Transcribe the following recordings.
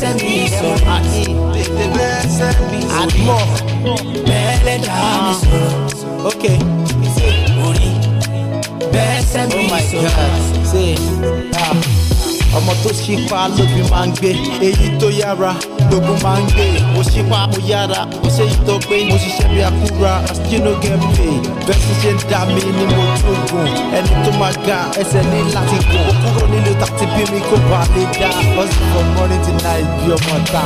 blessed me so àti tètè blessed me so àdìmọ̀ bẹ́ẹ̀lẹ̀ dá mi so ok orí blessed me so ọmọ tó ṣípa lóbi máa ń gbé èyí tó yára gbogbo máa ń gbé mo ṣípa mo yára mo ṣe èyí tó pé mo ṣiṣẹ́ bí akúra still no get pay bẹ́sí ṣe ń dà mí ni mo tún gùn ẹni tó máa ga ẹsẹ̀ ní láti gùn ó kúrò nílùú tàbí bí mi kó bàa lè dá ọ̀sìn for morning till night bí ọmọ ta.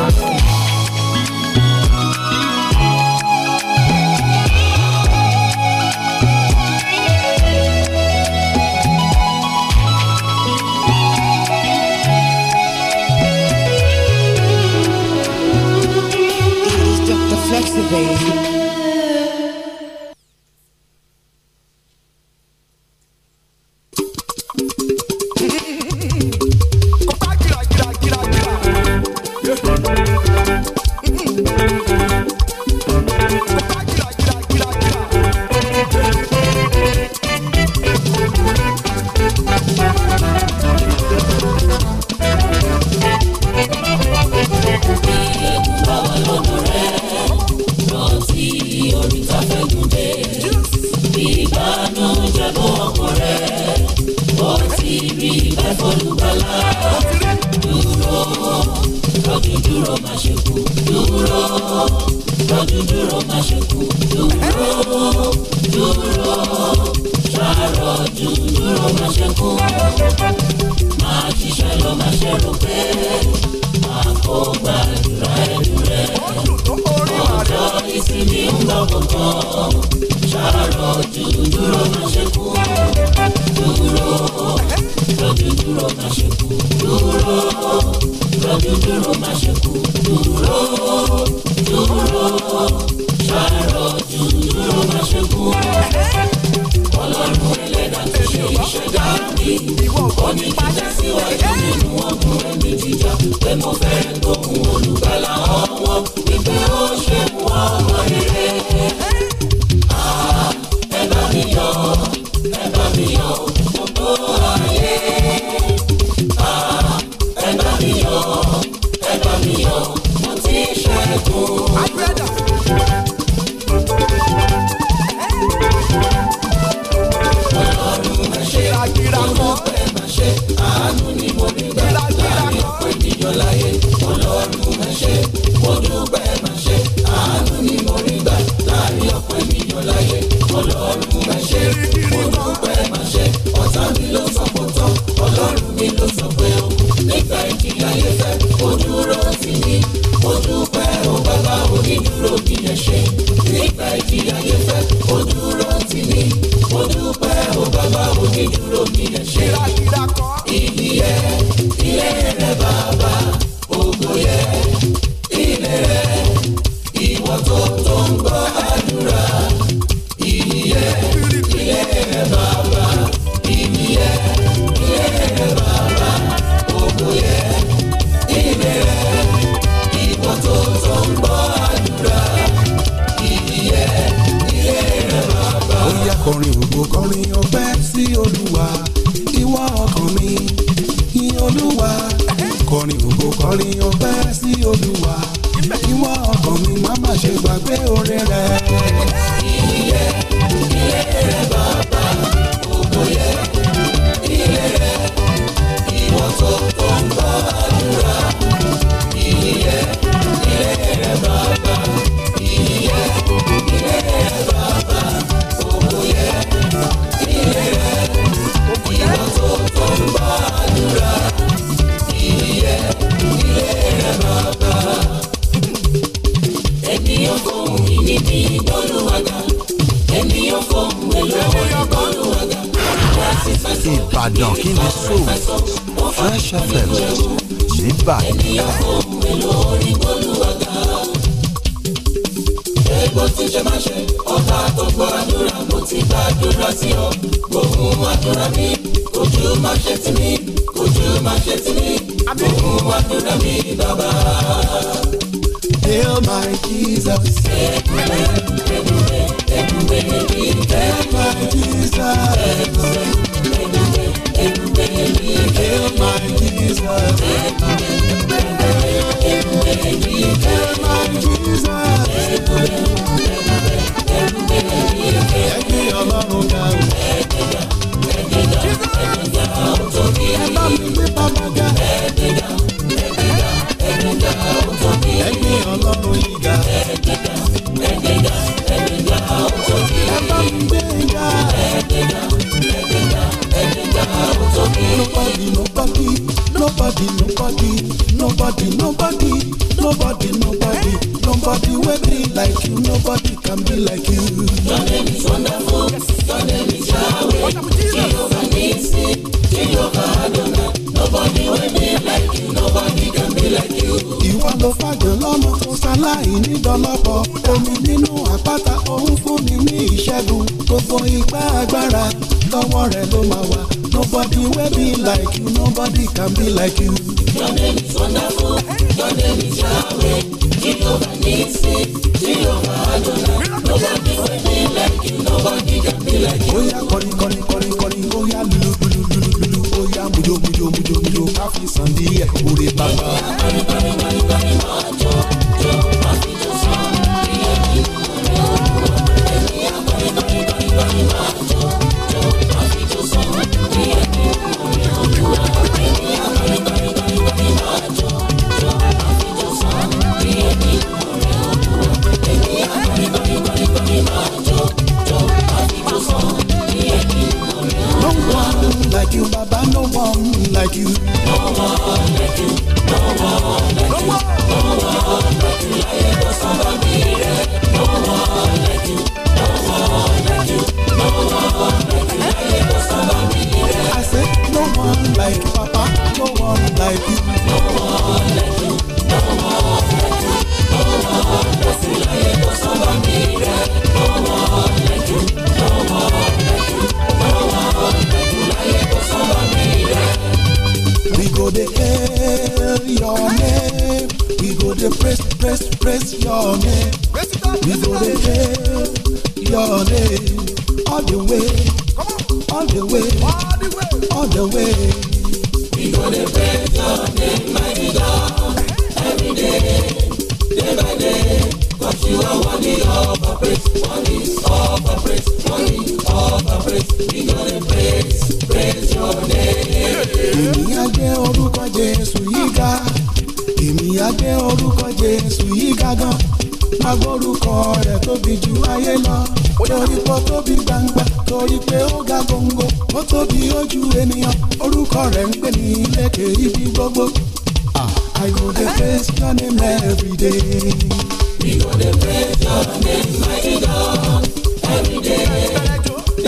the ọpẹ́ sí olúwa ìwọ ọkàn mi má má ṣe gbàgbé oore rẹ. ilé ilé rẹ bàbá òkò yẹ ilé ìwọ tó tó ń bá àdúrà. ìbọ̀lùwàgà èmi yóò ìbàdàn kí ni so fresh fm nìbàdàn. Bó ti ṣe máa ṣe, ọba tó gbọ́ àdúrà, mo ti gba àdúrà sí ọ. Gbóhùn àdúrà mi, kojú máa ṣe tì mí, kojú máa ṣe tì mí. Gbóhùn àdúrà mi, bàbá. Hail my Jesus ebube ebube n'eluigwe my Jesus ebube ebube ebube n'eluigwe my Jesus ebube ebube n'eluigwe my Jesus ebube ebube n'eluigwe ẹni ọlọ́run ga o. ẹ̀ẹ́dẹ̀dà ẹ̀ẹ́dẹ̀dà ẹ̀ẹ́dẹ̀dà ọ̀tọ̀ kìí. ẹ bá mi gbé pamọ́ ga. ẹ̀ẹ́dẹ̀dà ẹ̀ẹ́dẹ̀dà ẹ̀ẹ́dẹ̀dà ọ̀tọ̀ kìí. ẹni ọlọ́run yìí ga. ẹ̀ẹ́dẹ̀dà. nobody, nobody, nobody, nobody, nobody, nobody, nobody, nobody, nobody will be like you, nobody can be like you. Your name is wonderful, your name is Yahweh, Jehovah Nissi, Jehovah Adonai, nobody will be like you, nobody can be like you. Ìwọ ló fàjọ lọ́mọ kó sáláì ní dọ́lọ́pọ̀, omi nínú àpáta òun fún mi ní ìṣẹ́gun, gbogbo ipá agbára lọ́wọ́ rẹ̀ ló máa wà. Nobody will be like you, nobody can be like you. Your name is wonderful, your name is Yahweh. Jehovah Nissi, Jehovah Adonai. Nobody will be like you, nobody can be like you. Oya kori kori kori kori, oya lulu lulu lulu lulu, oya mujo mujo mujo mujo, káfí sandi ẹ̀ kúrè bàbá. We gonna praise, praise your name. Èmi á gbé orúkọ Jésù yìí ga. Èmi á gbé orúkọ Jésù yìí ga gan. Agbórúkọ rẹ̀ tóbi ju ayé lọ. Torí pé ó tóbi gbangba, torí pé ó ga gbòǹgbò. Ó tóbi ojú ènìyàn. Orúkọ rẹ̀ ń gbé ní lékè ibi gbogbo. Ah, I go dey praise your name every day. We go dey praise your name, mighty God, every day.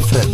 Rosa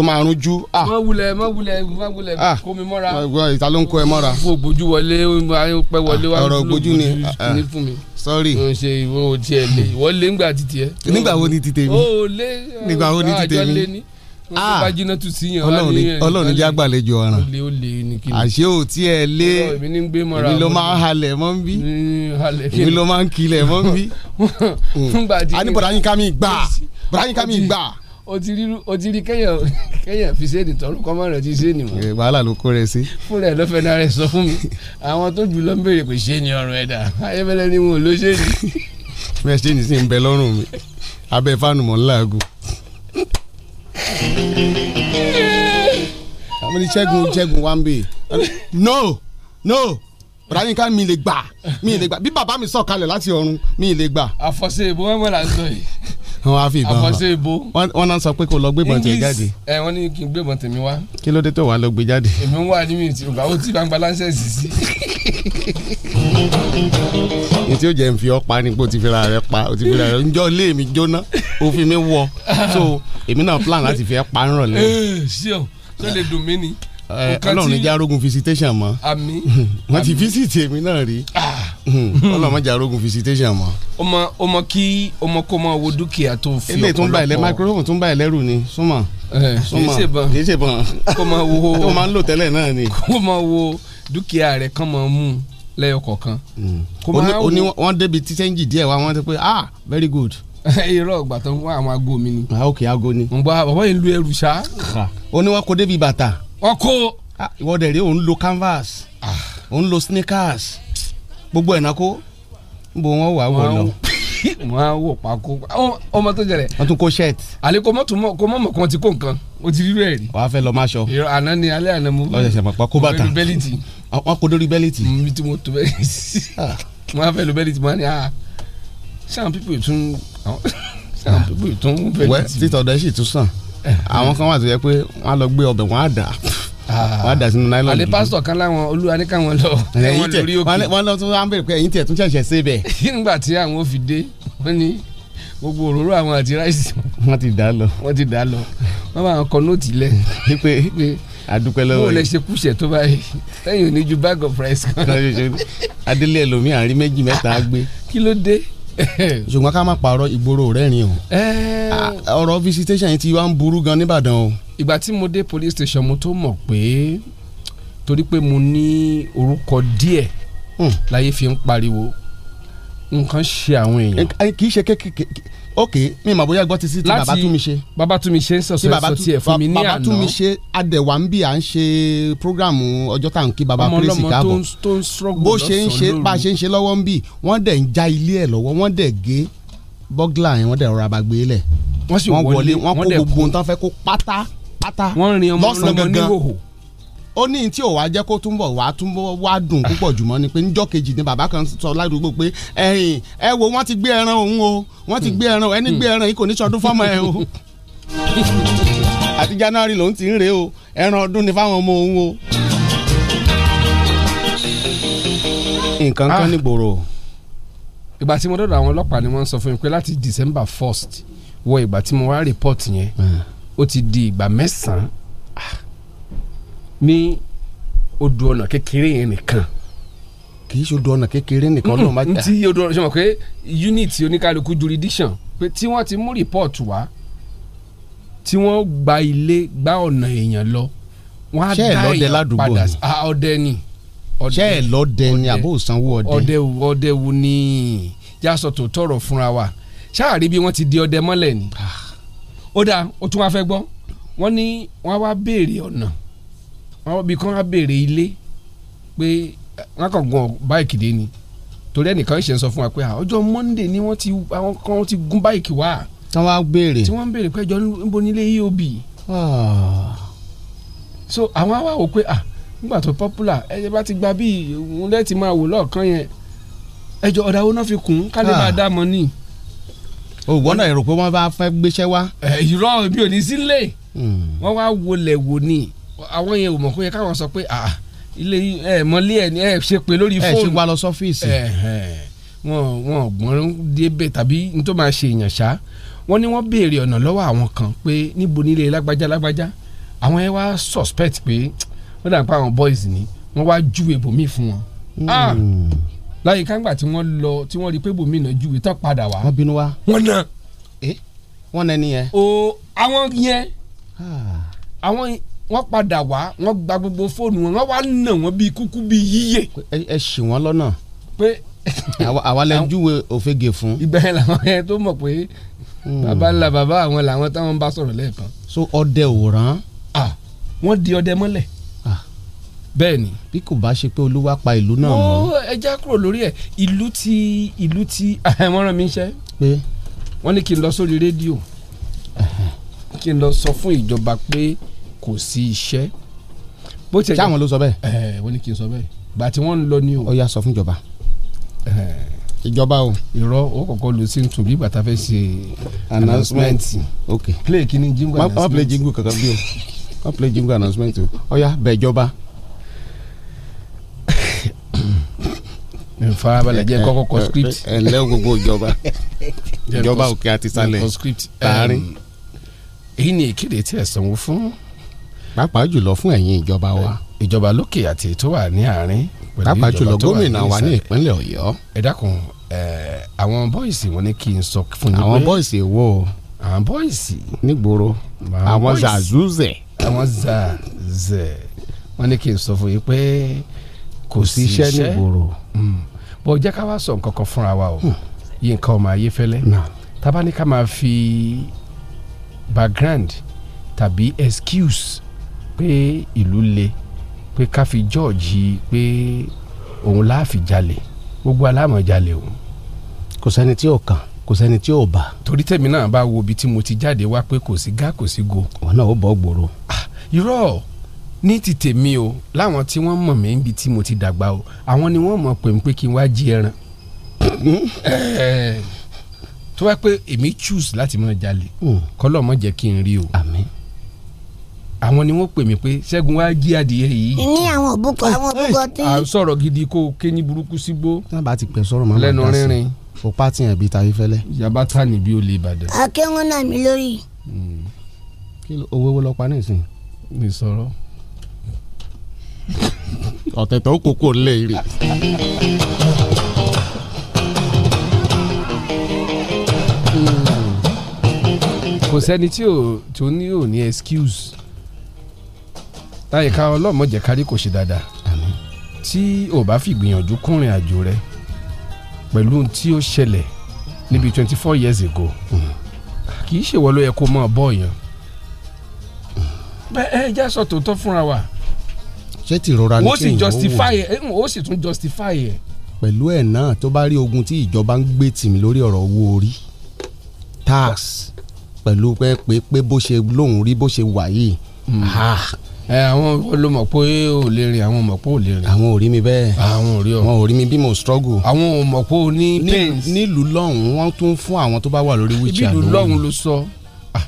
tó máa rújú. Ah. má wulẹ̀ má wulẹ̀ má wulẹ̀ ah. kó mi ìta ló ń kó ẹ mọ́ra. fún ògbójú wọlé pẹ́ wọlé ah, wá ọ̀rọ̀ ògbójú ni fún mi. sọ́ọ̀rì. n ṣe ìwọ òtí ẹ lè ìwọ lé ńgbà títí ẹ. nígbà wo ni ti tèmi. o lé nígbà wo ni ti tèmi ọlọ́run ní jágbàlejò ọ̀ràn àṣé ò tí ẹ lé èmi ló máa ń halẹ̀ mọ́ ń bí èmi ló máa ń kilẹ̀ mọ́ ń bí. a ní bọ̀dá yín ká mi gbà bọ̀dá yín ká mi gbà o ti rí kẹ́yàn kẹ́yàn fi séènì tọ́lú kọ́mọ́ rẹ̀ ti séènì mọ́. wàhálà ló kó rẹ sí. fúnra ẹ̀ lọ́fẹ̀ẹ́ náà rẹ̀ sọ fún mi àwọn tó jù lọ ń béèrè pé séènì ọrùn ẹ̀dá ayébẹ́lẹ́ ni wọn ò ló séènì. bẹ́ẹ̀ séènì sì ń bẹ lọ́rùn mi abẹ́ fáànù mọ́ ńláàgùn. àmọ́ ní wá ń bè. no no bùrọ̀dá mi lè gbà mi lè gbà bí bàbá mi sọ̀kalẹ̀ láti ọ̀run mi lè gbà. àfọ̀sẹ̀ ìbọn là ń sọ yìí wọn wá fi ìbọn hàn àfọ̀ṣe ibo wọn náà sọ pé kò lọ gbébọn tẹ̀ jáde. ẹ wọn ní kí n gbébọn tèmi wá. kí ló dé tó wàá lọ gbé jáde. èmi ń wà ní mi ti ògbà ó ti bá ń gba láńsẹ̀sì sí. ètí ó jẹ́ ń fi ọ́ pa ni pé o ti fi ra rẹ pa o ti fi ra rẹ njọ́ ilé mi jóná òfin mi wọ so èmi náà plan láti fi ẹ pa ń rọ̀lẹ́. Eh, ṣé o tó lè dùn mí ni ọlọ́run níjà arógun visitation mọ́ àmín wọ́n ti visit èmi náà rí ah. hmm. ọlọ́run níjà arógun visitation mọ́. ọmọ ọmọ kí ọmọ kó máa wo dúkìá tó fi ọ̀pọ̀lọpọ̀ ilé tó ń bá ilẹ̀ microphone tó ń bá ilẹ̀ rù ni súnmọ́ súnmọ́ kì í ṣe bọ̀n kó máa wo kó máa ń lò tẹ́lẹ̀ náà ni. kó máa wo dúkìá rẹ̀ kán máa mú lẹ́yọ kọ̀ọ̀kan. Hmm. oní wọ́n débi tí sẹ́ńjì díẹ̀ wá wọ́n ti pé ah very good irọ́ ìgbà tó ń wá àwọn aago mi ni. Ah, ok aago ni. ǹgbà bàbá yìí ń lu ẹrù ṣá. Ah. ó ní wọn kó débi bàtà ọkọ. Ah, ìwọ dẹ̀ rí òun lo canvas ah. òun lo sneakers gbogbo ẹ̀ náà kó níbo wọn wà wọ̀ lọ. wọn á wò pákó ọmọ tó jẹrẹ. wọn tún kó shirt. àlẹ kò mọ tún mọ kò mọ mọ kàn ti kó nǹkan o ti rí bẹ́ẹ̀ rí. wàá fẹ́ lọ máa ṣọ. ìrọ àná ni alẹ́ àná mo. lọ́sẹ̀ sẹ̀ mọ̀ pa kó bàtà. wọn kò dórí bẹ́líìtì. mi mm, ti mo tó bẹ́líìtì. wọn ah. á fẹ́ lo bẹ́líìtì wọn á ní a ṣáà pípé tún ṣáà pípé tún bẹ́líìtì. wẹ́ẹ́ títọ̀ dẹ́sì tún sàn àwọn kan wà tó yẹ pé wọ́n á lọ gbé ọbẹ̀ wọ́n á dà ah. wọ́n á dà sínú nylon. àlè pásítọ̀ kan láwọn olúwa ní káwọn lọ káwọn lórí òkè. wọ́n lọ tún wá ń bèrè pé ẹ̀yin tẹ̀ tún ṣẹ̀ṣẹ̀ ṣe bẹ̀. nígbà tí àwọn ò fi dé wọ́n ní gbogbo òróró àwọn àti ráìsì. wọ́n ti dà lọ. wọ́n ti dà lọ wọ́n bá wọn kọ nóòtì lẹ̀. pé adúpẹ́ lọ́wọ́ yìí. mo lè ṣe kúṣẹ̀ tó báyìí lẹ́yìn ò bag of rice kan. adélé ẹlòmíà rí méjì mẹ́ta gbé. kí ló dé ṣùgbọ́n ká má parọ́ ìgboro rẹ́rìn o ọ̀rọ̀ visitation yìí ti wá ń burú gan nìbàdàn o. ìgbà tí mo dé police station mo tó mọ̀ pé torí pé mo ní orúkọ díẹ̀ hmm. láyé fi ń pariwo nǹkan ṣe àwọn èèyàn. kì í ṣe kékeré ok mi ma bóyá gbọ́ ti sí ti bàbá tún mi ṣe. bàbá tún mi ṣe ń sọ̀sọ̀ ẹ̀sọ̀ tiẹ̀ fún mi ní àná. bàbá tún mi ṣe adẹ̀wà ń bí à ń ṣe programu ọjọ́ tá à ń kí bàbá kérésì káàbọ̀ bó ṣe ń ṣe bá a ṣe ń ṣe lọ́wọ́ ń bì wọ́n dẹ̀ ń já ilé ẹ̀ lọ́wọ́ wọ́n dẹ̀ gé bọ́gìlà yẹn wọ́n dẹ̀ rọra bá gbé e lẹ̀ wọ́n wọlé wọ́n kó gbogbo nǹkan fẹ́ kó pátá pátá lọ́sàn-án gangan ó ní tí ò wá jẹ́ kó túnbọ̀ wá túnbọ̀ wá dùn púpọ̀ jùmọ́ ni pé níjọ́ kejì ni bàbá kan sọ ládùúgbò pé ẹ̀yìn ẹ wo wọ́n ti gbé ẹran òun o wọ́n ti gbé ẹran ẹni gbé ẹran yìí kò ní sọdún fọ́mọ ẹ o àti January lòun ti ń rèé o ẹran ọdún ni fáwọn ọmọ òun o. nǹkan kan ah. nígboro. ìgbà tí mo dọ̀dọ̀ àwọn ọlọ́pàá ni wọ́n sọ fún mi pé láti December first wọ ìgbà tí mo wá rìpọ́ọ̀tì yẹn hmm. ó ti di ìgbà mẹ́sàn-án ah, ní odò ọ̀nà kékeré yẹn nìkan kì í ṣe odò ọ̀nà kékeré nìkan náà má jà. ti odò ọ̀nà ṣe mọ̀ pé unit oníkálukú jurisdiction pé tí wọ́n ti mú report wá tí wọ́n gba ilé gba ọ̀nà èèyàn lọ wọ́n á dá èèyàn padà ah, ọdẹ ni. ṣé ẹ lọ́dẹ ni àbó sanwó ọdẹ. ọdẹ ọdẹ wo ni jásọ tó tọrọ fúnra wa ṣáà bí wọ́n ti di ọdẹ mọ́lẹ̀ ni. Ah. ó dáa o tún wá fẹ́ gbọ́ wọ́n ní wọ́n wá béèrè ọ̀nà àwọn ibi kan á béèrè ilé pé wọn kàn gun báìkì dé ni torí ẹnìkan ìṣẹ̀ ń sọ fún wa pé ọjọ́ Monday ni wọ́n ti àwọn kan ti gun báìkì wá. tí wọ́n á béèrè. tí wọ́n ń béèrè pé ẹjọ́ níbo nílé eob. Ah. so àwọn á wá wò pé ah nígbà tó popular ẹ bá ti gba bíi òun lẹ́ẹ̀tì máa wò lọ́ọ̀kan yẹn ẹjọ́ ọ̀dà wo ah. náà fi kún kálí bá dá mọ́ ni. òwò náà èrò pé wọ́n bá fẹ́ gbéṣẹ́ wá. ìrọ̀ eh, mi ò ní sílé hmm. wọ́n wá wọlé wò ni àwọn yẹn ò mọ̀ kó yẹ káwọn sọ pé ah ilé ẹ mọ́lé ẹ ní ẹ ṣe pé lórí fóònù ẹ ṣe wá lọ sọ́fíìsì wọn wọn gbọ́n débẹ̀ tàbí n tó máa ṣe èèyàn ṣá wọn ni wọ́n béèrè ọ̀nà lọ́wọ́ àwọn kan pé níbo nílé lágbájá lágbájá àwọn yẹn wá suspect pé wọ́n dàgbà àwọn boys ni wọ́n wá júwe bòmí fún wọn hmm. láyé kángbà tí wọ́n lọ tí wọ́n rí pé bòmí náà júwe tán padà wá. wọ́n bínú wa. wọ́n na. ẹ eh, wọ́n na ni yẹn. o àwọn yẹn ah. àwọn wọ́n padà wá wọ́n gba gbogbo fóònù wọn wọ́n wá nà wọ́n bíi kúkú bíi yíyẹ. ẹ ṣì wọ́n lọ́nà. pé àwa lẹ júwe òfegè fún. ibẹ̀ yẹn làwọn yẹn tó mọ̀ pé hmm. bàbá ńlá bàbá àwọn làwọn táwọn bá sọ̀rọ̀ lẹ́ẹ̀kan. so ọdẹ òòràn. ah wọ́n di ọdẹ mọ́lẹ̀ bẹ́ẹ̀ ni. bí kò bá ṣe pé olúwa pa ìlú náà mọ́. ó ẹja kúrò lórí ẹ ìlú ti ìlú ti wọ́n rán mi iṣẹ́. pé wọ́n ní kí n lọ sórí rédíò kí n lọ sọ fún ìjọba pé kò sí iṣẹ́. bó ti jẹ́ sáwọn ló sọ bẹ́ẹ̀. ẹ wọ́n ní kí n sọ bẹ́ẹ̀ gbà tí wọ́n ń lọ ní o. ó sọ fún ìjọba. ìjọba o. irọ́ o kọ̀kọ́ lo sí tù bí gbàtà fẹ́ ṣe announcement. ok play kini ni jingle announcement. wọ́n play jingle kankan bí o wọ́n play jingle announcement o. ó yá bẹ̀ ìjọba. farabalẹ̀ jẹ́ kọ́kọ́ kọ script. ẹ ǹlẹ́ o gbogbo ìjọba ìjọba òkè àti sálẹ̀ tààrin èyí ni ìkéde tí ẹ sanwó fún pàápàá jùlọ fún ẹ̀yin ìjọba wa. ìjọba lókè àti tó wà ní àárín. pàápàá jùlọ gómìnà wa ní ìpínlẹ̀ ọ̀yọ́. ẹ dákun àwọn bọ́ìsì wọn ni kí n sọ fún yín. àwọn bọ́ìsì wo. àwọn bọ́ìsì. nígboro àwọn zazuzẹ. àwọn zazẹ wọn ni kí n sọ fún yín pé kò sí iṣẹ́ nígboro. Hmm. bó jẹ́ ká wá sọ nǹkan kan fúnra wa o hmm. yín nǹkan ọmọ ayé fẹ́lẹ́ tábà máa fi background tàbí excuse pé ìlú le pé ká fi George pé òun láà fi jalè gbogbo aláàmọ̀ jalè òun. kò sẹ́ni tí ò kàn kò sẹ́ni tí ò bá. torí tèmi náà bá wo ibi tí mo ti jáde wá pé kò sí gá kò sí go. wọn náà ó bọ́ gbòòrò. Ah, irọ́ ní ti tèmi o láwọn tí wọ́n mọ̀ mí níbi tí mo ti dàgbà o àwọn ni wọ́n mọ̀ pé pé kí n wá jí ẹran tó wá pé èmi choose láti máa jalè hmm. kọ́lọ́ mọ̀ jẹ́ kí n rí o. àmín àwọn ni wọ́n pè mí pé ṣẹ́gun wá jí adìyẹ yìí. ní àwọn òbúkọ àwọn òbúkọ tí. à sọ̀rọ̀ gidi kó o ké ní burúkú sígbó. tí wọ́n bá ti pè sọ̀rọ̀ mọ́ lẹ́nu rínrin. o pati yẹn bíi tayé fẹ́lẹ́. yaba ta ni bí o lè bàdàn. akẹ́wọ́n náà mi lórí. Hmm. owó wo lọ pa ní ìsìn. mi sọ̀rọ̀. ọ̀tẹ̀ tó kókó lé e rè. Hmm. kò sẹ́ni tí ò ní excuse àyíká ọlọ́mọdé kárí kò ṣe dáadáa tí o bá fi gbìyànjú kúnrin àjò rẹ pẹ̀lú tí ó ṣẹlẹ̀ níbi mm. twenty four years ago mm. kì í ṣèwọ ló yẹ kó máa bọ̀ yẹn bẹ́ẹ̀ mm. ẹ já sọ tòótọ́ fúnra wa ṣé ti rọra ní kéèyàn ó wò ó sì justify ẹ ó sì tún justify ẹ. pẹ̀lú ẹ̀ náà tó bá rí ogun tí ìjọba ń gbé tì mí lórí ọ̀rọ̀ owó orí tax pẹ̀lú pé pé bó ṣe lóun rí bó ṣe wà yìí ah, ẹ àwọn olùmọ̀ pé ò lè rìn àwọn mọ̀ pé ò lè rìn. àwọn ò rí mi bẹ́ẹ̀ àwọn ò rí ọ. wọn ò rí mi bí mo struggle. àwọn ò mọ̀ pé o ní pains. nílùú lọ́hùn-ún wọ́n tún fún àwọn tó bá wà lórí wíìchì àdúgbò. ibi ìlú lọ́hùn-ún ló sọ ah.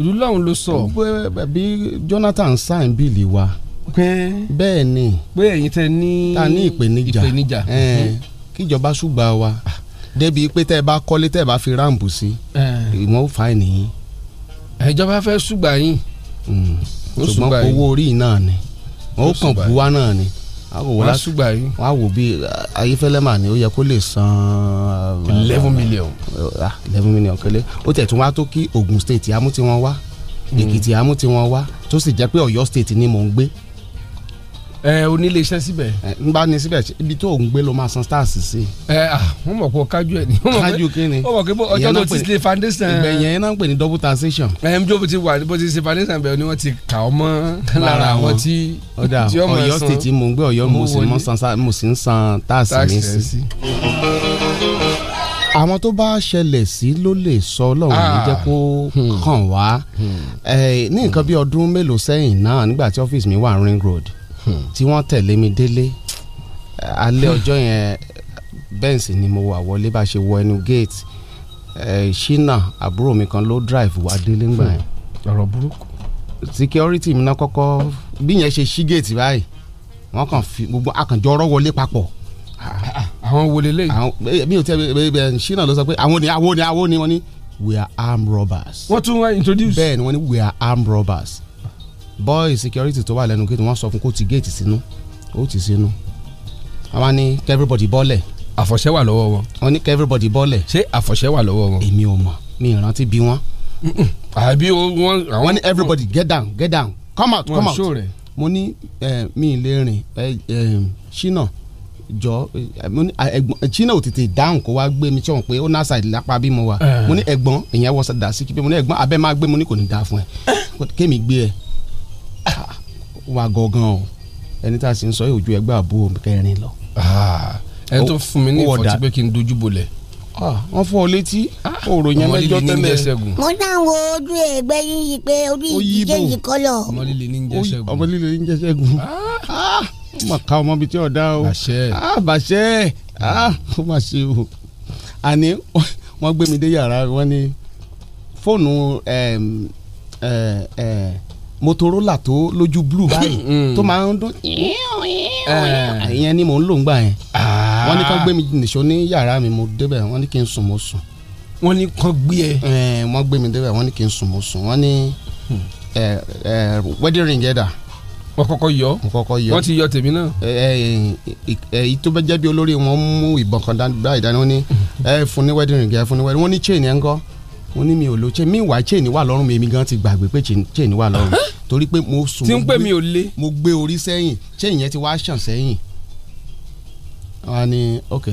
ìlú lọ́hùn ló sọ. pé bí Jonathan sign bíìlì wa. pé bẹ́ẹ̀ ni. pé ẹ̀yin tẹ ní. ta ní ìpèníjà ìpèníjà. kíjọba ṣùgbà wa ah. débi pé tẹ́ ẹ bá kọ́lé tẹ́ ẹ bá fi ráǹpù sí. ìwọ̀n ò fa ènìyàn. ìjọba fẹ́ ṣùgbà yín. Hmm ṣùgbọ́n owó orí náà ni wọn ó kàn buwá náà ni wọ́n á ṣùgbà yìí wọ́n á wò bí ayífẹ́lẹ́ mà ni ó yẹ kó lè san. eleven million. eleven million kele ó tẹ̀ tún wá tó kí Ogun State amú tí wọ́n wá hmm. Èkìtì amú tí wọ́n wá tó sì jẹ́ pé Ọ̀yọ́ State ni mò ń gbé ẹ o ní iléeṣẹ́ ẹ n bá ní síbẹ̀ ibi tó ń gbé ló máa san stars sí. ẹ ah wọn mọ̀ kó kájú ẹ ní. kájú kí ni ọjọ́ tó ti ṣe foundation. ìgbẹ̀yìn yẹn náà ń pè ní double taxation. ẹ n jó ti wà bó ti ṣe foundation bẹ́ẹ̀ ni wọ́n ti kà ọ́ mọ́ lára àwọn tí ọmọ san. state mo ń gbé Ọ̀yọ́ mo sì ń san tax mi sí. àwọn tó bá ṣẹlẹ̀ sí ló lè sọ ọlọ́run ní ah. jẹ́ kó hmm. kàn wá hmm. ní nǹkan bí ọdún mélòó sẹ́yìn náà nígbà tí ọ́fíìsì mi wà ring road tí wọ́n tẹ̀lé mi délé alẹ́ ọjọ́ yẹn bẹ́ẹ̀ sì ni mo wà wọlé bá ṣe wọ ẹnu gate ṣínà àbúrò mi kan ló drive wá délé ńgbà yẹn. Hmm, ọ̀rọ̀ burúkú. security mi náà kọ́kọ́ bí yẹn ṣe ṣí gate báyìí wọ́n kàn fi gbogbo àkànjọ ọ̀rọ̀ wọlé papọ̀. àwọn wo lélẹ́yìn. àwọn eh, mi ò tẹ́ ṣínà eh, eh, ló sọ pé àwọn ni àwọn ni àwọn ni wọ́n ní we are armed robbers. wọ́n tún wá introduce. bẹ́ẹ̀ ni wọ́n ní we are armed robbers boy security tó wà lẹ́nu kí wọ́n sọ fún kó ti géètì sínú ó ti sínú àwọn ni everybody bọ́lẹ̀. àfọ̀ṣẹ́ wà lọ́wọ́ wọn. wọ́n ní everybody bọ́lẹ̀. ṣé àfọ̀ṣẹ́ wà lọ́wọ́ wọn. èmi ò mọ̀ mi ìrántí bí wọ́n. àbí wọ́n. wọ́n ní everybody get down get down come out come out. mo ní mi ì lè rìn ṣínà jọ china ò tètè dáhùn kó wá gbé mi tí wọn pé ó náà ṣàìdí lápá bí mo wà eh. mo ní ẹ̀gbọ́n ìyẹn wọ dà sí kí pé mo ní ẹ̀gbọ́n abẹ máa gbé mo ní kò ní dáa fún ẹ eh. kémi gbé ẹ ó wà gọ̀ọ̀gàn o ẹni tá a sì ń sọ yìí ojú ẹgbẹ́ àbú omi kẹrin lọ. Ah, ẹni tó fún mi ní ìfọ̀tí pé kí n dojú bolẹ̀. Ah, wọ́n fọ́ ọ létí òòrò ah, yẹn mẹ́jọ tẹ́lẹ̀. mo náà wo ojú ẹgbẹ́ yíyí pé orí ìdíje yìí kọ́ lọ. ọmọ líle ní jẹ́ ṣẹ́gun. ọmọ líle ní jẹ́ ṣẹ́gun. ó mà ká ọmọ bíi tí ọ̀dá o. bàṣẹ́ bàṣẹ́ ó mà ṣe o. àní wọ́n gbé mi dé yàrá wọ́n ní fóònù eh, eh, motorola tó lójú blue báyìí mm. tó máa ń dún eh. Eh, ìyẹn ni mò ń lò ń gbà yẹn ah. wọ́n ní kán gbé mi nìṣó ní yàrá mi mo débẹ̀ wọ́n ní kí n sùn mo sùn. wọ́n ní kán gbé ẹ. Eh, wọ́n gbé mi débẹ̀ wọ́n ní kí n sùn mo sùn wọ́n ní hmm. wedding ring ẹ̀dà. wọ́n kọ́kọ́ yọ wọ́n kọ́kọ́ yọ wọ́n ti yọ tèmi náà. èyí tó bẹ jẹ́ bí olórí wọn mú ìbọn kan báyìí dání wọ́n ní ẹ hmm. fún ní wedding ring ẹ fún ní wedding wọ́n ní chain ẹ̀ ń kọ́ wọ́n ní mi ò lo chain mi wà chain wà lọ́rùn mi èmi gan ti gbàgbé pé chain wà lọ́rùn torí pé mo sùn. tí ń pè mí ò lé. mo gbé orí sẹ́yìn ṣé ìyẹn ti wá ṣàn sẹ́yìn. wọ́n á ní ok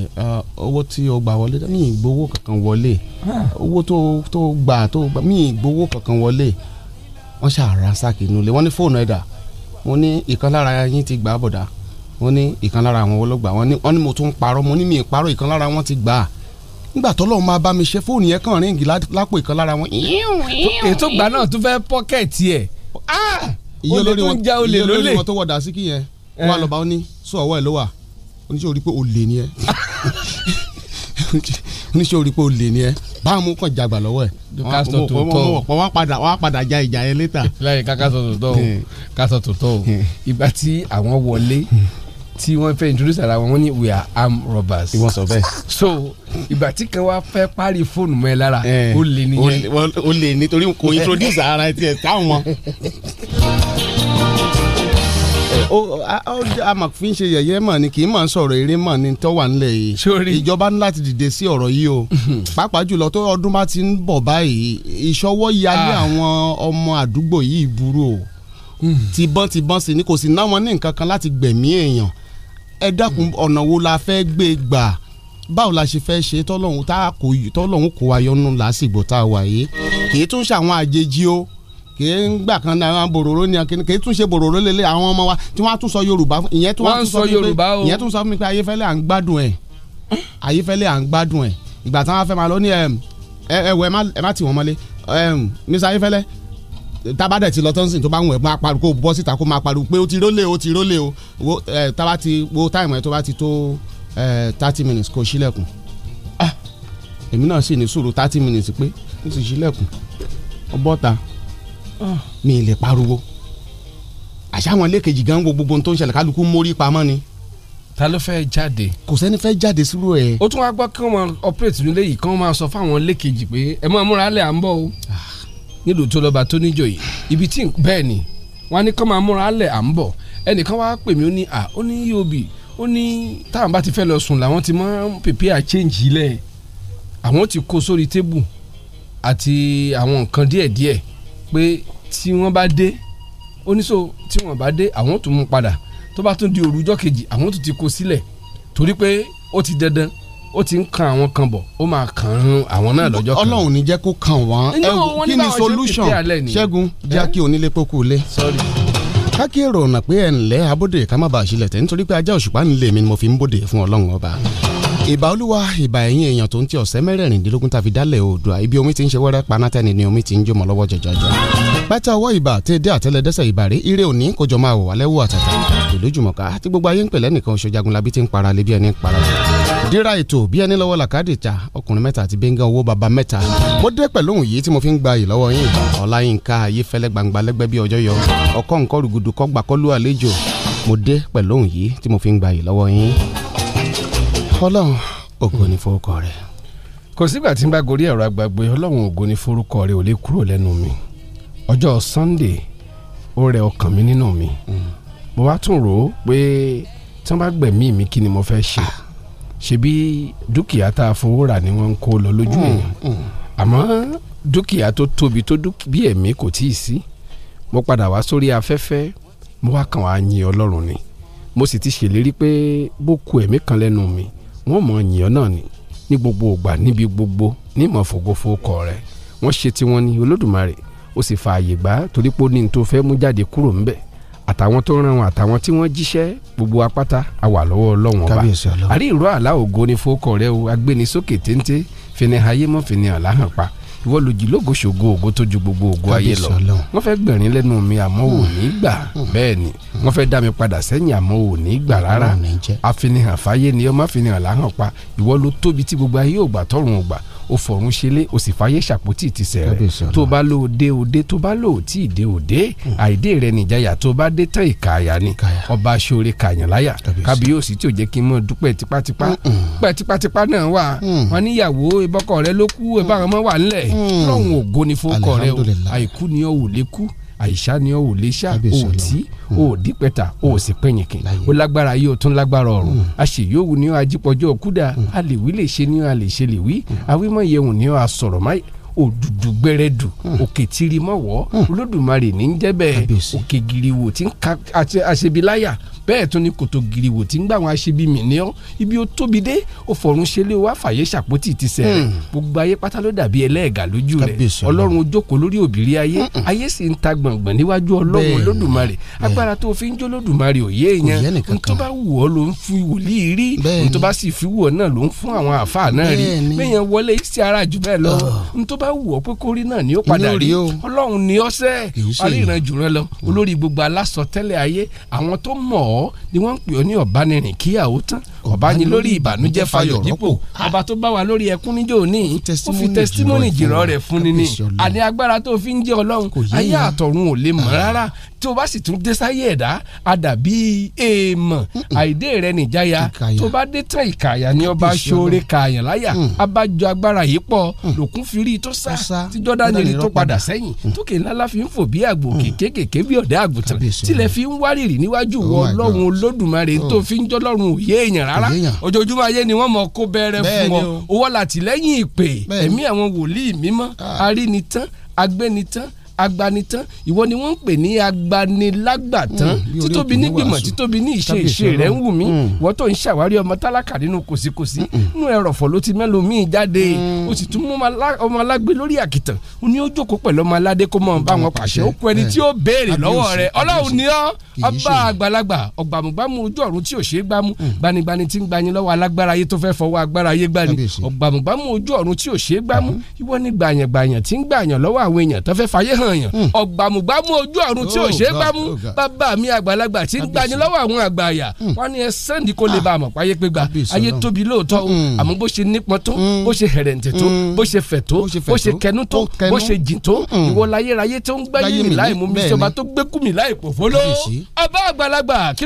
owó tí o gbà wọlé mi ì gbowó kankan wọlé owó tó gbà tó gbà mi ì gbowó kankan wọlé wọ́n ṣàrà sáàkì inú ilé wọ́n ní fóònù ẹ̀dà mo ní ìkan lára yín ti gbà bọ̀dá mo ní ìkan lára àwọn olóògbà wọ́n ní mo tún parọ́ mo ní mi ì parọ́ ìkan lára wọn ti gbà á nígbà tọ́lọ́run máa bá mi ṣe fóònù yẹn kàn ríǹgì lápò ìkan lára wọn. ètò ìgbà náà tún fẹ́ pọ́kẹ́ẹ̀tì ẹ̀ Ah! iye olórí wọn iye olórí wọn tó wọ̀ dà sí kí yẹn wọn lọ́ba ó ní sọ ọwọ́ ẹ̀ ló wà oníṣẹ́ orí pé olè ni ẹ oníṣẹ́ orí pé olè ni ẹ bá a mú kàn jàgbà lọ́wọ́ ẹ̀. kásọ̀ tó tọ́ o wọ́n padà wọ́n padà ja ìjà yẹn létà. láyé ká kásọ̀ tó tọ́ o kásọ̀ hmm. tó o hmm. ìgbà tí àwọn wọlé tí wọ́n fẹ́ introduce ara wọn ní we are armed robbers. ìwọ sọ bẹ́ẹ̀. so ìgbà tí kan wá fẹ́ parí fóònù mọ́ ẹ lára ó lè nìyẹn. ó lè nítorí kò introduce ara ẹ tiẹ̀ táwọn. amakufin ṣe yẹ̀yẹ́ mọ̀ ni kì í máa sọ̀rọ̀ eré mọ̀ ni tó wà nílẹ̀ yìí sórí ìjọba ní láti dìde sí ọ̀rọ̀ yìí o pàápàá jùlọ tó ọdún bá ti ń bọ̀ báyìí ìṣọwọ́ ya ní ah. àwọn ọmọ àdúgbò yìí burú o hmm. tibọ́n tibọ́n sí ni kò sì náwọn ní nǹkan kan láti gbẹ̀mí èèyàn ẹ dákun ọ̀nà wo la fẹ́ gbé gbà báwo la ṣe fẹ́ ṣe tọ́lọ́hún tá a kò yí tọ́lọ́hún kò wá yọnu lásìgbò tá a wà yìí kì í tún ṣàwọn àjèjì o kì í gbà kan náà bòròró ni kì í tún ṣe bòròró lélẹ̀ àwọn ọmọ wa tí wọ́n á tún sọ yorùbá ìyẹn tún sọ yorùbá o ìyẹn tún sọ mi pé ayéfẹ́lẹ́ à ń gbádùn ẹ̀ ayéfẹ́lẹ́ à ń gbádùn ẹ̀ ìgbà táwọn afẹ́ máa lọ ní ẹ ẹ wọ ẹ má tì wọ́n mọ́lé Mr ayéfẹ́lẹ́ tábà dẹ̀ ti lọ tán sìn tó bá ń wẹ̀ máa pariwo kó bọ́ síta kó máa pariwo pé ó ti rólé o ti rólé o tábà ti wo táìmù ẹ̀ tó bá ti tó thirty minutes kó sílẹ̀kùn ah! èmi náà sì ní sùúrù thirty minutes pé ó sì sílẹ̀kùn ọbọ̀ta ah! mi lè pariwo àṣà àwọn ẹlẹ́kejì gan gbogbo tó ń ṣẹlẹ̀ kálukú mórí pamọ́ ni ta ló fẹ́ jáde. kò sẹ́ni fẹ́ jáde sírú ẹ̀. ó tún wá gbọ́ kí wọ́n máa operate nílé yìí kí wọ́n máa sọ fáwọn lẹ́kejì pé ẹ máa múra lẹ́ à ń bọ̀ o. Ah! nílùú tó lọ́ba tó níjòyè ibi tí bẹ́ẹ̀ ni wọ́n ní kọ́ máa múra lẹ̀ à ń bọ̀ ẹnìkan wá pè mí ó ní à ó ní yob e ó ní táwọn bá ti fẹ́ lọ sùn làwọn ti máa ń pèpè àchéǹjì ilẹ̀ àwọn ti kó sórí tébù àti àwọn nǹkan díẹ̀díẹ̀ pé tí wọ́n bá dé oníṣò tí wọ́n bá dé àwọn tó mú padà tó bá tún di òrùjọ́ kejì àwọn tó ti kó sílẹ̀ torí pé ó ti dandan ó ti ń kan àwọn kan bọ̀ ó máa kan àwọn náà lọ́jọ́ kan. ọlọ́run ní jẹ́ kó kan wọ́n ẹ̀wù kí ni solution ṣẹ́gun jákè eh? onílépoku lé. káàkiri ọ̀nà pé ẹ̀ ǹlẹ́ abóde ká má bàa ṣílẹ̀ tẹ̀ nítorí pé ajá òṣùpá nílé mi ni mo fi ń bòde fún ọlọ́run ọba. ìbà olúwa ìbà ẹ̀yìn èèyàn tó ń ti ọ̀sẹ̀ mẹ́rẹ̀ẹ̀rìndínlógún ta fi dálẹ̀ oòdùà ibi omi ti ń ṣe wẹ́rẹ́ panátẹ́ni ni omi ti ń jómọ lọ́wọ́ jọjọjọ. pátá ọwọ́ ìbà tẹ dé àtẹlẹdẹsẹ̀ ìbà rí ire òní kójọ máa wò wálẹ́wò àtàtà ìlú jùmọ̀ká tí gbogbo ayé ń pè lẹ́nìkan ṣojagun labí ti ń para lé ẹni ń para lé dírà ètò bí ẹni lọ́wọ́ làkàdì ta ọkùnrin mẹ́ta àti bẹ́ńgá owó baba mẹ́ta mo dé pẹ̀lú òun yìí tí mo fi ń gba ìlọ́wọ́ yín ọláyínká ayéfẹ́lẹ́ gbangba lẹ́gbẹ́ bí ọjọ́ yọ ọkọ nǹkan rúgudu kọ́ gbà àlejò mo dé pẹ̀lú òun yìí tí mo fi ń gba ìlọ́wọ́ yín ọlọ́run ògo ni forúkọ rẹ̀. kò sígbà tí n bá gorí ẹ̀rọ agbàgbé ọlọ́run mm. tí wọ́n bá gbẹ̀mí mi kí ni mo fẹ́ ṣe. Ah ṣebí dúkìá tá a fowó rà ni wọ́n ń kó lọ lójú mm, èèyàn mm. àmọ́ dúkìá tó tóbi tó bí ẹ̀mí kò tí ì sí mo padà wá sórí afẹ́fẹ́ mo wá kàn wá yin ọlọ́run ni mo sì ti ṣèlérí pé bó ku ẹ̀mí kan lẹ́nu mi wọ́n mọ̀ yìn ọ́ náà ni ní gbogbo ògbà níbi gbogbo ní ìmọ̀ fògófó kọ rẹ̀ wọ́n ṣe tiwọn ní olódùmarè ó sì fààyè gbà torí pé ó ní ní tó fẹ́ mú jáde kúrò ńbẹ̀ àtàwọn tó ràn wọn àtàwọn tí wọ́n jíṣẹ́ gbogbo apáta a wà lọ́wọ́ ọlọ́wọ́n ọba àrí ìró àlá ògo ni fọ́kọ̀ rẹ o agbénisókè téńté fini ayé mọ́ fini ọ̀la hàn pa ìwọ lòdì lógo ṣògo ògo tó ju gbogbo ògo ayé lọ wọ́n fẹ́ gbẹ̀rín lẹ́nu mi àmọ́ ò gbà mm. bẹ́ẹ̀ ni mm. wọ́n fẹ́ dá mi padà sẹ́yìn àmọ́ ò gbà rárá àfinihàn fáyé ni ọmọ àfinihàn làhàn pa ìwọ ló tóbi tí gbogbo ayé ògbà tọ̀run ògbà o fọ̀run ṣẹlẹ̀ o sì fàyè ṣàpótì ìtìsẹ̀ rẹ̀ tó bá lò dé òde tó bá lò tí ì dé òde hmm. àìdè rẹ̀ nìjàyà tó bá dé tán ìkàyà ni ọba aṣọ́re kàyàn láyà kábíyèsí tí ò jẹ́ kí n mọ̀ dúpẹ́ tipátipá hmm, hmm. pẹ́ tipátipá náà wà wọn níyàwó ìbọ́kọ̀ rẹ ló kú ìbáwọn wà ńlẹ̀ lọ́hùn ògo ni fowókọ̀ rẹ o àìkú ni ó wò lé kú àyíṣà ni ó lè ṣá ó tí ó hmm. dípẹ́ta ó hmm. sì pẹ̀yìnkìn ó lágbára yóò tún lágbára ọ̀run àṣeyọ́wù hmm. ni ó ajípọ̀jọ́ òkúta a lè wí lè ṣe ni ó a lè ṣe lè wí àwímọ̀ yẹ̀wù ni ó a sọ̀rọ̀ máyì òdùdù gbẹrẹdù òkè tìrìmọ̀wọ́ olódùmarè ní jẹ́bẹ̀ òkè giriwo tí ń ka àṣebiláyà bẹ́ẹ̀ tún ni kòtò giriwo tí ń gbà wọn aṣebi mìíràn ibi ó tóbi dé ó fọ̀run ṣẹlẹ̀ wá fàyè ṣàpótì ti sẹ̀ rẹ̀ hmm. gbogbo ayé pátá ló dàbí ẹlẹ́ẹ̀gà lójú rẹ̀ ọlọ́run ó jókòó lórí òbírí ayé hmm, hmm. ayé sì ń ta gbọ̀ngbọ̀n níwájú ọlọ́run olódùmarè agbára tó fi ń jó lódùmarè òye yẹn n tó bá wù ọ́ ló ń fi wòlíì rí n tó bá sì fi wù ọ́ náà ló ń fún àwọn àáfàá náà rí bẹ́yẹn wọlé sí ara jù bẹ́ẹ̀ lọ n tó bá wù ọ́ pé kórí náà ni ó padà rí ọlọ́run ni ọ́ sẹ́ aríran jùlọ lọ olórí gbogbo alásọtẹ́lẹ̀ ayé àwọn tó mọ̀ ọ́ ni wọ́n ń pè ọ́ ní ọ̀bánirin kíyàwó tán kò bá ní lórí ìbànújẹ́ fayọ̀ dípò ọba tó bá wa lórí ẹkún níjó ní ó fi tẹsítímọ́nì jìrọ̀ rẹ̀ fún ni ni àní agbára tó fi ń jẹ́ ọlọ́run ayé àtọ̀run ò lè mọ̀ ah. rárá tí o bá sì tún dé sáyé ẹ̀dá àdàbí èèmọ̀ àìdè rẹ nìjáya tó bá dé tán ìkàyà ni ọba ṣoore kààyàn láyà mm. abájọ agbára yìí pọ̀ mm. lòkun fi rí i tó sá tí jọ́dánì tó padà sẹ́yìn mm. tókè ńlá fi ń fò bí àgbò kékékèké bí ọ̀dẹ́ àgùntàn tilẹ̀ fi ń wárìrì níwájú wọ ọlọ́run olódùmarè oh. tó fi ń jọ́lọ́run òye èèyàn rárá ojoojúmọ́ ayé ni wọ́n mọ̀ kó bẹ̀rẹ̀ fún ọ owó làtìlẹ́yìn ìpè ẹ̀mí àwọn wòlíì mímọ́ ah. arínitán agbénitán agbanitán ìwọ ni wọ́n ń pè ní agbanilágbàtán mm, títóbi nígbìmọ̀ títóbi ní ìṣe ìṣe rẹ̀ ń wù mí mm. wọ́n tó ń ṣàwárí ọmọ tálákà nínú kòsíkòsí mm. inú ẹrọ̀fọ̀ ló ti mẹ́lòó míì jáde ó sì tún mú ọmọ alágbe lórí àkìtàn ó ní ó jókòó pẹ̀lú ọmọ aládé kó mọ̀ bá wọn pàṣẹ ó kọ ẹni tí ó béèrè lọ́wọ́ rẹ̀ ọlọ́run ni ọ́ ọba àgbàlagbà ọ̀gbàmùgbàmù ojú ọ̀run tí ò ṣeé gbámú gbanigbani tí ń gbani lọ́wọ́ alágbára ayé tó fẹ́ fọwọ́ agbára ayé gbani ọ̀gbàmùgbàmù ojú ọ̀run tí ò ṣeé gbámú mm-hmm. ìwọ ni gbàyàngbàyàn tí ń gbàyàn lọ́wọ́ àwọn èèyàn tó fẹ́ fàyè hàn yànyàn hmm. ọ̀gbàmùgbàmù ojú ọ̀run tí ò oh, ṣe é gbámú oh, bàbá mi àgbàlagbà tí ń gbani lọ́wọ́ àwọn àgbà àyà hmm. wọn ni ẹ sẹ́ndì kó lè ah. bá àmọ̀ páyé pé gbà ayé tóbi lóòótọ́ hmm. àmọ́ bó ṣe nípọn tó bó ṣe hẹ̀rẹ̀ǹtẹ̀ tó bó ṣe fẹ̀ tó bó ṣe kẹnu tó bó ṣe jìn tó ìwọ láyérayé tó ń gbáyé mi láì mú mi ṣọba tó gbẹ́kú mi láì pòfó ló ọba àgbàlagbà kí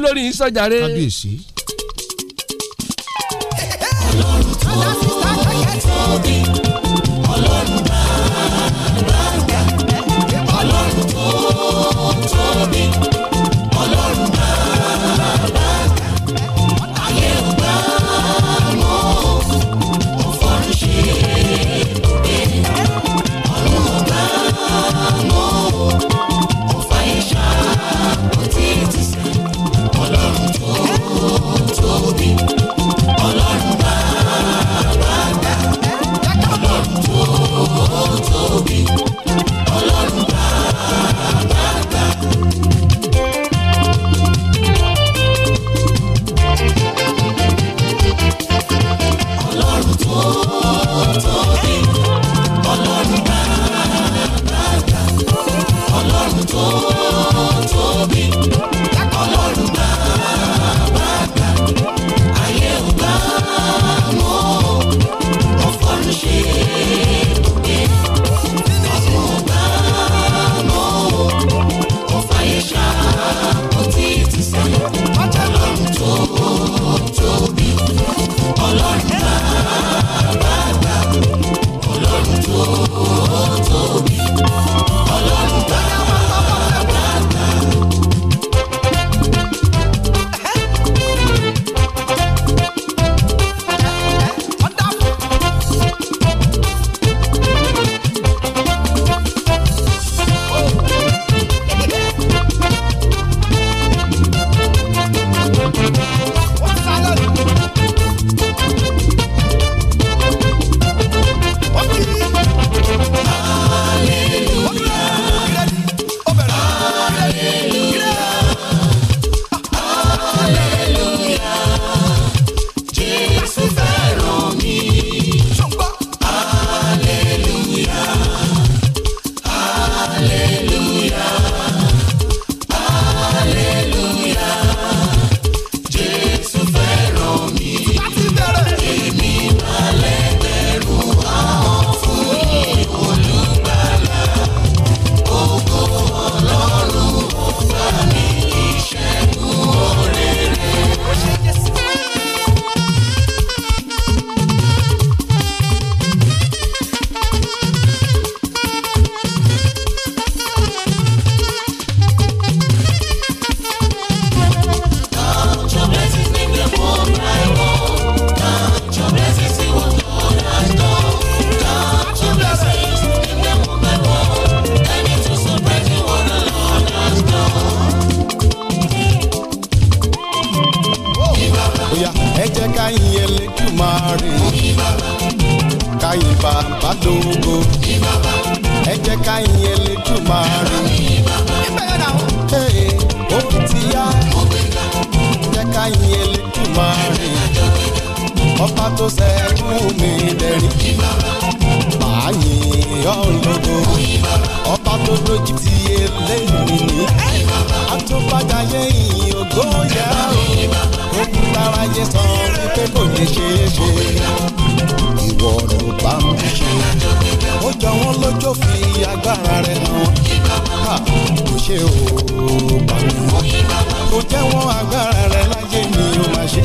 kò jẹ́wọ́ agbára rẹ láyé mi ó máa ṣe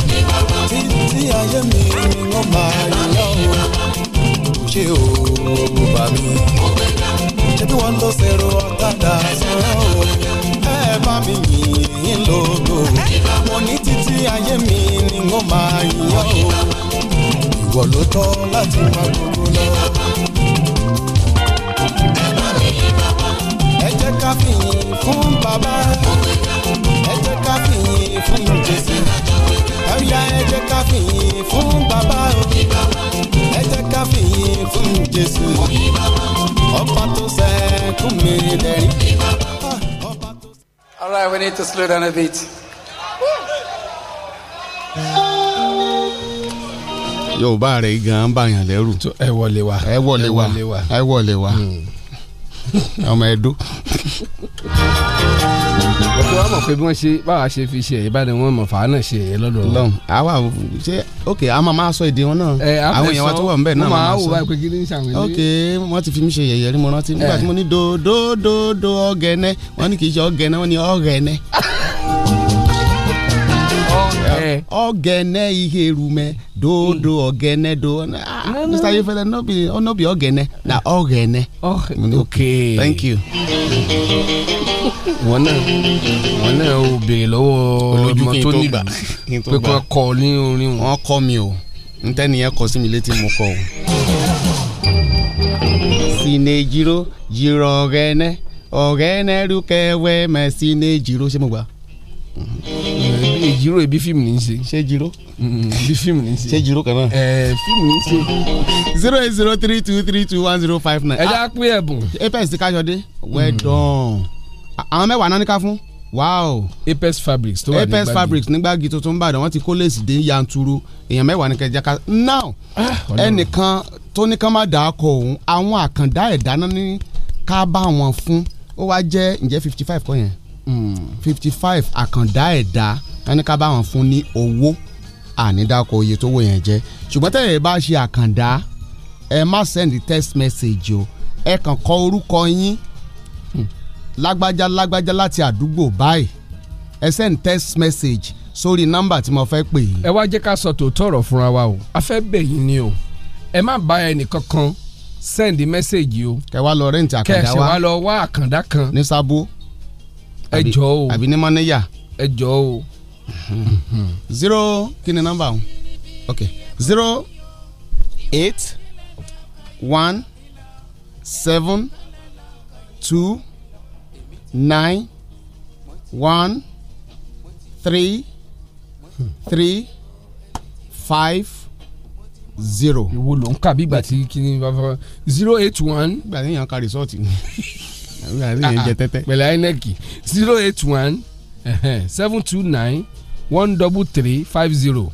títí ayé mi ni wọ́n máa yọ lọ́wọ́ ṣé o kò bá mi ṣé bí wọ́n lọ ṣèrò ọ̀kadà sọ̀rọ̀ o ẹ bá mi yìn lógo mo ní títí ayé mi ni wọ́n máa yọ o ìwọ ló tọ́ láti máa gbogbo lọ. ẹ jẹ́ ká fìyìn fún bàbá ẹ jẹ́ ká fìyìn fún Jésù ẹ̀yà ẹ jẹ́ ká fìyìn fún bàbá o ẹ jẹ́ ká fìyìn fún Jésù ọba tó sẹ́kùn mi lẹ́rìn. All right, we need to slow down a bit. Yorùbá rẹ̀ gan-an bàyàn lẹ́rù. ẹ wọlé wa ẹ wọlé wa ẹ wọlé wa hmm. ọmọ Ẹdó òkè wọn mọ̀ pé bí wọ́n ṣe báwa ṣe fi ṣe ẹ̀yẹ báyìí wọ́n mọ̀ fàá náà ṣe ẹ̀yẹ lọ́dọ̀ wọn. àwa ṣe ok a máa máa sọ èdè wọn náà àwọn èèyàn wa tó wà ń náà máa sọ ok wọ́n ti fi mí ṣe yẹ̀yẹ́ rí mo rántí nígbà tí mo ní do do do do kì í ṣe ọ̀gẹ̀nẹ̀ wọ́n ní ọ̀gẹ̀nẹ̀. ogene ihe erume dodo ogene do ah, mr Ayefele no be oh, no na ọgẹnẹ oh, mm, ok thank you. wọn náà wọn náà ò béèrè lọ́wọ́ ọmọ tó pé ní orin wọn. kọ mi o ntẹ́niyẹn kọ sí mi létí mo kọ o. Sine jiro ọ̀gẹ́nẹ́ ọ̀gẹ́nẹ́ rúkẹ́ wẹ́mẹ́ mo gbà. èjìrò eh, ebi fíìmù ní í ṣe. ṣé jìrò. ebi fíìmù ní í ṣe. ṣé jìrò kan náà. ẹ eh, fíìmù ní í ṣe. zero eight zero three two three two one zero five nine. ẹ jẹ́ àpín ah, apex ti kájọdé. well mm. done. àwọn mẹ́wàá náà ní ká fún wow apex fabrics tó wà nígbàgì apex fabrics nígbàgì tuntun bàdàn wọ́n ti kó lèsì dé yanturu èèyàn mẹ́wàá ní kẹjá ká now ah, ẹnìkan tó ní kán má dà á kọ òun àwọn àkàndá ẹ̀dá náà ní ká bá wọn fún ó wá jẹ́ ǹjẹ́ fifty five kọ́ yẹn Hmm, fifty five àkàndá ẹ̀dá ẹni ká bá wọn fún ní owó ànídàkọ iye tó wò yẹn jẹ́ ṣùgbọ́n tẹ̀yẹ̀ bá ṣe àkàndá ẹ má send text message o ẹ kàn kọ orúkọ yín hmm, lágbájá lágbájá láti àdúgbò báyìí ẹ send text message sórí nọ́mbà tí mo fẹ́ pè yín. ẹ wá jẹ́ ká sọ tòótọ́ ọ̀rọ̀ fúnra wa o a fẹ́ bẹ̀ yín ni o ẹ má bá ẹnìkankan send message o. kẹ wá lọ rẹ́ǹtì àkàndá wa kẹ ṣe wá lọ wá àkàndá kan. ní sábó ẹ jọ o àbí ní mọ́níyà ẹ jọ o. zero kí ni nọ́mbà òun ok zero eight one seven two nine one three three five zero. ìwo ló ń kà bí ìgbà tí kí ni zero eight one. ìgbà tí èèyàn ka rìsọ́ọ̀tì ni. Ah, ah. pẹ̀lẹ́ inec zero eight one eh, eh, seven two nine one double three five zero.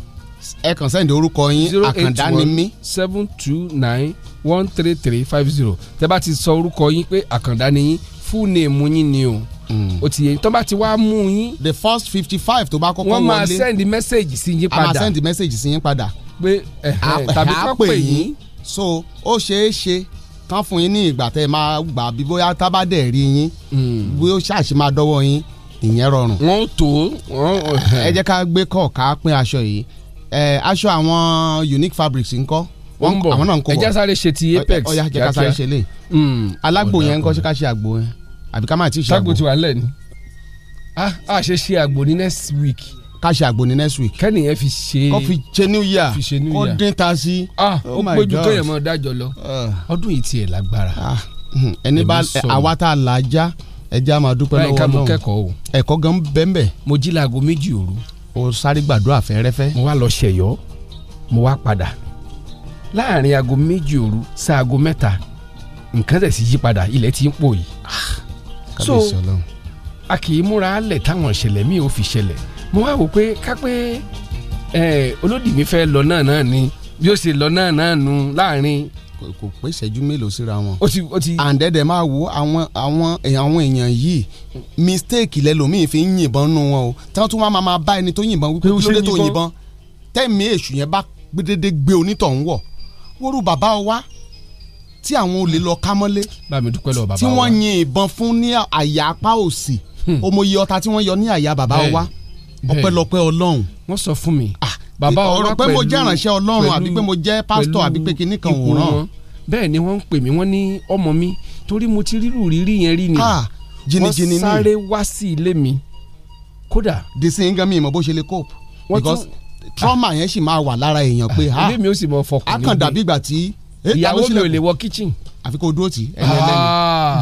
ẹ kàn sẹ́yìn orúkọ yín àkàndá ni mí. seven two nine one three three five zero tẹ́ bá ti sọ orúkọ yín pé àkàndá ni yín fún nèémù yín ni o hmm. o ti yẹ tó bá ti wá mú yín. the first fifty five tó bá kọ́kọ́ wọlé wọ́n máa send message sí yín padà. a máa send message sí yín padà. pé eh, tàbí kọ́ pè yín. so ó ṣeé ṣe kán fún yín ní ìgbà tẹ́ máa gbà bí bóyá tábàdẹ̀ rí yín hmm. bí ó ṣàṣì máa dọ́wọ́ yín ìyẹn rọrùn. wọ́n tó. ẹ jẹ́ ká gbé kọ́ ká pín aṣọ yìí aṣọ àwọn unique fabrics ńkọ́ wọ́n ń bọ̀ àwọn náà ń kó bọ̀ ẹ jẹ́ sáré ṣe ti apex kíákíá ọ̀ya jẹ́ ká sáré ṣe lè. Hmm. alágbò yẹn ńkọ́ ṣé ká ṣe àgbò yẹn àbí ká má ti ṣe àgbò. tágbò ti wà ń ah, a ṣe ṣe àgbò ní next week ká ṣe àgbo ní next week. kẹ́ni yẹn fi ṣe kọ́ fi ṣe new year fi ṣe new year kọ́ dín ta sí. ah oh péjú kẹ́yìn mọ́ dájọ́ lọ ah. ọdún yìí tiẹ̀ lágbára. Ah, hmm. ẹni bá àwa tá a là á já ẹjẹ́ a máa dúpẹ́ lọ́wọ́ náà báyìí ká mo kẹ́kọ̀ọ́ o. ẹ̀kọ́ gan bẹ́ẹ̀ mo jí laago méjì òru. o sáré gbàdúrà fẹ́rẹ́fẹ́. mo wá lọ ṣẹ̀yọ́ mo wá padà láàrin aago méjì òru sáago mẹ́ta nǹkan tẹ̀ sí yí padà ilẹ̀ ti ń pò yìí. Ah, so a kì í múra lẹ̀ táwọn ìṣẹ̀lẹ̀ mo wá wò pé ká pé olódì mi fẹ́ lọ náà náà ni bí ó ṣe lọ náà náà nu láàrin kò pé ìṣẹ́jú mélòó síra wọn. ó ti ó ti. àǹdẹ̀dẹ̀ máa wo àwọn àwọn àwọn èèyàn yìí mistake lẹ́lòmíì fi ń yìnbọn nu wọn o táwọn tún máa máa bá ẹni tó yìnbọn wípé kí ló dé tó yìnbọn tẹ̀mí èṣù yẹn bá gbédédé gbé onítọ̀hún wọ̀ wóru bàbá wa tí àwọn olè lọ ká mọ́lé tí wọ́n yin ìbọn fún ní àyà apá òsì ọmọ hmm. ọta tí wọ́n yọ ní àyà bàbá wa. Hey ọpẹ́lọpẹ́ Ọlọ́run. wọ́n sọ fún mi. Ah, bàbá ọlá pẹ̀lú ọ̀rọ̀ pé mo jẹ́ àránṣẹ́ Ọlọ́run àbí pé mo jẹ́ pásítọ̀ àbí pé kinní kan òwúrọ̀. bẹ́ẹ̀ ni wọ́n ń pè mí wọ́n ní ọmọ mi torí mo ti rírù rírí yẹn rí ni. Ah, jìnnìjìnnì ni wọ́n sáré wá sí ilé mi kódà. disi ń gan mi ìmọ̀ bó ṣe lè cope. because trauma yẹn sì máa wà lára èèyàn pé ha ah, ilé mi ó sì mọ fọkàn níbi. akàndàbí ìgbà tí. Eh, ìyàwó mi ò lè wọ kitchen àfi kó dúró tì í ẹni ẹlẹ́ni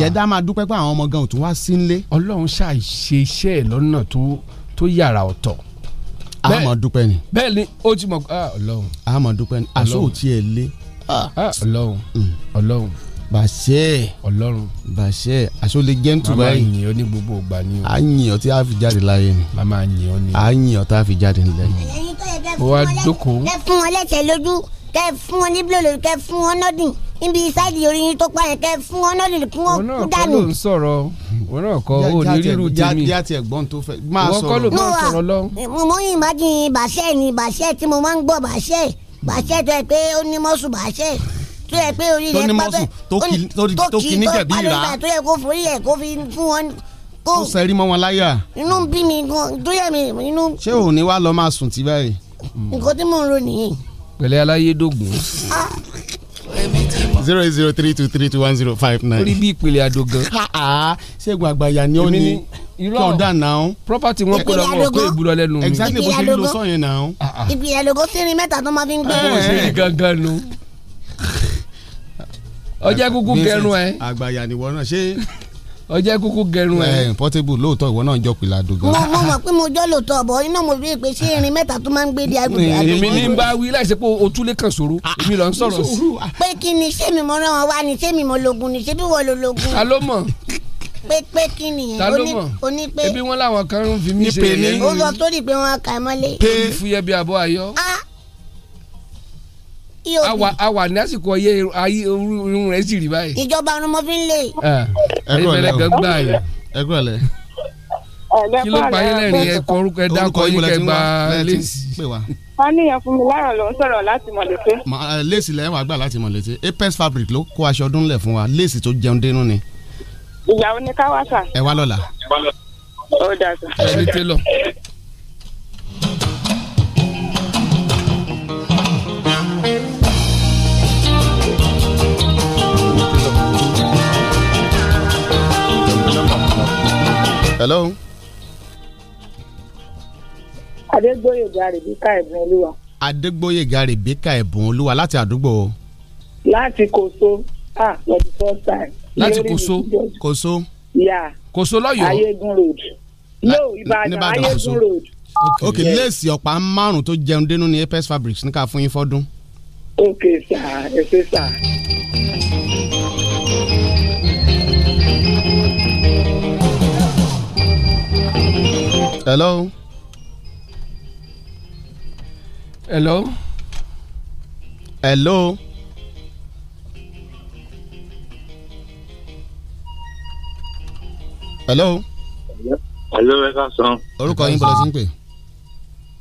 jẹ́dá máa dúpẹ́ pé àwọn ọmọ gan ò tún wá sí nílé. ṣàìṣe iṣẹ́ ẹ̀ lọ́nà tó tó yàrá ọ̀tọ̀. àmọ́ dúpẹ́ ni. bẹ́ẹ̀ ni ó ti mọ̀ ah, ọlọ́run. àmọ́ dúpẹ́ ni àṣọ ò tiẹ̀ lé. Ah, ah. ọlọ́run mm. ọlọ́run. bàṣẹ́ ọlọ́run. bàṣẹ́ àṣọ lè jẹ́ ntùbá yìí. màmá yìnyín ní gbogbo ìgbà ni o. a yìn ọ́ tí a fi jáde láyé ni. màmá yìn ọ́ ni. a yìn ọ́ tí a fi jáde nílẹ̀ ni. ẹyin tó yẹ kẹ́ fún wọn lẹ́sẹ̀ lójú kẹ fún wọn ní bílòlò kẹ fún wọn nọdìn níbi sáìdì orí yín tó pa yẹn kẹ fún wọn nọdìn kí wọn kú dànù. wọn náà kọ́ ló ń sọ̀rọ̀ wọn náà kọ́ ó ní ríru tèmi já tiẹ̀ gbọ́n tó fẹ́ máa sọ̀rọ̀. wọn kọ́ ló máa sọ̀rọ̀ lọ. Eh, mo bàṣẹ́ ni bàṣẹ́ tí mo máa ń gbọ́ bàṣẹ́ bàṣẹ́ tó yẹ pé ó ní mọ́sù bàṣẹ́ tó yẹ pé orí rẹ pápẹ́ tó kì í tó palẹ̀ tó yẹ kó forí ẹ̀ kó fi fún wọn kó sẹ́rí mọ́ wọn láyà. inú bí mi gan tó mi inú. ṣé òun ni wàá lọ máa sùn tí báyìí. nǹkan tí mò ń ro nìyí pẹ̀lẹ́ aláyédògún. zero eight zero three two three two one zero five nine. orí bí ìpele àdògán. ṣẹ́gun àgbàyà ni ó ní irọ́ kọ̀ọ̀dà náà. property wọn kóra wọn kó ìbúra lẹ́nu mi. exactly bó ṣe ń lo náà. ìpìlẹ̀ lógo sírin mẹ́ta tó máa fi ń gbé. bó ṣe rí gangan nu. ọjọ́ kúkú kẹrun ẹ. àgbàyà ni wọ́n náà ṣé ọjẹ́ kúkú gẹrun ẹ. ẹ portable lóòótọ́ ìwọ náà jọ pìlà dùgán. mo mo mọ̀ pé mo jọ lóòótọ́ bọ̀ iná mo rí i pé ṣé irin mẹ́ta tó máa ń gbé di agbègbè agbègbè. èmi ní bá wí láìsí pé o túlé kan sòro ah, èmi lọ ń sọ̀rọ̀ sí. pé kí ni ṣé mi mo rán wọn ni ṣé mi mo logun ni ṣé bí wọ́n lo logun. ta ló mọ̀ pé pé kí nìyẹn ta ló mọ̀ oní pé ebi wọn làwọn kan ń fi mí ṣe yẹn. ó sọ sórí pé wọn kà mọ́lé. pé fúyẹ́ bí abọ́ ayọ́. ah awa awa ní àsìkò ọyẹ ayé irun rẹ sì rí báyìí. ìjọba ọ̀run mo fi ń lè. ẹ bẹ̀rẹ̀ gan gbà yìí. ẹ kúrò lẹ. kí ló pa yín lẹ́rìn ẹ kọ orúkọ ẹ dákọ yín kẹ gba lẹ́sì. wọ́n ní ìyẹn fún mi lára ló ń sọ̀rọ̀ láti Mọ̀lété. lẹ́sì lẹ́yìn wàá gbà láti Mọ̀lété Apex Fabric ló ìyàwó ni káwá ẹ wá lọ́la. ó dà hello. gari, rèbíkà ẹ̀bùn olúwa. adégbòyègà rèbíkà ẹ̀bùn olúwa láti àdúgbò. láti koso. ah for the first time. láti koso. kòso. ya kòso lọ́yọ̀ọ́. ayégun road. no ìbàdàn ayégun road. ok léèsì ọ̀pá márùn-ún tó jẹun dénú ní apes fabrics ní ká fún yín fọ́dún. ok sir ẹ ṣé sir. hello. hello. hello. hello. hello ẹ ká san. orúkọ yín bọ́lá sí ń pè.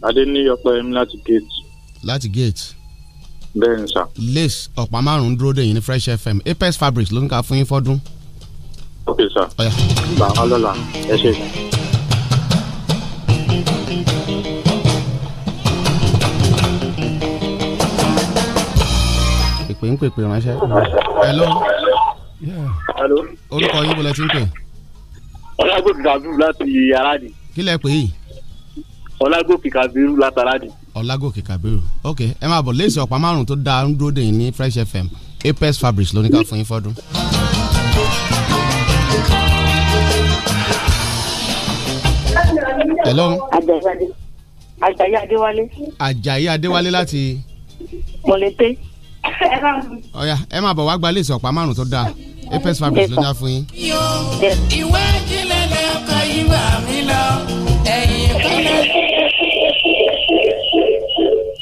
adéníyọpẹ mi láti gate. láti gate. bẹ́ẹ̀ ni sà. lace ọ̀pá márùn-ún dúró dè yín ní fresh fm apex fabrics ló ń ka fún yín fọ́dún. ok sà. ọ̀yà. bàbá lọ́la ẹ ṣe. pè ń pèpè ránṣẹ́. hello. hello. orúkọ yín bọ́lá ti ń pè. ọlágòkè kabiru láti aráàdì. kí lẹ pè yìí. ọlágòkè kabiru láti aráàdì. ọlágòkè kabiru ok ẹ máa bọ̀ léèsì ọ̀pá márùn-ún tó dáa ń dúró dè ní fresh fm apex fabrics lóníkà fún yín fọ́dún. hello. ajayi adéwálé. ajayi adéwálé láti. mọ̀lẹ́tẹ́ ọ̀ya ẹ máa bọ̀ wá gba iléeṣẹ́ ọ̀pá márùn tó dáa apes fabric ló dá fún yín. ìwé ìjìnlẹ̀ lẹ́kọ̀ọ́ ìwà mi lọ ẹ̀yìn kọ́lẹ̀.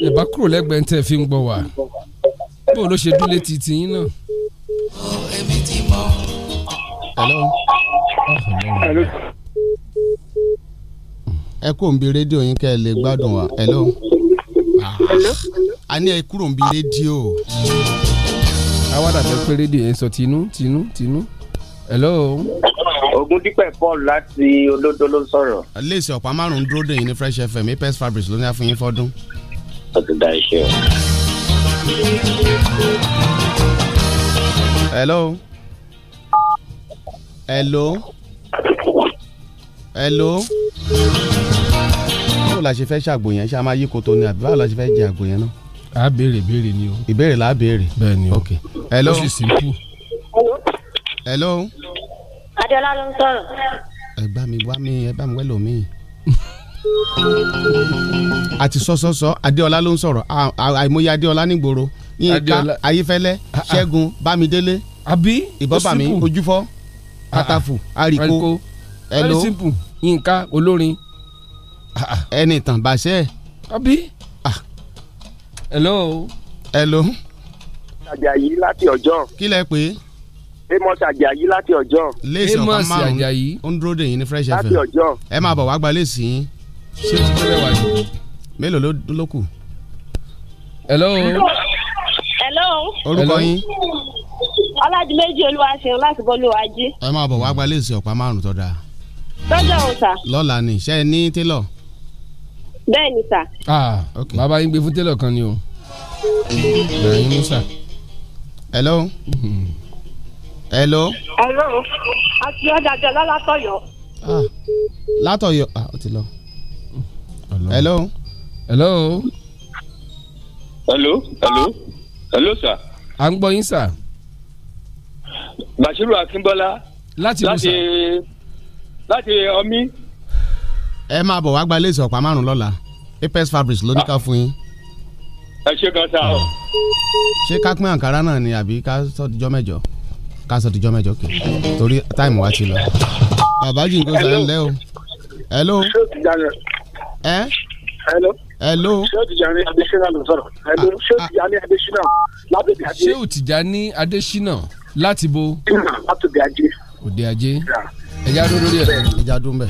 ẹ bá kúrò lẹ́gbẹ̀ẹ́ tẹ́ fi ń gbọ́ wá bó ló ṣe dúlé ti tiyín náà. ó èmi ti mọ. ẹ kò ń bi rédíò yín kẹ́ ẹ lè gbádùn wa. Ah. a ní ẹ kúrò ń bi rédíò. awádà tẹ pé rédíò yẹn sọ tinú tinú tinú. hello. Ògúndípẹ̀ Paul láti olódó ló sọ̀rọ̀. léèsì ọ̀pá márùn-ún dúró dè yín ní Fresh FM Apex Fabrics ló ní àfihàn fọ́dún. ọ̀tún dá iṣẹ́ o. hello. hello. hello. hello? báwo la ṣe fẹ́ ṣàgbò yẹn ṣe a máa yí koto ni àbí báwo la ṣe fẹ́ jẹ àgbò yẹn náà. a béèrè béèrè ni o. ìbéèrè la béèrè. bẹ́ẹ̀ ni o ok hello. ó sì simple. hello. hello. adiola ló ń sọ̀rọ̀. ẹ bá mi wá mi ẹ bá mi wẹ́lò mi. àti sọ́sọ́sọ́ adiola ló ń sọ̀rọ̀ àìmọye adiola nígboro yínká ayífẹ́lẹ́ ah, ah. ṣẹ́gun bámidélé àbí ìbọ́bàmí ojúfọ́ katafu ah, àríkó ẹ̀ló yínká olórin Ah, ẹni tàn bá ṣe. àbí. Ah. hello. hello. Àjàyí láti ọjọ́. kí lẹ pé. Amos Àjàyí láti ọjọ́. léèsì ọ̀kan márùn-ún ó ń ní Fresh FM. láti ọjọ́. ẹ máa bọ̀ wá gba léèsì yín. ṣé o ti pẹ́ wá yìí. mélòó ló kù. hello. hello. orúkọ yín. Ọlájúméjì Olúwaṣeun láti Bọ́lúwàjí. ẹ máa bọ̀ wá gba léèsì ọ̀pá márùn tó dáa. lọ́jọ́ òòsà. lọ́la ni iṣẹ́ ní télọ̀ bẹ́ẹ̀ ni sà. ah ok bàbá yín gbé fún télọ̀ kan ni o bẹ̀rẹ̀ yín mú sà. hello. hello. hello àti ọjà jọlá látọ̀yọ́. ah látọ̀yọ́ ah ó ti lọ. hello. hello. hello hello hello sa, à ń gbọ́ yín sà. Bashiru Akínbọ́lá. láti musa láti láti ọmí. ẹ máa bọ̀ wá gba ilé ìsọ̀pá márùn-ún lọ́la. Apex Fabrics ló ní ká fún yín. ẹ ṣe kan sáà. ṣé ká pín àǹkárá náà ni àbí ká sọ dijọ́ mẹ́jọ ká sọ dijọ́ mẹ́jọ kì í torí táìmù wa ti lọ. bàbá jì nǹkan sọ̀rọ̀ ńlẹ́ o. hello. ẹ. hello. hello. ṣé o Tijani Adesina ló sọ̀rọ̀. hello ah, ṣé o Tijani ah. Adesina lábẹ́bí ajé. ṣé o Tijani Adesina láti bo. látòbí ajé. òde ajé. ẹja dún lórí ẹ. ẹja dún bẹ́ẹ̀.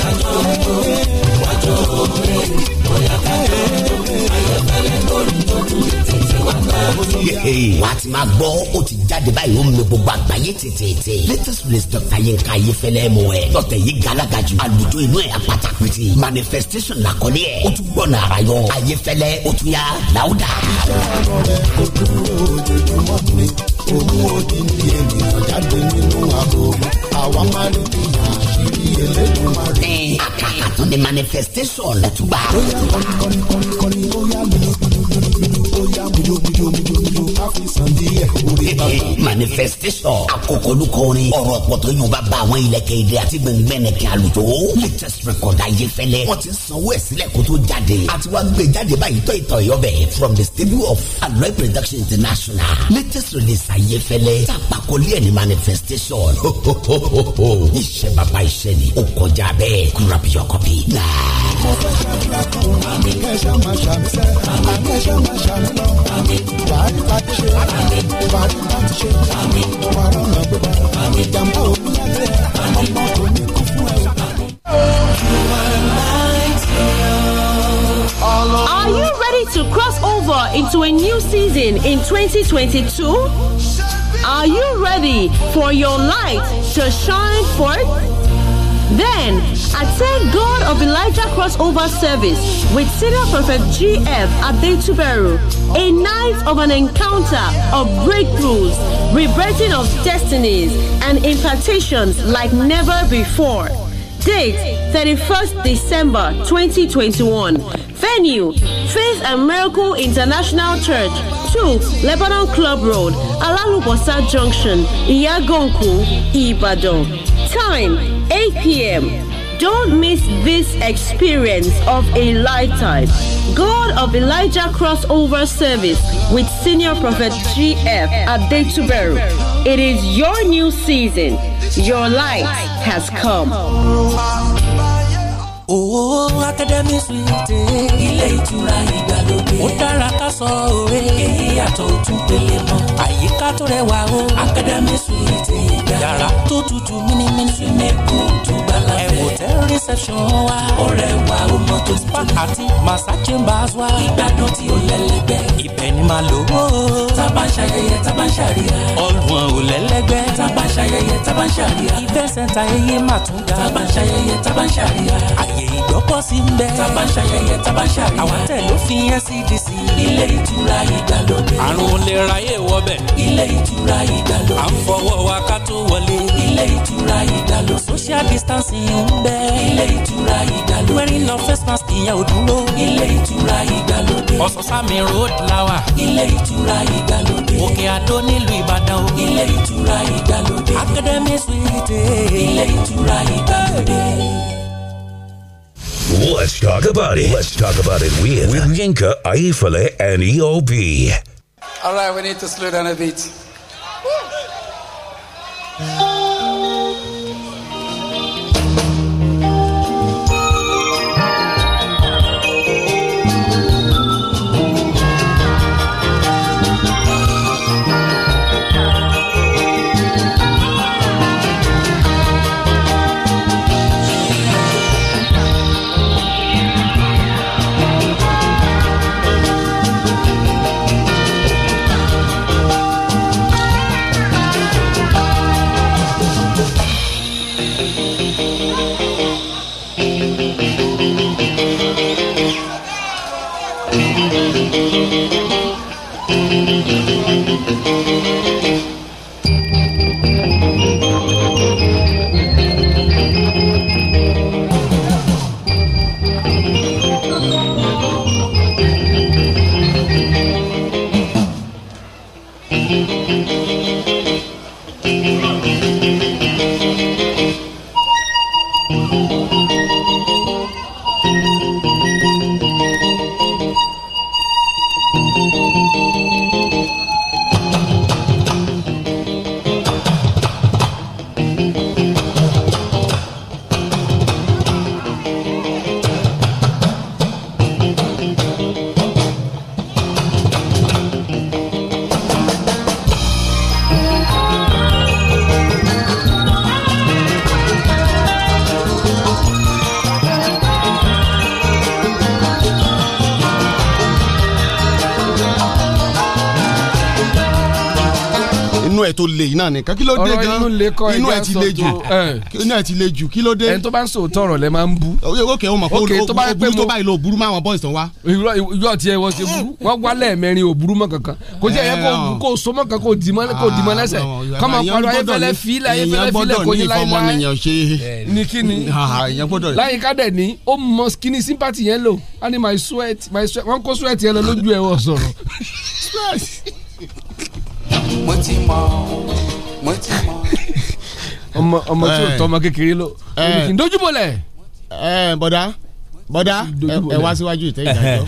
bó ti yẹ. wà á ti máa gbọ́ ó ti jáde báyìí ó mi gbogbo àgbáyé tètè. latest release Dr. Yinka Ayefẹlẹ mu ẹ. dọ̀tẹ̀ yìí galaga jù àlùjọ inú ẹ̀ apata pété. manifestation làkọ́lé ẹ̀ ó tún gbọ́nà ara yọ. Ayefẹlẹ ó tún yà láwùdà. Òun òdi ni ènìyàn nínú àbò, àwa máa ń bìyà àṣírí ẹlẹ́dùnmarè. Ẹ àkàkà tó ni manifestation lẹ́tùgbà. Ó yà kọ́ni kọ́ni kọ́ni ó yà mí. do do do do fi san díẹ̀ orí bàbá. manifestation àkókò olùkọ́ orin ọ̀rọ̀ ọ̀pọ̀tọ́ yóò bá bá àwọn ilẹ̀kẹ̀ èdè àti gbẹ̀ngbẹ̀nẹ̀kẹ̀ àlùjọ. latest record ayé fẹ́lẹ́ wọ́n ti sanwó ẹ̀ sílẹ̀ kó tó jáde àti wá gbé jáde báyìí tọ́ ìtọ̀ ìyọ́bẹ̀ from the studio of aloe production international latest release ayé fẹ́lẹ́ tàpákọ́lé ẹ̀ ní manifestation iṣẹ́ bàbá iṣẹ́ ni ó kọjá bẹ́ẹ̀ grab your copy now. àmì kẹ́sà máa ṣàmì sẹ́ àmì kẹ́sà máa ṣàmì lọ àmì wàá ní pàtó Are you ready to cross over into a new season in 2022? Are you ready for your light to shine forth? Then attend God of Elijah Crossover Service with Senior Prophet GF at Deituberu a night of an encounter of breakthroughs, rebirthing of destinies, and impartations like never before. Date 31st December 2021. Venue Faith and Miracle International Church, 2 Lebanon Club Road, Alalubosa Junction, Iyagonku, Ibadan. Time 8 p.m. Don't miss this experience of a lifetime. God of Elijah crossover service with Senior Prophet GF at Detuberu. It is your new season. Your light has come. Ilé ìtura ìgbàlódé. Ó dára ká sọ òwe. Èyí yàtọ̀ ojú pele mọ́. Àyíká tó rẹwà o. Yàrá tó tutù mímímí. Súnmẹ́kù tó ìgbàlà fẹ́. ẹ̀wòtẹ́ reception wa. ọ̀rẹ́ wa ó mọ tó ti tó. spa àti massa chambers wa. ìgbádùn tí ó lẹ́lẹ́gbẹ́. ibẹ̀ ni màá lò ó. tábà ń ṣayẹyẹ tábà ń ṣàríyá. ọ̀gbun ò lẹ́lẹ́gbẹ́. tábà ń ṣayẹyẹ tábà ń ṣàríyá. ìfẹ́ sẹ́ńtà ẹyẹ mà tún ga. tábà ń ṣayẹyẹ tábà ń àyè ìgbọ́pọ̀ sí ń bẹ. tábà ṣayẹyẹ tábà ń àwọn tẹ̀ ló fi NCDC. ilé ìtura ìgbàlódé. àrùn lè ra yé wọbẹ̀. ilé ìtura ìgbàlódé. à ń fọwọ́ wa ká tó wọlé. ilé ìtura ìgbàlódé. social distance ń bẹ. ilé ìtura ìdàlódé. ò dúró. ilé ìtura road ilé ìtura ìdàlódé. òkè àdó nílùú ìbàdàn o. ilé ìtura ìdàlódé. academy ilé ìtura ìdàlódé. Let's talk about it. Let's talk about it with, with Yinka, Aifale, and EOB. All right, we need to slow down a bit. thank lè iná nìkan kí ló dé gan inú ẹ ti le jù inú ẹ ti le jù kí ló dé. ẹni tó bá ń sòótọ́ ọ̀rọ̀ lẹ máa ń bu. ok o mọ̀ pé o burú tó báyìí lo burú máa wọn bọ́ọ̀sì tán wá. yóò tiẹ̀ wọ́n ṣe burú wọ́n wá lẹ́ẹ̀mẹrin o burú mọ́ kankan kò jẹ́ ẹ̀yẹ kò so mọ́ kankan kò dì mọ́ lẹ́sẹ̀ kọ́mọ pariwo ayéfẹ́lẹ́ fílẹ̀ ayéfẹ́lẹ́ fílẹ̀ kò yé láíláí ní kíni láyìíká ah, ah, dẹ̀ ní ó mọ kíni sympathy yẹn lò á ní my sweat my sweat wọ́n kó sweat yẹn lọ lójú ẹ̀ wọ́n sọ̀rọ̀ mo ti mọ mo ti mọ. ọmọ ọmọ tí o tọ́ ọmọ kékeré ló. ẹ eh. ẹ dojúbọlẹ̀. ẹ eh, bọ̀dá bọ́dá ẹ wá síwájú ìtẹ́ ìdájọ́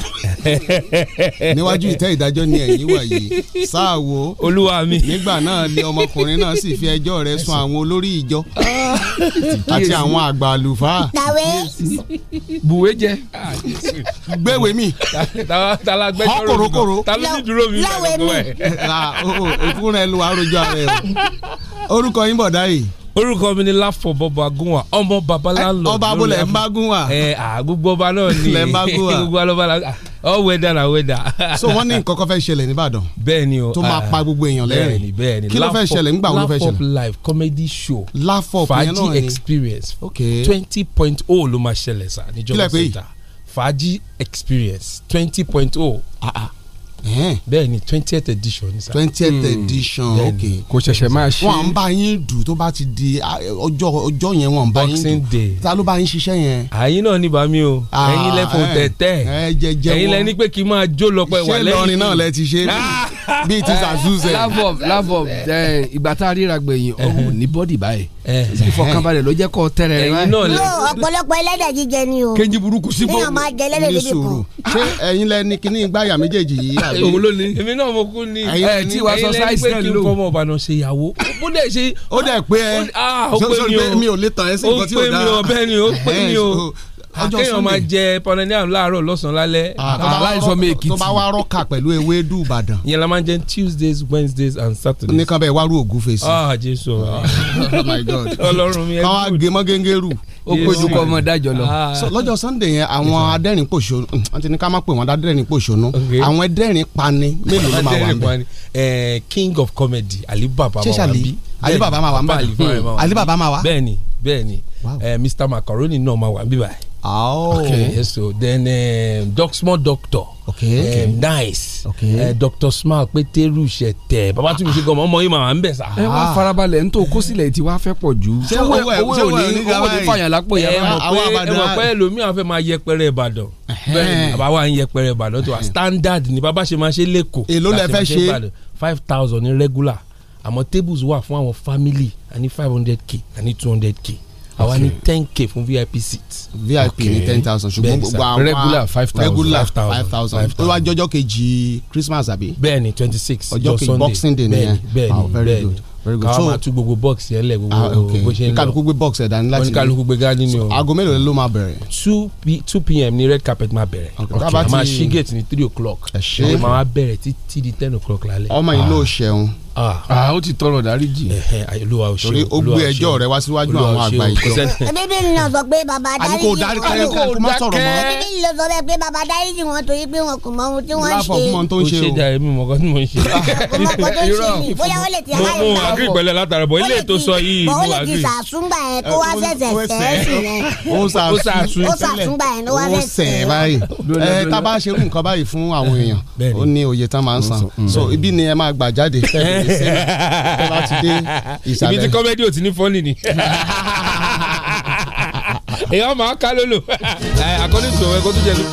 níwájú ìtẹ́ ìdájọ́ ni ẹ̀yin wà yìí sáà wo olúwa mi nígbà náà ni ọmọkùnrin náà sì fi ẹjọ́ rẹ̀ sun àwọn olórí ìjọ àti àwọn àgbà àlùfáà. dàwé. bùwé jẹ. gbéwé mi. tala gbẹjọ rẹ kòrókòró. tala ní dúró mi. láwé mi. òkú rẹ lu àròjọ rẹ o orúkọ yín bọ̀dá yìí orúkọ mi ni láfọ bọba gúnwà ọmọ babaláńlọ ọba abúlé ẹ̀ ń bá gúnwà. ẹ àgùgbọ ọba náà ni lẹ̀ ń bá gúnwà gbogbo alọba la ọ wẹdà na wẹdà. so wọ́n ní nǹkan kan fẹ́ ṣẹlẹ̀ nìbàdàn. bẹ́ẹ̀ni o tó máa ah, pa gbogbo èèyàn lẹ́rìn bẹ́ẹ̀ni kí ló fẹ́ ṣẹlẹ̀ ńgbà wo ló fẹ́ ṣẹlẹ̀. laugh up live comedy show laugh up yẹn náà ni oh fàájì experience twenty point o ló máa ṣẹlẹ̀ sá níjọba center Faji experience twenty point o bẹ́ẹ̀ ni twentieth edition ni sa. twentieth hmm. edition ok kò ṣẹ̀ṣẹ̀ máa ṣe. wọ́n à ń bá yín dùn tó bá ti di ọjọ́ ọjọ́ yẹn wọ́n à ń bá yín dùn boxing day ta ló bá yín ṣiṣẹ́ yẹn. àyín náà ní bàmí o ah, ẹ̀yin lẹ́fọ̀ tẹ̀tẹ̀ ẹ̀yin lẹ́ni pé kí n máa jó lọ́pọ̀ ìwà lẹ́yìn. iṣẹ́ Ìlọrin náà lẹ ti ṣe ah. bíi ti zazuze. lavob lavob ìgbà tá a ríra gbẹ̀yìn ọ̀hún ní bọ́dì báyìí ìfọkànbalẹ̀ ló jẹ́ kọ́ tẹ́rẹ̀ rẹ. ẹ̀yin náà lẹ. ọ̀pọ̀lọpọ̀ ẹlẹ́dẹ̀ jíjẹ ni o. kéjì burúkú síbò ní sòrò. ṣé ẹ̀yin lẹ ní kíní gbáyà méjèèjì yìí òun ló ní. èmi náà mo kú ní. ẹ tí wàá sọ size ten ló. ọmọ ìbàdàn ṣe ìyàwó. ó dẹ̀ ṣe. ó dẹ̀ pé ẹ ah, sọ́sọ́ pé mi ò lè tàn ẹ́ sí nǹkan tí ò dáa. ó pé mi ò bẹ́ẹ̀ ni ó pé mi ò. akéèyàn máa jẹ panadiam láàárọ̀ lọ́sàn-án lálẹ́. Ah, aláìsàn mi èkìtì. tó bá wá rọ́ọ̀kà pẹ̀lú ewédú ìbàdàn. ìyẹn la máa ń jẹ Tuesdays Wednesdays and Saturdays. nìkan bẹ́ẹ̀ wá rú ògúnfe sí. ah Jésù. oh my God. ọlọ́run mi ẹ ó péjú kọ́ ọmọ ìdájọ lọ. Ah. lọ́jọ́ sunday yẹn àwọn adẹ́rìn pòṣónú wọ́n ti ní ká má pè wọ́n adẹ́rìn pòṣónú àwọn adẹ́rìn pani mélòó ló máa wà ń eh, king of comedy Alibaba Baba máa wà bí Ali Baba máa wà ń bẹ̀ Ali wà. bẹ́ẹ̀ni bẹ́ẹ̀ni eh, Mr Macaroni náà máa wà ń báyìí. Oh, okay. Yes, so then um, doc, small doctor. Okay. Um, nice. Okay. Uh, doctor smart pétérù ṣẹtẹ bàbá tí mo ṣe gan ọmọ yìí màmá ń bẹ sa. ẹ wá farabalẹ̀ n tó kó sílẹ̀ tí wàá fẹ́ pọ̀ jù. ṣé owó ẹ owó ẹ ní owó ní fàyàn lápò yẹn. ẹ mọ̀ pé ẹlòmíràn fẹ́ máa yẹpẹrẹ Ìbàdàn. bẹ́ẹ̀ni bàbá wa ń yẹpẹrẹ Ìbàdàn tó wa standard ni bàbá ṣe máa ṣe lẹ́kọ̀ọ́. èló lẹ fẹ́ ṣe five thousand ní regular àmọ́ tables wà fún àwọn family I need five hundred k I need two hundred k àwa ní ten k fún vip seat. vip ní ten thousand ṣùgbọ́n gbogbo àwọn regular five thousand regular five thousand tó wá jọjọ́ kejì christmas àbí. bẹ́ẹ̀ni twenty six ọjọ́ kejì boxing day nìyẹn bẹ́ẹ̀ni bẹ́ẹ̀ni very good. káwọn máa tú gbogbo box yẹn lẹ gbogbo ah, bó ṣe ń lọ kálukú gbé box ẹ̀ dání láti oníkálukú gbé gání ni o. aago mélòó ló máa bẹ̀rẹ̀. two p two pm ni red carpet máa bẹ̀rẹ̀ ok a máa ṣí gate ní three o'clock. ẹ ṣe é máa bẹ̀rẹ̀ títí di ten o'clock lálẹ́. ọmọ yìí ah. ló ṣẹun Ah. ah ó ti tọrọ dáríjì. olúwa ò ṣeun torí ó gbé ẹjọ́ rẹ wá síwájú àwọn àgbà ìjọ. bíbí ń lọ sọ pé bàbá dáríjì wọn kò má sọ̀rọ̀ mọ́. bíbí ń lọ sọ pé bàbá dáríjì wọn torí pé wọn kò mọ ohun tí wọ́n ń ṣe. láfọ̀ fún ọ tó ń ṣe o. ó ṣe jàre mi mọ̀kọ́ tí mo ń ṣe. mọ̀kọ́ tó ń ṣe mi bóyá ó lè ti háyà náà bọ̀. mo àgírí pẹ̀lẹ́ látara bọ̀ ilé tó sọ yìí mo àgírí. ó sàtúngbà yẹn kó wá tọ́lá ti dé ìsàlẹ̀. ibi tí kọ́mẹ́dì ò ti ní fọ́ọ̀nì ni èèyàn máa ká lólo àkọ́lé ìṣòwò ẹ̀kọ́ tó jẹ́ lólo.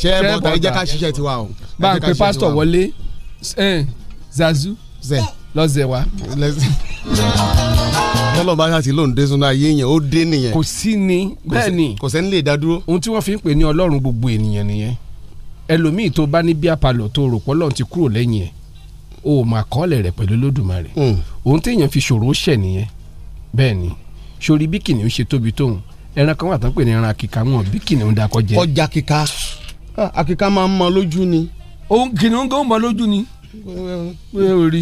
ṣẹ́ bọ́ta ẹ jẹ́ ká ṣiṣẹ́ tiwa o. bá a pe pásítọ̀ wọlé zazu lọ́zẹ̀ wa. tọ́lọ̀ bá ṣáà ti lóun dé sunu ayé yẹn ó dé nìyẹn. kò sí ni bẹ́ẹ̀ ni kò sẹ́ni lè dá dúró. ohun tí wọ́n fi ń pè ní ọlọ́run gbogbo ènìyàn nìyẹn ẹlòmíì tó bá ní bíi apalọ̀ tó rò pọ́ lọ́run ti kúrò lẹ́yìn ẹ̀ o ò mà kọ́lẹ̀ rẹ̀ pẹ̀lú lódùmarè hmm. ohun téèyàn fi ṣòro ṣẹ̀ nìyẹn bẹ́ẹ̀ ni sori bí kìnìún ṣe tóbi tóun ẹran kan wà tán pé ní ẹran kíkà wọn bí kìnìún dakọ jẹ. ọjà kíkà àkìká máa ń mọ lójú ni. òun kìnìún gan mọ lójú ni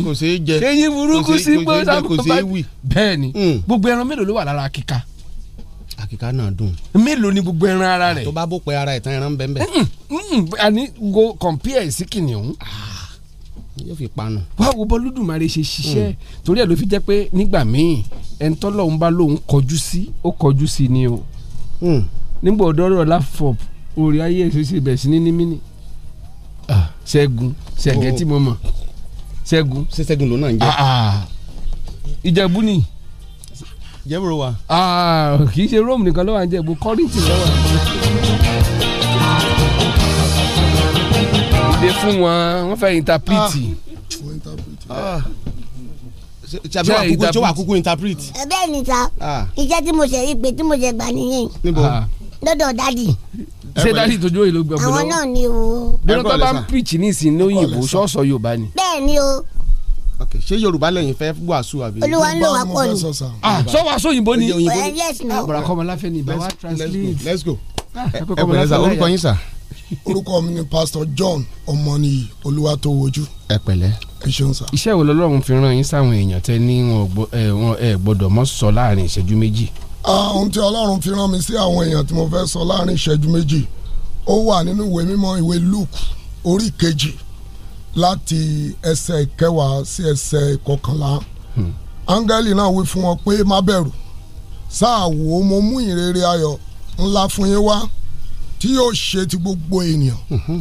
kò ṣeé jẹ eyín burúkú sí pé kò ṣeé wì. bẹ́ẹ̀ ni hmm. gbogbo ẹran mélòó ló wà lára akíka. akíka náà dùn. mélòó ni gbogbo ẹran ara rẹ̀. tó bá bó pẹ́ ara ìtàn ẹran bẹ́ẹ̀ bẹ́ẹ̀. àní go compare sí kìnìún. Ah, yóò fi panu. wá wo bọ́lúdùmarè ṣe ṣiṣẹ́ hmm. torí ẹ̀ ló fi jẹ́ pé nígbà míì ẹni tọ́lọ́hún bá lóun kọjú sí ó kọjú sí ni o. Hmm. nígbà ọ̀dọ́rọ̀ láfọ̀ọ́ orí ayé èso ṣe bẹ̀ sí ní mímí ah. ṣẹ́gun ṣẹ̀gẹ́ oh. tí mo mọ̀ ṣẹ́gun. ṣé ṣẹ́gun ló náà ń jẹ́. Ah, ah. ìjẹ̀bú ni. jẹ́bù ló wà. kì í ṣe Rome nìkan ló wà ń jẹ̀bú Kọ́ríńtì ló wà. ìdè fún wọn wọ́n fẹ́ interpreti. ṣàbí wà kúkú tí wà kúkú interpret. ẹ eh, bẹ́ẹ̀ ni ta iṣẹ́ tí mo ṣe rí pé tí mo ṣe gbà nìyẹn lọ́dọ̀ dádì ṣé dáàdi tójú òyìnbó gbẹ pẹ̀lú. àwọn náà ni o. bọ́lá tó bá ń pìtì nísìnyí ní òyìnbó sọ́ọ̀sọ̀ yorùbá ni. bẹ́ẹ̀ ni o. ok ṣé yorùbá lẹ́yìn fẹ́ wàásù àbí. olúwa ló wà pọ̀ ni. sọ ah, wàásù òyìnbó ni. yes na. àbúrò akọ́mọláfẹ́ ni ìbáwá translate. let's go. Ah, ẹ pẹ̀lẹ́ sà orúkọ yín sà. orúkọ mi ni pastor john ọmọnìyí olúwa tó wojú. ẹ pẹ̀lẹ́ iṣẹ́ wo lọ́lọ́run fi rán yín sáwọn èèyàn tẹ́ ní wọn ẹ gbọ́dọ̀ mọ́ sọ láàrin ìṣẹ́jú méjì ohun tí ọlọ́run fi rán mi sí àwọn èèyàn tí mo fẹ́ sọ láàrin ìṣẹ́jú méjì ó wà nínú ìwé mímọ́ ìwé Luke orí kejì láti ẹsẹ̀ ìkẹwàá sí ẹsẹ̀ ìkọkànlá hmm. áńgẹ́lì náà wí fún wọn pé má bẹ̀rù sáà wò ó mo mú ìrere ayọ̀ ńlá fún yín wá tí yóò ṣe ti gbogbo ènìyàn hmm.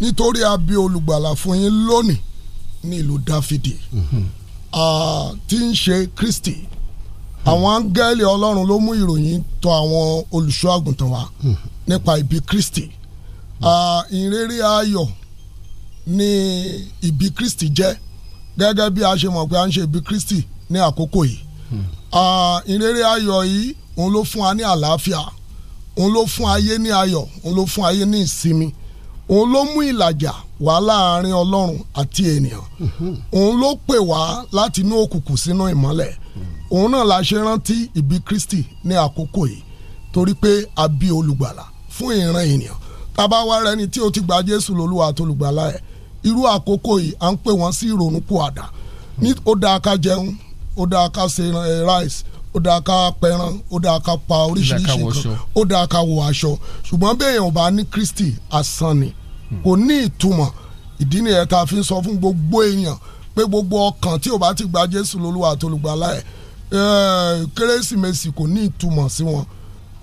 nítorí a bí olùgbàlà fún yín lónìí ní ìlú Dáfídì hmm. tí ń ṣe Kristi àwọn áńgẹ́lì ọlọ́run ló mú ìròyìn tọ̀ àwọn olùṣọ́ àgùntàn wa nípa ìbí Kristi ìrere ayọ̀ ni ibi Kristi jẹ́ gẹ́gẹ́ bí a ṣe mọ̀ pé a ń ṣe ìbí Kristi ní àkókò yìí ìrere ayọ̀ yìí òun ló fún wa ní àlàáfíà òun ló fún ayé ní ayọ̀ òun ló fún ayé ní ìsinmi òun ló mú ìlàjà wá láàrin ọlọ́run àti ènìyàn mhm. òun ló pè wá láti inú òkùnkùn sínú ìmọ́lẹ̀ òun náà la ṣe rántí ìbí Kristi ní àkókò yìí torí pé a bí olùgbàlà fún ìran ènìyàn tábà wá rẹni tí ó ti gba Jésù lólúwa àti olùgbàlà ẹ̀ irú àkókò yìí à ń pè wọ́n sí ìrònúpìwàdà ní ó dáa ká jẹun ó dáa ká ṣe eh, rice ó dáa ká pẹran ó dáa ká pa oríṣiríṣi nǹkan ó dáa ká wọ aṣọ ṣùgbọ́n bẹ́ẹ̀ yẹn ò bá ní Kristi asán ni hmm. kò ní ìtumọ̀ ìdí nìyẹn tá a fi sọ fún gbogbo èèyàn pé gbogbo ọkàn tí ò bá ti gba Jésù lólúwa àtolùgbàlà ẹ̀ Eh, kérésìmesì kò ní ìtumọ̀ sí wọn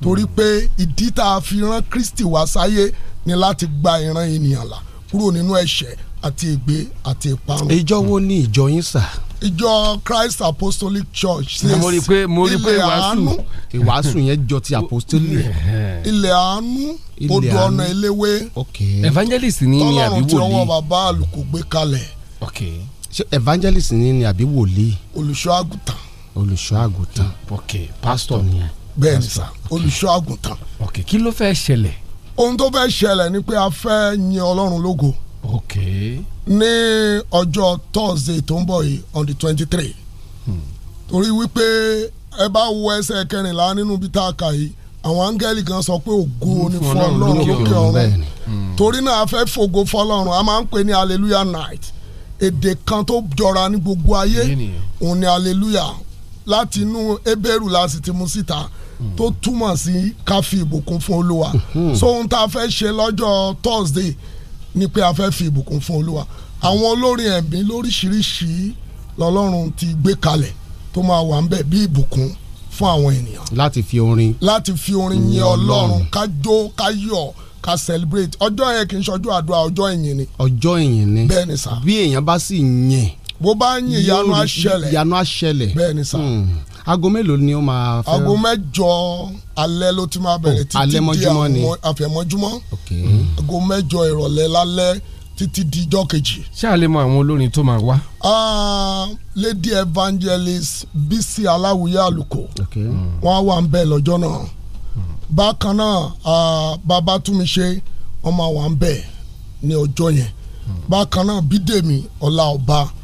torí pé ìdí tá a fi rán Kristi wá sáyé ni láti gba ìran ènìyàn là kúrò nínú ẹ̀ṣẹ̀ àti ègbé àti ìparun. ìjọ wo ni ìjọ yín sà ìjọ Christ Apostolic Church. mo rí i pé mo rí i pé ìwàásù ìwàásù yẹn jọ ti apostoli. ilẹ̀ àánú odò ọ̀nà eléwé. evangelist ni ni àbí wòlíì. tọ́lọ́run tí ọwọ́ bàbá àlùkò gbé kalẹ̀. evangelist ni ni àbí wòlíì. olùṣọ́ àgùntàn olùṣọ́ àgùntàn. ok pásítọ̀ nìyẹn. bẹ́ẹ̀ ni sà olùṣọ́ àgùntàn. ok kí ló fẹ́ ṣẹlẹ̀. ohun tó fẹ́ ṣẹlẹ̀ ni pé a fẹ́ yin ọlọ́run lógo. ok. ní ọjọ́ thursday tó ń bọ̀ yìí on the twenty three. Hmm. torí wípé ẹ bá wo ẹsẹ̀ kẹrìnlá nínú bí tá a kà yìí àwọn áńgẹ́lì gan sọ pé ògo ni fún lókè ọ̀run hmm. torí náà a fẹ́ fògo fọlọ́run a máa ń pè ní hallelujah night èdè kan tó jọra ní gbogbo ayé òun ni hallelujah láti inú ebéèrú la sì ti mú síta tó túmọ̀ sí ká fi ìbùkún fún olúwa hmm. so ohun tá a fẹ́ ṣe lọ́jọ́ Thursday ni pé a fẹ́ fi ìbùkún fún olúwa àwọn olórin ẹ̀mí lóríṣiríṣi lọ́lọ́run ti gbé kalẹ̀ tó máa wà ń bẹ̀ bí ìbùkún fún àwọn ènìyàn. láti fi orin. láti fi orin yìn ọlọ́run ká jó ká yọ̀ ká celebrate ọjọ́ yẹn kì í ṣọjọ́ àdúrà ọjọ́ ìyìn ni. ọjọ́ ìyìn ni bẹ́ẹ̀ ni sá. bí èèyàn bá sì yìn bó bá ń yin ìyanu aṣẹlẹ̀ ìyanu aṣẹlẹ̀ bẹ́ẹ̀ ni sà. Hmm. aago mélòó ni ó máa fẹ́. aago mẹ́jọ alẹ́ ló ti máa bẹ̀rẹ̀ oh, títí di àwọn àfẹ̀mọ́júmọ́ aago mẹ́jọ ìrọ̀lẹ́ lálẹ́ títí di ijọ́ kejì. ṣé a lè mọ àwọn olórin tó máa wá. Ah, lady evangelist bisi aláwùyé àlùkò wọn á wà ń bẹ lọ́jọ́ náà hmm. bákan náà ah, babatúmiṣe wọn máa wà ń bẹ ní ọjọ́ yẹn hmm. bákan náà bídèmí ọlá ọba. Okay. Mm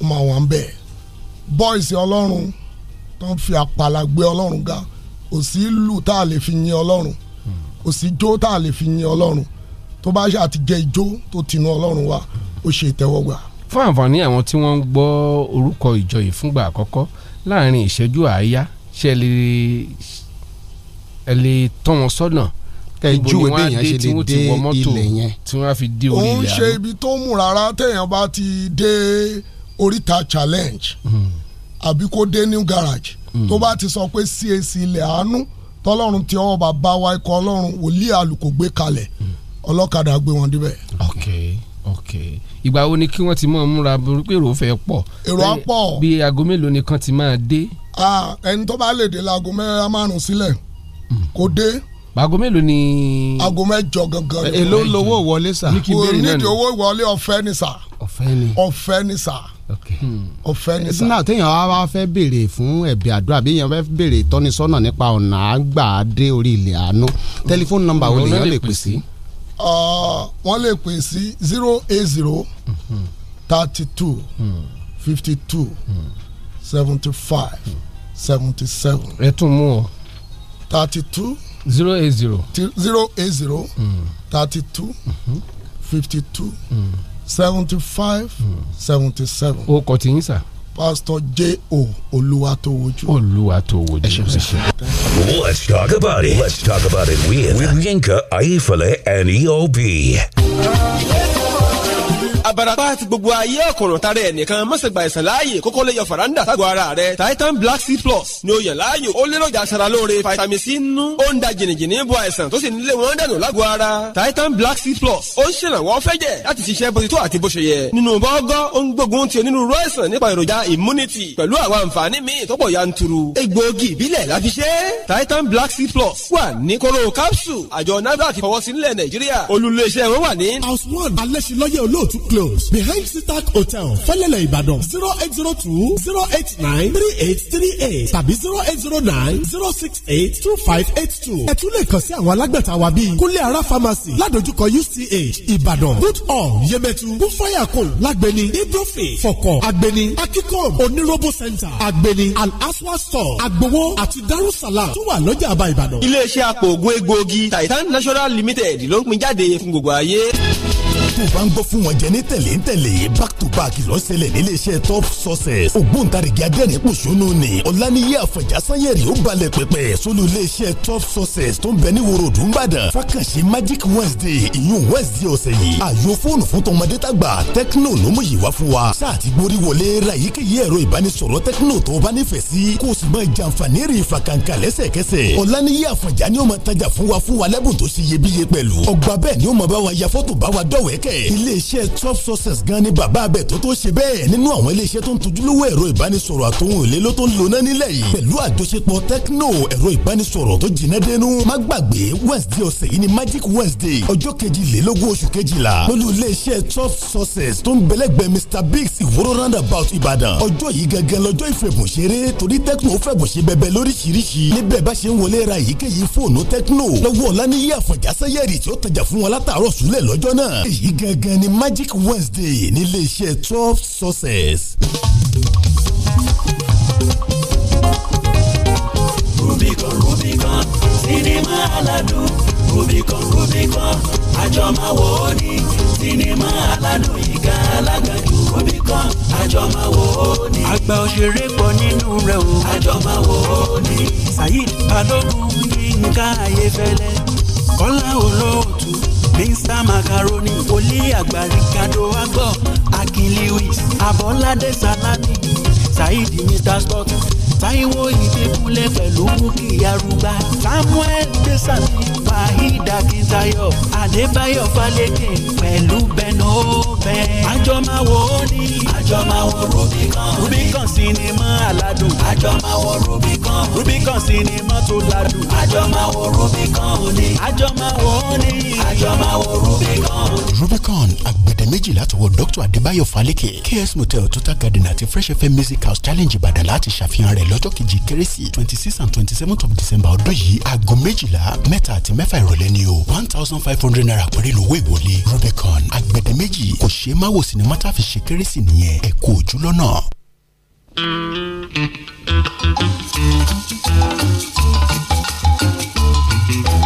ó máa wà ń bẹ̀ bọ́ìsì ọlọ́run tó ń fi àpàlà gbé ọlọ́run ga kò sí ìlú tá a lè fi yin ọlọ́run kò sí ijó tá a lè fi yin ọlọ́run tó bá ṣe àti jẹ ijó tó tinú ọlọ́run wa ó ṣe ìtẹ́wọ́gbà. fún àǹfààní àwọn tí wọ́n ń gbọ́ orúkọ ìjọ yìí fúngbà àkọ́kọ́ láàrin ìṣẹ́jú àáyá ṣe ẹ lè tọ́ wọn sọ́nà kẹjú ìwé yẹn ṣe lè dé ilẹ̀ yẹn tí wọ́n fi dé orí ilẹ̀ òun ṣe ibi tó mú rárá téèyàn bá ti dé. De oríta challenge àbí kó dé new garage tó bá ti sọ pé CAC ilẹ̀ àánú tọ́lọ́run tí ọwọ́ bàbá wa ikọ̀ ọlọ́run wòlíì àlùkò gbé kalẹ̀ ọlọ́kadà gbé wọn débẹ̀. ok ok ìgbà wo ni kí wọ́n ti mọ̀ múra pé èrò fẹ́ pọ̀. èrò á pọ̀. bí aago mélòó ni kan ti máa dé. ẹni tó bá lè dé laago mẹ́rin márùn-ún sílẹ̀ kó dé aago mélòó ni. aago mẹ́jọ gangan ni. èlò lowó wọlé sà. ní kí bẹ́ẹ̀ náà ni. kò nídìí owó ìwọlé ọ̀fẹ́ ni sà. ọ̀fẹ́ ni. ọ̀fẹ́ ni sà ọ̀fẹ́ hmm. ni sá. náà téèyàn wá fẹ́ béèrè fún ẹ̀bí àdúrà bí èèyàn fẹ́ béèrè tọ́nisọ́nà nípa ọ̀nà àgbà dé orí ilẹ̀ àánú tẹlifóònù nọ́mbà wo lèèyàn lè pè sí. wọ́n lè pè sí zero eight zero mm-hmm. thirty two hmm. fifty two hmm. seventy five seventy seven. ẹ tún mú ọ. thirty two. zero eight zero. zero eight zero. thirty two. Mm-hmm. fifty two. seventy five hmm. seventy seven. o kò tí ń sà. Pastor J.O. Oluwatowoju. Oluwatowoju. Let's talk about it. Let's talk about it with, with Yinka, Aifale, and EOB. abarapá àti gbogbo ayé ọ̀kùnrùn tara ẹnìkan mọ̀sẹ̀gbà ìsàn kókó lè faranda sago ara rẹ̀ titan black sea plus ni ó yàn láàyò ó léròjà aṣara lóore vitamin c nínú ó ń da jìnnìjìnnì bo àìsàn tó sì nílé wọn dànù lágọ̀ọ́ ara titan black sea plus ó ń ṣèrànwọ́ fẹ́jẹ̀ láti ṣiṣẹ́ bó ti tó àti bó ṣe yẹ nínú bọ́gọ́ ó ń gbógun ti onírúurú àìsàn nípa èròjà immunity pẹ̀lú àwọn àǹfààní míì close behind sitak hotel fẹ́lẹ́lẹ̀ Ibadan. zero eight zero two zero eight nine three eight three eight tàbí zero eight zero nine zero six eight two five eight two ẹ tún lè kàn sí àwọn alágbàtà wa bíi kúnlé ara pharmacy ládojúkọ UCH ìbàdàn good all yemẹtu bufayako lágbẹni ibrofe fọkọ agbẹni akikom onirobo center agbẹni al-aswa store agbowo àti darussalam tó wà lọ́jà àbá ìbàdàn. iléeṣẹ́ apòògùn egbòogi titan national limited ló ń pín jáde fún gbogbo ayé tó bá ń gbọ́ fún wọn jẹ ní tẹ̀lé ń tẹ̀lé back to back lọ́sẹ̀lẹ̀ níléeṣẹ́ top sources ògbóǹtarìgì adẹ́rìn pòṣónú ni ọ̀làníyé àfọ̀njá sanyẹ̀rì ó balẹ̀ pẹ̀pẹ̀ sólù iléeṣẹ́ top sources tó ń bẹ ní woro dùnbàdàn fàkànṣe magic wednesday ìyún wednesday ọ̀sẹ̀ yìí àyò fóònù fún tọmọdé tàgbà tecno ló mú yìí wá fún wa sáàtì gbórí wọlé ra èyíkéyìí ẹ̀rọ ìbánisọ̀rọ̀ tecno tó o bá nífẹ̀ẹ́ sí kó o sì máa jàǹfààní rìn fàkàǹkà lẹ́sẹ̀kẹsẹ̀ ọ̀làníyé àfọ̀njá ni ó máa tajà fún wa fún wa lẹ́bùn tó ṣe iyebíye pẹ̀lú ọgbà bẹ́ẹ̀ ni ó máa bá wa ya fọ́tò bá wa dọ̀wẹ́kẹ̀ lókè iléeṣẹ́ twelve sources gan ni bàbá abẹ tó tó ṣe bẹ́ẹ̀ nínú àwọn iléeṣẹ́ tó ń tojúlówó ẹ̀rọ ìbánisọ̀rọ̀ àtòhun èlé ló tó ń lona nílẹ̀ yìí pẹ̀lú àjọṣepọ̀ tecno ẹ̀rọ ìbánisọ̀rọ̀ tó jìnnà dẹnu má gbàgbé wednesday ọ̀sẹ̀ yìí ni magic wednesday ọjọ́ kejìlélógún oṣù kejìlá lólú iléeṣẹ́ twelve sources tó ń bẹ̀lẹ́gbẹ̀ mr biggs ìwòrò roundabout ìbàdàn ọjọ́ yìí gangan lọ́jọ́ ìfẹ̀bùnṣeré torí gangan ni Magic Wednesday nílé iṣẹ́ twelve success. Rubicon Rubicon sinimá aládùn Rubicon Rubicon àjọmáwo ó ní sinimá aládùn ìka alágbàdo Rubicon àjọmáwo ó ní. àgbà òṣèré pọ̀ nínú rẹ̀ o. àjọmáwo ó ní. Saheed Balogun Yinka Ayefẹ́lẹ́ Kọ́lá Olóòtú mr macaroni olí àgbà ricardo agbo akin lewis abọ́ládé salami saheed mr scott Táíwò Ìdẹ́kúnlẹ̀ pẹ̀lú Bukky Arugba Samuel Gbèsàmí Fahid Akintayo Adébáyọ̀ Fálékè pẹ̀lú Beno Ben. Àjọmáwo ni àjọmáwo Rubicon. Rubicon sinimá aládùn. Àjọmáwo Rubicon. Rubicon sinimá tó ládùn. Àjọmáwo Rubicon ni. Àjọmáwo ni. Àjọmáwo Rubicon. Rubicon agbẹ̀dẹ méjìlá tó wọ Dr. Adébáyọ̀ Fálékè KS Motel Total Garden àti Fresh FM Music House Challenge Ìbàdàn láti ṣàfihàn rẹ̀ lọ́jọ́ kejì kérésì twenty six and twenty seven of december ọdún yìí aago méjìlá mẹ́ta àti mẹ́fà ìrọ̀lẹ́ ni o one thousand five hundred naira pẹ̀lú ìlú owó ìwọlé rubicon agbẹ̀dẹ méjì kò ṣeé má wò sinimá tá a fi ṣe kérésì nìyẹn ẹ kú ojú lọ́nà. thank you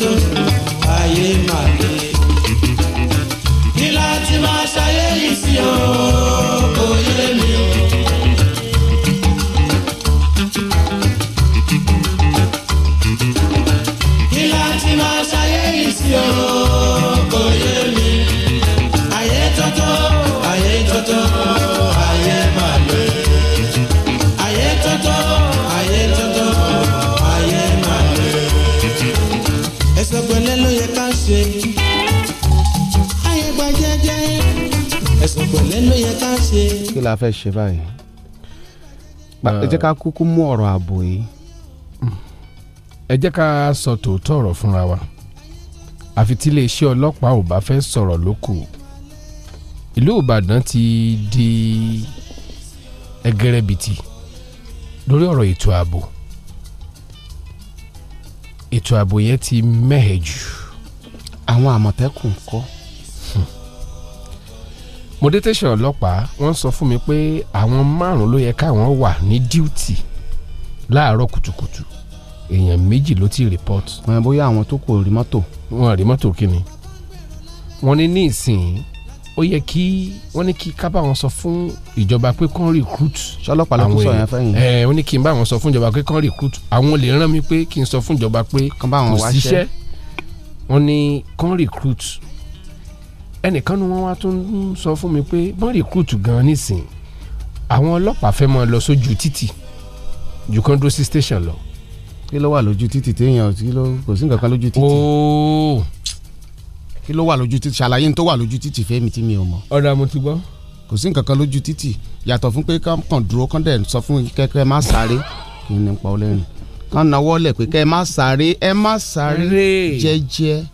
tó dùn ayé màlẹ́. kí láti máa ṣayé yìí sí o. bá ṣe. kí la fẹ́ ṣe báyìí ẹ jẹ́ ká ah. kúkú mú ọ̀rọ̀ ààbò yìí. ẹ jẹ́ ká sọ tòótọ́ ọ̀rọ̀ fúnra wa àfi tí iléeṣẹ́ ọlọ́pàá ò bá fẹ́ sọ̀rọ̀ lókù ìlú Ìbàdàn ti di ẹgẹrẹbìtì lórí ọ̀rọ̀ ètò ààbò ètò ààbò yẹn ti mẹ́hẹ̀ jù. àwọn àmọ̀tẹ́kùn kọ́ mo dé tẹ̀sán ọlọ́pàá wọ́n sọ fún mi pé àwọn márùn-ún ló yẹ káwọn wà ní díùtì láàárọ̀ kùtùkùtù èèyàn méjì ló ti report. wọn bóyá àwọn tó kò rí mọ́tò. wọn rí mọ́tò kí ni wọ́n ní ní ìsìn ó yẹ kí wọ́n ní kí ká bá wọn sọ fún ìjọba pé kán recruit. sọlọpàá ló kún sọ yẹn fẹyìn. ẹ wọ́n ní kí n bá wọn sọ fún ìjọba pé kán recruit àwọn lè rán mi pé kí n sọ fún ìjọba pé kò síṣẹ́ wọ́n ní kán recruit ẹnìkan nu wọn wá tún sọ fún mi pé wọ́n rìkúrùtù gan nísìn àwọn ọlọ́pàá fẹ́ máa lọ sójú títì ju kan dúró sí station lọ. kí ló wà lójú títì téèyàn kí ló kò sí nǹkan lójú títì. kí ló wà lójú títì ṣàlàyé tó wà lójú títì fẹ́mi tí mi ò mọ̀. ọ̀dà mo ti gbọ́. kò sí nǹkan kan lójú títì yàtọ̀ fún pé kàn dúró kàn sọ fún kẹ́kẹ́ má sáré kí ni pa ọ lẹ́nu kàn náwó lẹ̀ pé kẹ́ ẹ má sáré ẹ má sáré jẹ́jẹ́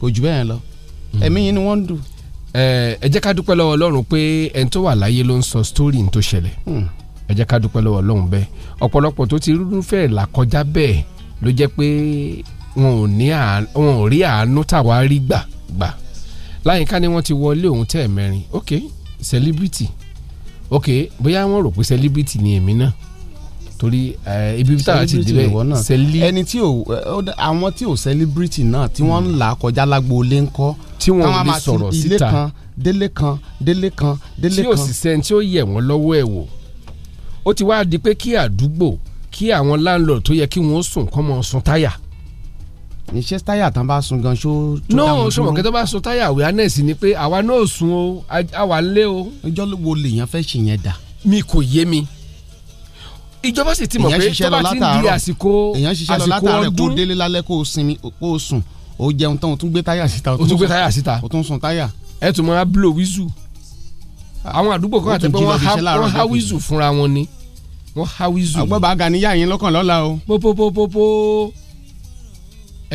kò jù bẹ́ẹ̀ lọ hmm. ẹ̀mí yín ni wọ́n ń dùn ẹ jẹ́ ká dúpẹ́ lọ́wọ́ ọlọ́run pé ẹni tó wà láyé ló ń sọ story tó ṣẹlẹ̀ hmm. ẹ jẹ́ ká dúpẹ́ lọ́wọ́ ọlọ́run bẹ́ẹ̀ ọ̀pọ̀lọpọ̀ tó ti rúfẹ́ là kọjá bẹ́ẹ̀ ló jẹ́ pé wọn ò rí àánú táwa rí gbà gbà láyìnká ni wọ́n ti wọlé òun tẹ́ẹ̀mẹ́rin ok celebrity ok bóyá wọ́n rò pé celebrity ni èmi náà torí eh, ibi tá a ti débẹ̀ ẹni tí ò eh, àwọn tí ò celebrity náà tí wọ́n ń là kọjá lágbóolé ńkọ́ tí wọ́n ò lè sọ̀rọ̀ síta délé kan délé kan délé kan. tí ò sì sẹ́ni tí ó yẹ̀ wọ́n lọ́wọ́ ẹ̀ wò ó ti wá di pé kí àdúgbò kí àwọn landlord tó yẹ kí wọ́n sùn kọ́ mọ́ sun táyà. iṣẹ́ táyà tán bá sun gan ṣó. náà sọmọ kẹtọ bá sun táyà awareness ni pé àwa náà sun o àwa ń lé o. ìjọ́ wo lèèyàn fẹ́ ṣèyẹn dà. mi kò yé mi ìjọba sì ti mọ̀ pé tó bá ti ń di àsìkò àsìkò ọdún délé lálẹ́ kó o sinmi kó o sùn o jẹun tán o tún gbé táyà síta o tún gbé táyà síta o tún sun táyà. ẹ tún máa blow whistle ah, àwọn àdúgbò kan àti pé wọ́n há whistle fúnra wọn ni wọ́n há whistle. àgbọ̀ bá ga níyà yín lọ́kàn lọ́la o. pópópópópó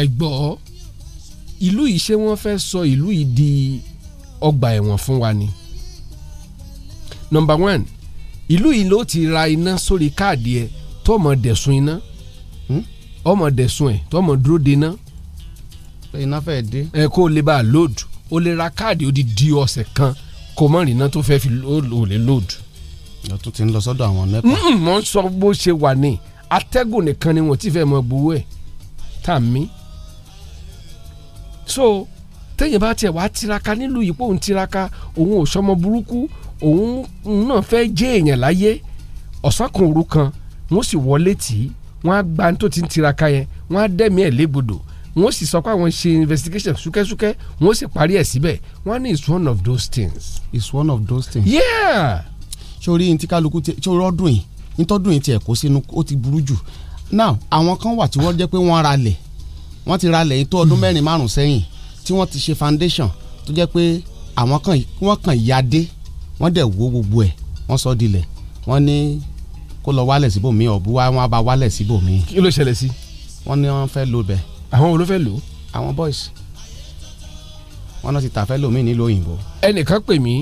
ẹ̀gbọ́ ìlú yìí ṣé wọ́n fẹ́ sọ ìlú yìí di ọgbà ẹ̀wọ̀n fún wa ni. number one ìlú yìí ló ti ra iná sórí káàdì ẹ tó mọ̀ dẹ̀sùn iná ọmọ hmm? dẹ̀sùn ẹ tó mọ̀ dúró de iná. iná fẹ́ dé. ẹ kó o lè bá a load o lè ra káàdì ó di di ọ̀sẹ̀ kan kò mọ̀ rìnà tó fẹ́ fi o lè load. ìyá tó ti ń lọ sọ́dọ̀ àwọn nẹ́pà. mo ń sọ bó ṣe wà ní atẹ́gùn nìkan ni wọ́n ti fẹ́ mọ gbowó ẹ̀ tà mí. so téèyàn bá tiẹ̀ wá tiraka nílùú yìí pé tiraka òun ò sọmọ burúkú òun náà fẹ́ jẹ́ èèyàn láyé ọ̀sán kan òru kan wọ́n sì wọlé tì í wọ́n á gba tó ti ń tiraka yẹn wọ́n á dẹ́mi ẹ̀ légbodò wọ́n sì sọ pé àwọn ṣe investigation súkẹ́súkẹ́ wọ́n sì parí ẹ̀ síbẹ̀ wọ́n ní it's one of those things. it's one of those things. yeah. sori ntí kálukú tí sori ọdún yìí ntọ́dún yìí tiẹ̀ kó sínú ó ti burú jù now àwọn kan wà tí wọ́n jẹ́ pé wọ́n ra lẹ̀ wọ́n ti ra lẹ̀ yìí tó ọdún mẹ́rin márùn-ún sẹ́yìn tí wọ́n ti ṣe foundation tó jẹ́ pé àwọn kan wọ́n kàn yá dé wọ́n dẹ̀ wo gbogbo ẹ̀ wọ́n sọ dilẹ̀ wọ́n ní kó lọ wálẹ̀ síbòmí ọ̀bú wa wọ́n á bá wálẹ̀ síbòmí. kí ló ṣẹlẹ̀ sí. wọ́n ní wọ́n fẹ́ lo bẹ̀. àwọn wo ló fẹ́ lò. àwọn boys wọ́n náà ti tà fẹ́ lómi nílùú òyìnbó. ẹnìkan pè mí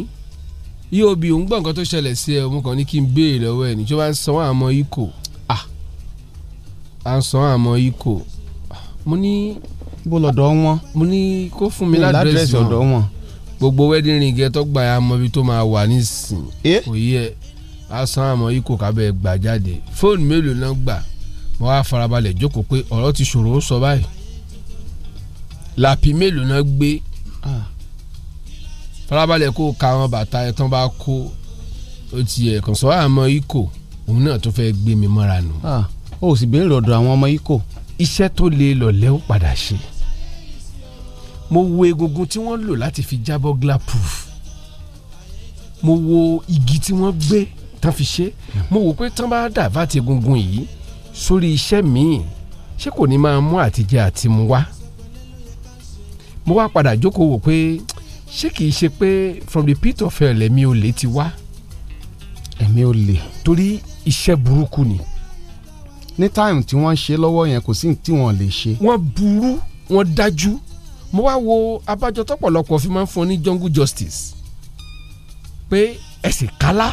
yóò bí òun gbọ́ nǹkan tó ṣẹlẹ̀ sí ẹ òun kàn ní kí n béèrè lọ́wọ́ ẹ̀ níjọba ń sanwó àmọ́ ikò à ń sanwó àmọ́ ikò ah, mo ní. ibo lọ́dọ̀ wọn. mo ní kó fún mi ládírẹ́sì ọ̀dọ̀ wọn gbogbo wedding ring ẹ tó gbà yà mọ ibi tó máa wà nísìn kò yẹ asán àmọ́ ikọ̀ kábẹ́ gbà jáde fóònù mélòó náà gbà mo wá farabalẹ̀ jókòó pé ọ̀rọ̀ ti ṣòro ó sọ báyìí làpì mélòó náà gbé farabalẹ̀ kó ka àwọn bàtà ẹ̀ tán bá kó ó ti yẹ kàn sọ àmọ́ ikọ̀ òun náà tó fẹ́ gbé mi mọ́ra nù. ó sì béèrè ọ̀dọ̀ àwọn ọmọ ikọ̀. iṣẹ́ tó lè lọ̀lẹ́ ó padà ṣe mo wo egungun tí wọ́n lò láti fi jábọ́ glaproof mo wo igi tí wọ́n gbé tán fi ṣe mo wò pé tán bá dà bá ti egungun yìí sórí iṣẹ́ míì ṣé kò ní máa mú àtijẹ àti mu wá mo wá padà jókòó wò pé ṣé kìí ṣe pé from the pit of hell ẹ̀mí olè ti wá ẹ̀mí olè torí iṣẹ́ burúkú ni. ní táìmù tí wọ́n ń ṣe lọ́wọ́ yẹn kò sí tí wọ́n lè ṣe. wọ́n burú wọ́n dájú mo wá wo abájọ tọ́pọ̀lọpọ̀ fi máa ń fún ọ ní jungle justice pé ẹ̀sìn kálá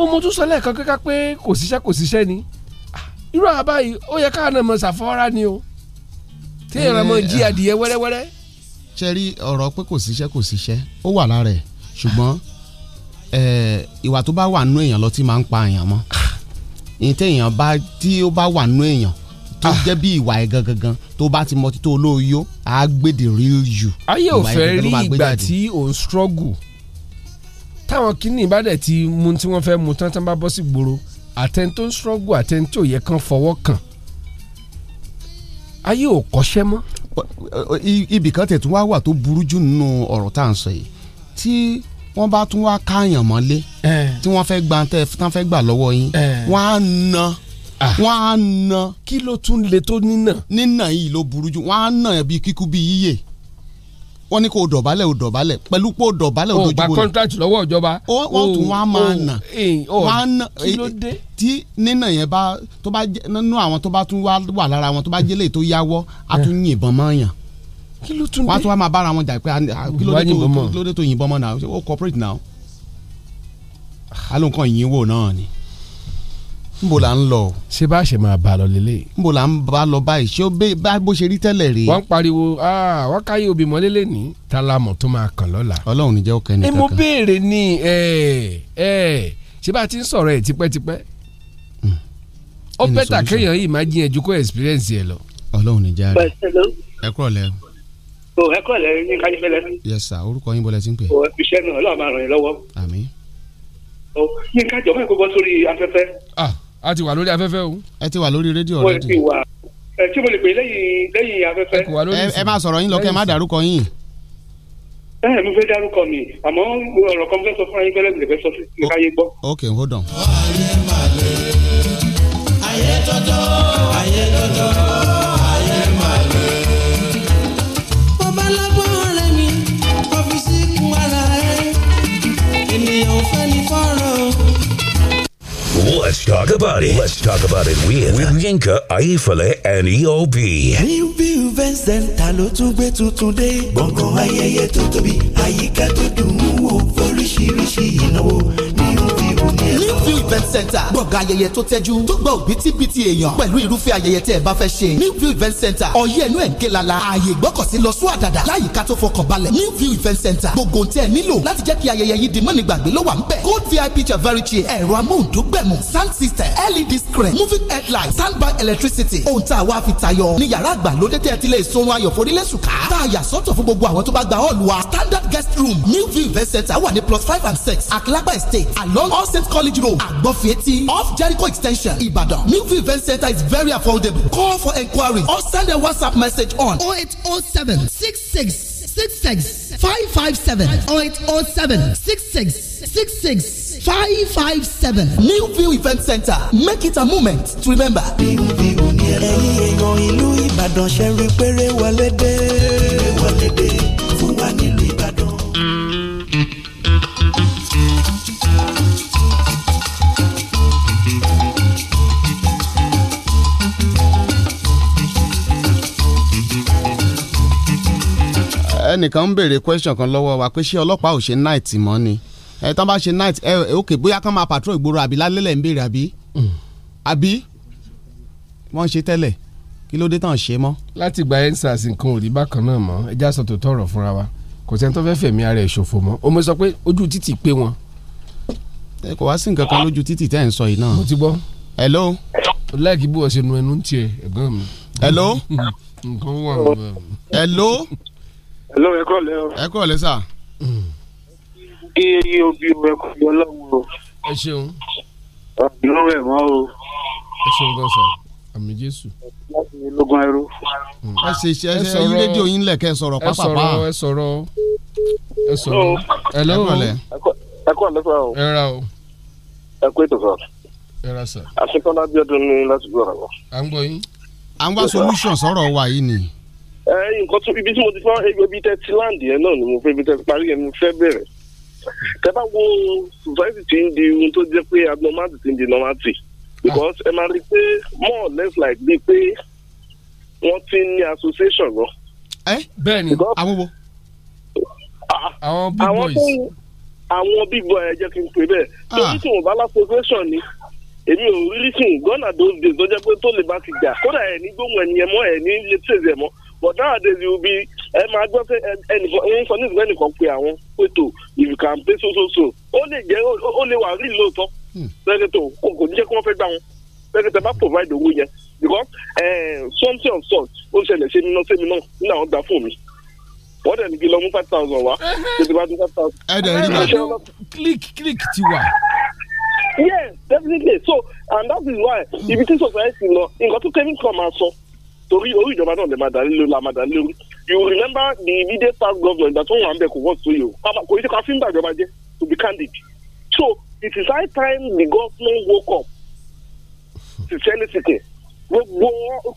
ó mo tún sọ lẹ́ẹ̀kan kíkà pé kò síṣẹ́ kò síṣẹ́ ni ah, irú àwọn báyìí ó yẹ káwọn náà mọ ṣàfọ́ra ni o tí èèyàn mọ jí adìyẹ wẹ́rẹ́wẹ́rẹ́. ṣe rí ọ̀rọ̀ pé kò síṣẹ́ kò síṣẹ́ ó wà lára ẹ̀ ṣùgbọ́n ìwà tó bá wà nú èèyàn lọ tí máa ń pa èèyàn mọ́ ah. ní téèyàn bá tí ó bá wà nú èèyàn tó jẹ́ bí ìwà ẹ̀ gangan tó bá ti mọtí tó olóyó á gbèdè real you. ayé ò fẹ́ rí ìgbà tí ò struggle táwọn kìíní bá dẹ̀ ti mu tí wọ́n fẹ́ mu tán tán bá bọ́ sí gbòòrò àtẹni tó ń struggle àtẹni tó yẹ kán fọwọ́ kàn ayé ò kọ́ṣẹ́ mọ́. ibì kan tẹ̀ wá wà tó burú jù nínú ọ̀rọ̀ tá à ń sọ yìí tí wọ́n bá tún wá káàyàn mọ́lé tí wọ́n fẹ́ gbà lọ́wọ́ yín wọ́n á na. Ah. wọ́n á na kí ló tún le tó nínà. nínà yìí ló burú jù wọ́n á na bí kíkú bí yíyẹ wọ́n ní kó dọ̀bálẹ̀ ò dọ̀bálẹ̀ pẹ̀lú pé ó dọ̀bálẹ̀ ò dojú bolẹ̀. o gba contract lọ́wọ́ ìjọba. wọ́n tún wá máa nà wọ́n nà tí nínà yẹn bá tó bá jẹ́ nínú àwọn tó bá tún wà lára wọn tó bá jẹ́lẹ̀ tó yáwọ́ á tún eh. yìnbọn mọ́ yàn. kí ló tún dé wọ́n á tún wá máa bára wọn jà pé kí ló dé tó yìnbọn mọ́ náà ó cooperate náà. a ló ń kàn yín náà ni nbo la ń lọ. ṣé bá a ṣe máa bá a lọ lélẹ̀. nbo la ń bá a lọ báyìí ṣé bá bó ṣe rí tẹ́lẹ̀ rèé. wọ́n ń pariwo ah, wọ́n káyé obì mọ́ lélẹ̀ ní. tálámù tó máa kàn lọ́la. ọlọ́run ní jẹ́ ó kẹ́ni kankan. ẹ mo béèrè ni ẹ ẹ ṣé bá a ti ń sọ̀rọ̀ ẹ̀ tipẹ́tipẹ́. Hmm. ó bẹ́tà kéèyàn yìí máa jiyàn ju kó experience yẹ lọ. ọlọ́run ní járe ẹ kúrọ̀ lẹ́ ẹ kúrọ̀ lẹ́ ní kánífẹ́lẹ́. yes sir ah a ti wà lórí afẹ́fẹ́ o. ẹ ti wà lórí rédíò rẹ di. ẹ tí mo lè pè lẹ́yìn lẹ́yìn afẹ́fẹ́. ẹ máa sọ̀rọ̀ yín lọ kẹ́ ẹ má dárúkọ yín. ẹ ẹ fẹ́ dárúkọ mi àmọ́ ọ̀rọ̀ kan fẹ́ sọ fún ayé fẹ́lẹ́ lè sọ sí i gbọ́. ok hold on. ayé tọ́jọ́ ayé tọ́jọ́ ayé màlẹ́. ọba lágbọ́n rẹ̀ mi ọ́fíìsì kún ara ẹ̀ ènìyàn fẹ́. Let's talk about it. Let's talk about it with, with Yinka, Aifale and EOB. New Event Center ló tún gbé today. dé. Gbọ̀ngàn ayẹyẹ tó tóbi, àyíká tó dùn ún wò, oríṣiríṣi ìnáwó ní ìlú ní ẹ̀kọ́. event center gbọ̀ngàn ayẹyẹ tó tẹ́jú tó gba òbítíbitì èèyàn pẹ̀lú irúfẹ́ ayẹyẹ tẹ́ ẹ bá fẹ́ ṣe new view event center ọyẹ́ inú ẹ̀ ń ké lala ààyè ìgbọ́kọ̀sí lọ sún àdàdà láyìíká tó fọkàn balẹ̀ new view event center gbogbo tẹ́ ẹ nílò láti jẹ́ kí ayẹyẹ yìí di mọ́ni gbàgbé ló wà ń bẹ̀ gold vip chavari chair ẹ̀rọ amóhundógbẹ̀mù sound system led screen moving headlight standby electricity ohun tá a wá fi tayọ ní yàrá àgbàlódé tẹ́ ẹ ti lè sunrun ayọ̀ forílẹ̀ sùkà tá a yà sọ́tọ̀ fún gbogbo àwọn tó bá gba hall wa standard guest room new view event center wà ní plus five and six àkìlágbà estate along all saint college road gbọ́fìẹ́tì off Jericho extension Ìbàdàn Newview event center is very affordable call for enquiry or send a WhatsApp message on 0807 66 66 557 0807 66 66 557 View event center make it a moment to remember. ẹ̀yin èèyàn ìlú Ìbàdàn ṣe rí péré wọlé dé fún wa nílùú Ìbàdàn. ẹnìkan ń béèrè question kan lọ́wọ́ wa pé ṣé ọlọ́pàá ò ṣe night mọ́ ni ẹ tán bá ṣe night ẹ ok bóyá kán máa patrol ìgboro àbí lálẹ́lẹ̀ ń béèrè àbí hmm. àbí wọ́n ṣe tẹ́lẹ̀ kí ló dé tán ṣe mọ́. láti gba ensars nǹkan ò bákan náà mọ́ ẹ já tọrọ fúnra wa kò sẹ́ni tó fẹ́ fẹ̀mí ara ẹ̀ ṣòfò mọ́ o mo sọ pé ojú títì pé wọn. ẹ kò wá sí nǹkan kan lójú títì tẹ́ ẹ̀ ń sọ yìí náà. mo ti gbọ́. hello. láìkí bí wọ́n ṣe nu ẹnu ń tiẹ̀ ẹ̀gbọ́n mi. hello. nǹkan wà. hello. hello ẹ kọ́ obi rẹ kò yọ o. ẹ ṣeun. àbúrò ẹ̀ mọ́ o. ẹ ṣeun gan sà àmì jésù. Mm. ẹ ṣe iṣẹ́ ẹ ṣe yín rédíò yín lẹ̀kẹ́ sọ̀rọ̀ pápápá. ẹ sọ̀rọ̀ ẹ ẹ o. ẹ ra o. ẹ kó ètò sọ. ẹ ra sà. àṣekọ́lá bí ọdún ní láti ni. Eh, nǹkan tó ibi tí mo ti fọ́ ibi tẹ́ ti láǹdì yẹn náà ni mo fẹ́ ibi tẹ́ parí yẹn mo fẹ́ bẹ̀rẹ̀ tẹ́ bá wo society ti ń di ohun tó jẹ́ pé abnormality ti ń di normality because ẹ máa rí i pé more or less like bíi pé wọ́n ti ní association lọ. ẹ bẹ́ẹ̀ ni àwọn wo. Ah, àwọn big boys. àwọn big boys ẹ jẹ́ kí n pè bẹ́ẹ̀ ah. torí tí wọ́n bá l'association ni èmi ò rí tí n gọ́nà tó lè bá ti jà kódà ẹ̀ ní gbóhùn ẹ̀ ní ẹ̀ mọ́ ẹ̀ ní lè tẹ̀sẹ̀ mọ́ but nowadays you be ẹ máa gbọ́ pé ẹnìkan ń sọ ẹnìkan pé àwọn pètò if you can pay so so so ó lè jẹ́ ó lè wà rí lóòótọ́ sẹ́kẹ̀tọ̀ hmm. kò ní jẹ́ kí wọ́n fẹ́ gbà wọn sẹ́kẹ̀tọ̀ bá provide owó yẹn because something of sort ó ṣẹlẹ̀ ṣe mi náà ṣe mi náà nínú àwọn gbà fún mi wọ́n dẹ̀ ní lọ mú five thousand wá tètè bá tún five thousand. ẹ dẹ̀ rí bẹ́ẹ̀ click click ti wà. yes definitely so and that is why ibi tí society lọ nǹkan tó kẹ́mi kan máa sọ. So, torí orí ìjọba náà lè máa dà nílò la máa dà nílò you remember the immediate staff government that wọ́n wà kò wọ́n so yìí o kò ní ká fi ń gbàjọba to be candid so it is high time the government woke up sincerely speaking gbogbo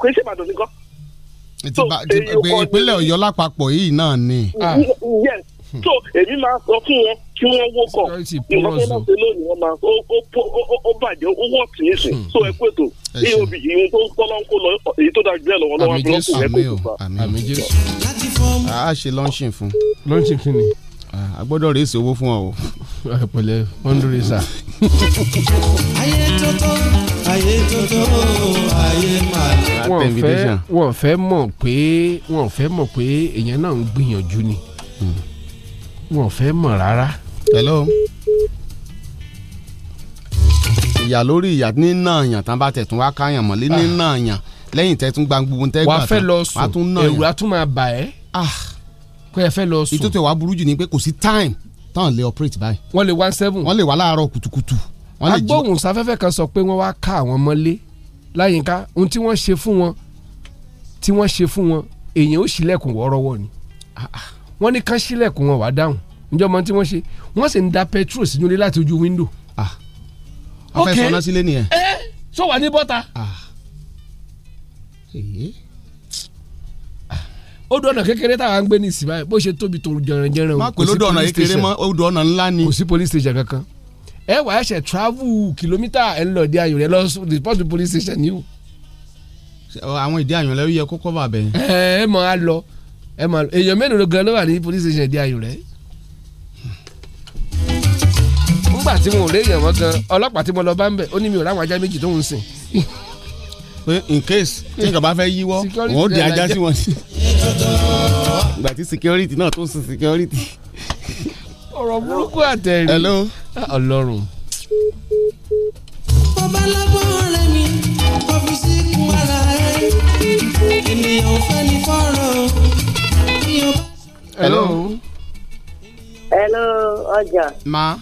kò ní ṣe ìbàdàn nìkan. ìpínlẹ̀ ọ̀yọ́ lápapọ̀ yìí náà ni. Mm-hmm. yes so èmi máa sọ fún wọn tí wọ́n wó kọ̀ ìwọ́n oh. lónìí wọ́n máa ó bàjẹ́ ó wọ̀ tì í sìn tó hmm. ẹ pètò eob ìhun tó ń tọ́lá ń lọ èyí tó dájú ẹ lọ́wọ́ lọ́wọ́ abúlọ́kù rẹ kò tó fà. a ṣe lọ́ńṣìn fún. lọ́ńṣìn kí ni. a gbọ́dọ̀ rèé sí owó fún ọ o. pẹ̀lẹ́ ọ̀ndúrísà. ayé tótó ayé tótó ayé màlẹ́. wọ́n fẹ́ wọ́n pé wọ́n fẹ́ mọ̀ pé èèyàn náà ń gbìyànjú ni hmm. wọ́n fẹ́ mọ̀ rárá hello ìyà lórí ìyà nínà àyàn tán bá tẹ̀tún wá káyàn mọ́lé nínà ah. àyàn lẹ́yìn tẹ̀tún gbangbo tẹ́gbà tán wà á fẹ́ lọ sùn ẹ̀rù á tún máa bà ẹ́ kó ah. ẹ fẹ́ lọ sùn ìtútù ìwà burú jù ni pé kò sí time táwọn lè operate báyìí. wọ́n lè one seven. wọ́n lè wà láàárọ̀ kùtùkùtù. agbóhùn sáfẹ́fẹ́ kan sọ pé wọ́n wá ká àwọn mọ́lé láyìnká ohun tí wọ́n ṣe fún wọn tí wọ́n ṣe fún wọn èèyàn ó ṣílẹ̀kùn wọ́ọ́rọ́wọ́ ni ah, wọ́n ní kán ṣílẹ̀kùn wọn wá dáhùn ǹjẹ́ ọmọ tí wọ́n ṣe wọ́n sì ń da petrol sínú ilé láti ojú window. ah ok ọfẹ sọnà sílé nìyẹn. ẹ eh, sọ wà ní bọ́ta. ah èyí. ó ah. dọ̀nà kékeré táwa ń gbé ní ìsìn báyìí bó ṣe tóbi tó jẹranjẹran. má pè ló dọ̀nà kékeré mọ́ ó dọ̀nà ńlá ni. kò sí police station kankan ẹ wàá ṣe travel kìlómítà ẹ ń lọ di ayò rẹ lọ report to police station ni o àwọn ìdí àyànlẹ́ yẹ kó kọ́ bàbẹ̀. Eh, ẹ ẹ mọ a lọ ẹ mọ èèyàn mélòó gan ló wà ní police station ìdí ayò rẹ. ńgbà tí wọn ò réèyàn wọn gan ọlọ́pàá tí mo lọ bá ń bẹ̀ ó ní mi ò ráwọn ajá méjì tó ń sìn. pé in case tí nǹkan bá fẹ́ yíwọ́ wọn ó di ajá sí wọn. ìgbà tí security náà tó ń sin security. ọ̀rọ̀ burúkú àtẹ̀rí. hello. Ah, ọlọ́run. ọba lábọ́ ọ̀rẹ́ mi ọ́fíìsì kún ara ẹ̀ ènìyàn fẹ́ ní fọ́ọ̀rọ̀ hello. hello ọjà. ma.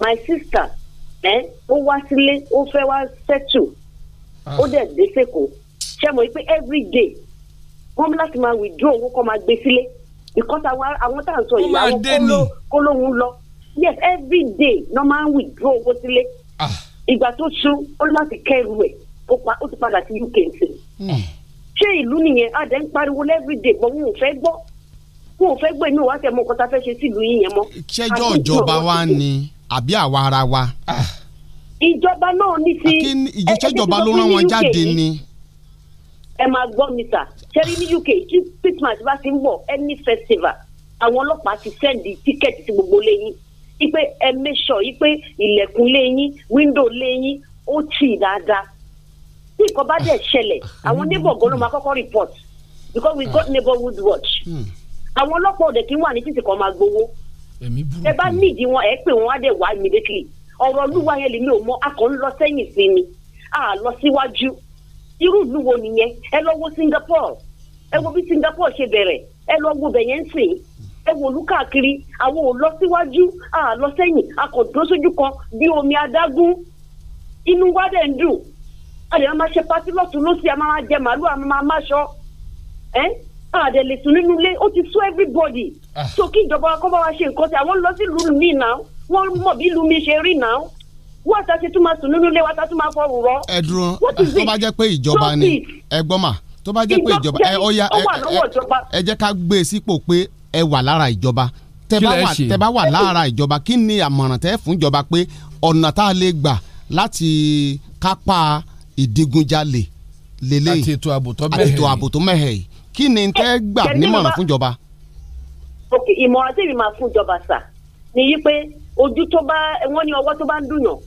my sister ẹ eh, ó wá sílé ó fẹ́ wá settle ó dẹ̀ dé sẹ́kọ̀ọ́ ṣe mọ̀ pé every day wọ́n láti máa withdraw owó kọ́ máa gbé sílé because àwọn tá à ń sọ yìí àwọn kólóhùn lọ yes every day ló máa ń withdraw owó sílé ah. ìgbà tó ṣú ó láti kẹ́rù ẹ̀ ó ti padà sí UK hmm. ṣe ìlú nìyẹn àdé ń pariwo every day gbọ́ wọn ò fẹ́ gbọ́ kó o fẹ́ gbẹ̀mí wa tẹ̀ mọ́ kọ́ta fẹ́ ṣe sílùú yìí yẹn mọ́. ṣẹ́jọ́ ìjọba wa ni àbí àwa ara wa. Ah. ìjọba náà ní ti. ìjọba ló rán wọn jáde ni ẹ máa gbọ́ mi sà ṣẹ́rí ní UK tí Christmas bá ti ń bọ̀ any festival àwọn ọlọ́pàá ti sẹ́ndì tíkẹ́ẹ̀tì sí gbogbo lẹ́yìn ipe ẹ mẹ́sọ̀ ipe ilẹ̀kùn lẹ́yìn wíńdò lẹ́yìn ó tì dáadáa tí nǹkan bá dẹ̀ ṣẹlẹ̀ ah. àwọn neighbor gan ló máa kọ́kọ́ report because we got neighborhood watch. Hmm àwọn ọlọ́pàá òde kí wà ní títì kan máa gbowó ẹ bá nídìí wọn ẹ pè wọn á dẹ̀ wá immediately ọ̀rọ̀ olúwa yẹn lèmi ò mọ akọ̀ ń lọ sẹ́yìn sí ni a lọ síwájú irú ìlú wo nìyẹn ẹ lọ wo Singapore ẹ wo bí Singapore ṣe bẹ̀rẹ̀ ẹ lọ wo bẹ̀yẹn sìn ẹ wò lú káàkiri àwọn ò lọ síwájú a lọ sẹ́yìn a kò dúró sójú kan bí omi adágún inú wa dẹ̀ ń dùn a lè máa ṣe pátí lọ́tún lọ́sí a máa jẹ màálù a máa máa ṣọ ẹ́ àdẹ lè sùn nínú ilé ó ti sún everybody ah. so kí ìjọba kó wa ṣe nǹkan sí àwọn lọ sí ìlú mi náà wọ́n mọ̀ bí ìlú mi ṣe rí náà wọ́n ta ṣe tún máa sùn nínú ilé wọ́n ta tún máa fọrùn rọ. ẹ dúró ah, tó bá jẹ́ pé ìjọba ni ẹ gbọ́n mà tó bá jẹ́ pé ìjọba ẹ ó yá ẹ jẹ́ ká gbé e sípò pé ẹ wà lára ìjọba tẹ bá wà lára ìjọba kí ni àmọ̀ràn tẹ́ fún ìjọba pé ọ̀nà tá a lè gbà láti kápá ìdigunjalè lélẹ́yìn àti ètò ààbò tó mẹ́hẹ̀ yìí kí ni n tẹ́ eh, gbà nímọ̀ràn fúnjọba. ok ìmọ̀ràn tèmi máa fúnjọba sà ni yí pé ojú tó bá wọ́n ní ọwọ́ tó bá ń dùnyàn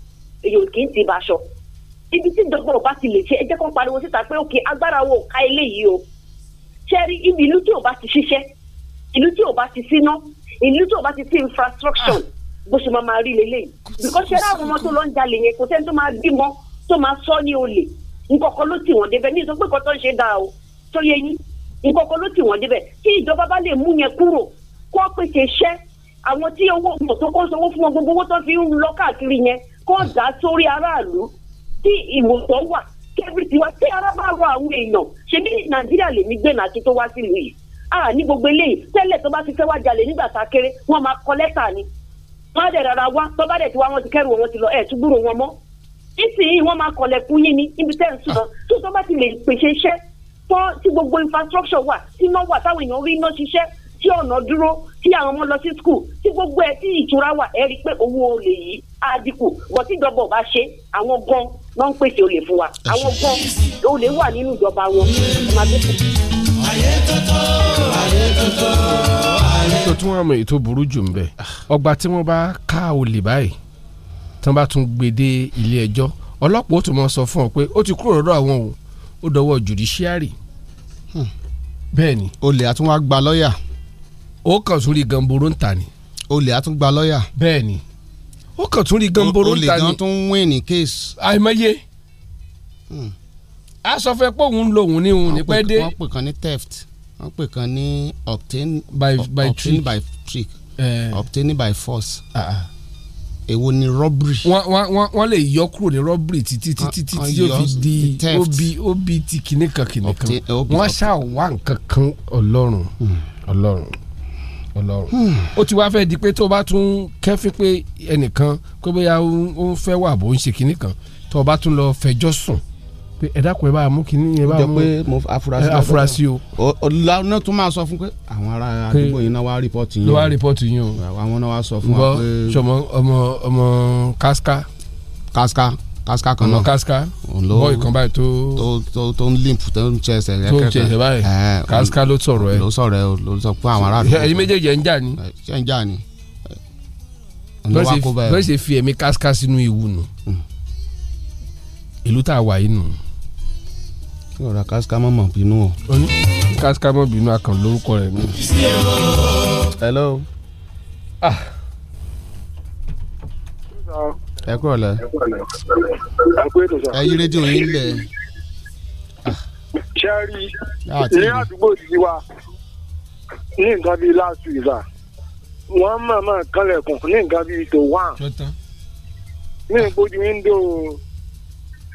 èèyàn kì í ti bá aṣọ ibi tí ìjọba ò bá ti lè ṣe ẹ jẹ́ kó pariwo síta pé ok agbára wo ká eléyìí o ṣe rí ibi ìlú tí ò bá ti ṣiṣẹ́ ìlú tí ò bá ti síná ìlú tí ò bá ti sí infrastructure ah. bó ṣe máa máa rí lélẹ́yìn because ṣe ráwọn ọmọ tó lọ ń jalè yẹn kò sẹ́ni tó máa bímọ tó máa sọ ní olè nǹkan kan ló tì wọ́n débẹ̀ ní ìsọpẹ́ kan tó ń ṣe dáa o tó yẹ yín nǹkan kan ló tì wọ́n débẹ̀ tí ìjọba bá lè mú yẹn kúrò kó pèsè iṣẹ́ àwọn tí owó mọ̀ tó kó sanwó fún wọn gbogbo owó tó fi ń lọ káàkiri yẹn kó dá sórí aráàlú tí ìwòsàn wà kẹ́bí tiwa tí ara bá rọ àwọn èèyàn ṣebí nàìjíríà lèmi gbé nàá tó wá sílùú yìí a ní gbogbo eléyìí tẹ́lẹ̀ tó bá ti fẹ́ wá jalè nígbà tá a kéré wọ́n máa kọ lẹ́tà ni wọ́n á dẹ̀ rárá wá tó bá dẹ̀ ti wá wọn ti kẹ́rù wọn ti lọ ẹ̀ tún gbúrò wọn mọ́ nísìnyí wọ́n máa kọlẹ̀kùn yín ni níbi tẹ́ ń sùn tó tó bá ti lè pèsè iṣẹ́ tán tí gbogbo infrastructure wà tí iná wà táwọn èèyàn rí iná ṣiṣẹ́ tí ọ̀nà dúró tí àwọn ọmọ lọ sí school tí gbogbo ẹ̀ tí ìtura wà ẹ rí i pé owó olè yìí á dínkù wọ́n tí ìjọba ò ṣe àwọn gan ló ń pèsè olè fún wa àwọn gan olè wà nínú ìjọba wọn ayé tọ́tọ́ ayé tọ́tọ́ ayé. tó tún àmọ̀ èyí tó burú jù ń bẹ̀ ọgbà tí wọ́n bá ká olè báyìí tí wọ́n bá tún gbèdé ilé ẹjọ́ ọlọ́pàá ó tún mọ̀ sọ fún ọ pé ó ti kúrò lọ́dọ̀ àwọn o ó dọwọ́ judiciary Hmm. bẹ́ẹ̀ ni. olè àtún wá gba lọ́ọ̀yà. ó kàn tún rí gamboro ń ta ni. olè àtún gba lọ́ọ̀yà. bẹ́ẹ̀ ó kàn tún rí gamboro ń ta ni. olè gan tún win ní case. àìmọye hmm. a sọ fẹ pé òun lo òun ní òun ní pẹ́ dé. wọ́n pè kan ní theft wọ́n pè kan ní obtain by by trick eh. obtain by force. Uh -uh èwo ni robbery. wọ́n lè yọ kúrò ní robbery títí títí títí yóò fi di obi obi ti kìnìkan kìnìkan wọ́n ṣáà wá nǹkan kan ọlọ́run hmm. ọlọ́run ọlọ́run hmm. ó ti wá fẹ́ di pé tó bá tún kẹ́fín pé ẹnìkan pé bóyá ó ń fẹ́ wà bó ń ṣe kìnìkan tó bá tún lọ fẹjọ́ sùn pé ẹ dákun ẹ bá mú kínní ẹ bá mú afurasí o. ọ̀làwọ̀n tún máa sọ fún pé àwọn ará àdúgbò yìí náà wá rìpọ́tì yín o. ló wá rìpọ́tì yín o. àwọn náà wá sọ fún wa pé. sọmọ ọmọ ọmọ káska. káska káska kan náà ọmọ káska bọ́ọ̀ì kan báyìí tó. tó tó ń limp tó ń ṣe ẹsẹ̀ rẹ̀ kẹ́kẹ́ tó ń ṣe ẹsẹ̀ báyìí káska ló sọ̀rọ̀ ẹ. ló sọ̀rọ̀ ẹ ló sọ pé àwọn ará àdúgbò. ẹ̀yin méjèèjì ẹ̀ ń jà ni. ṣé ń jà ni. Hmm. ìlú tá a wà yìí nù tí ọ̀rọ̀ kásíká mọ̀ mọ̀ bínú o. kásíká mọ̀ bínú akàn lórúkọ rẹ̀ ni. hello. ah. ẹ kúrọ̀ lẹ. ẹ yí rédíò yín lẹ. sẹ́ẹ̀rì ah. ní àdúgbò yìí wa ní nǹkan bíi last week à wọ́n mọ̀ọ́mọ̀ kánlẹ̀kùn ní nǹkan bíi tó wà ní ìbójú yín dò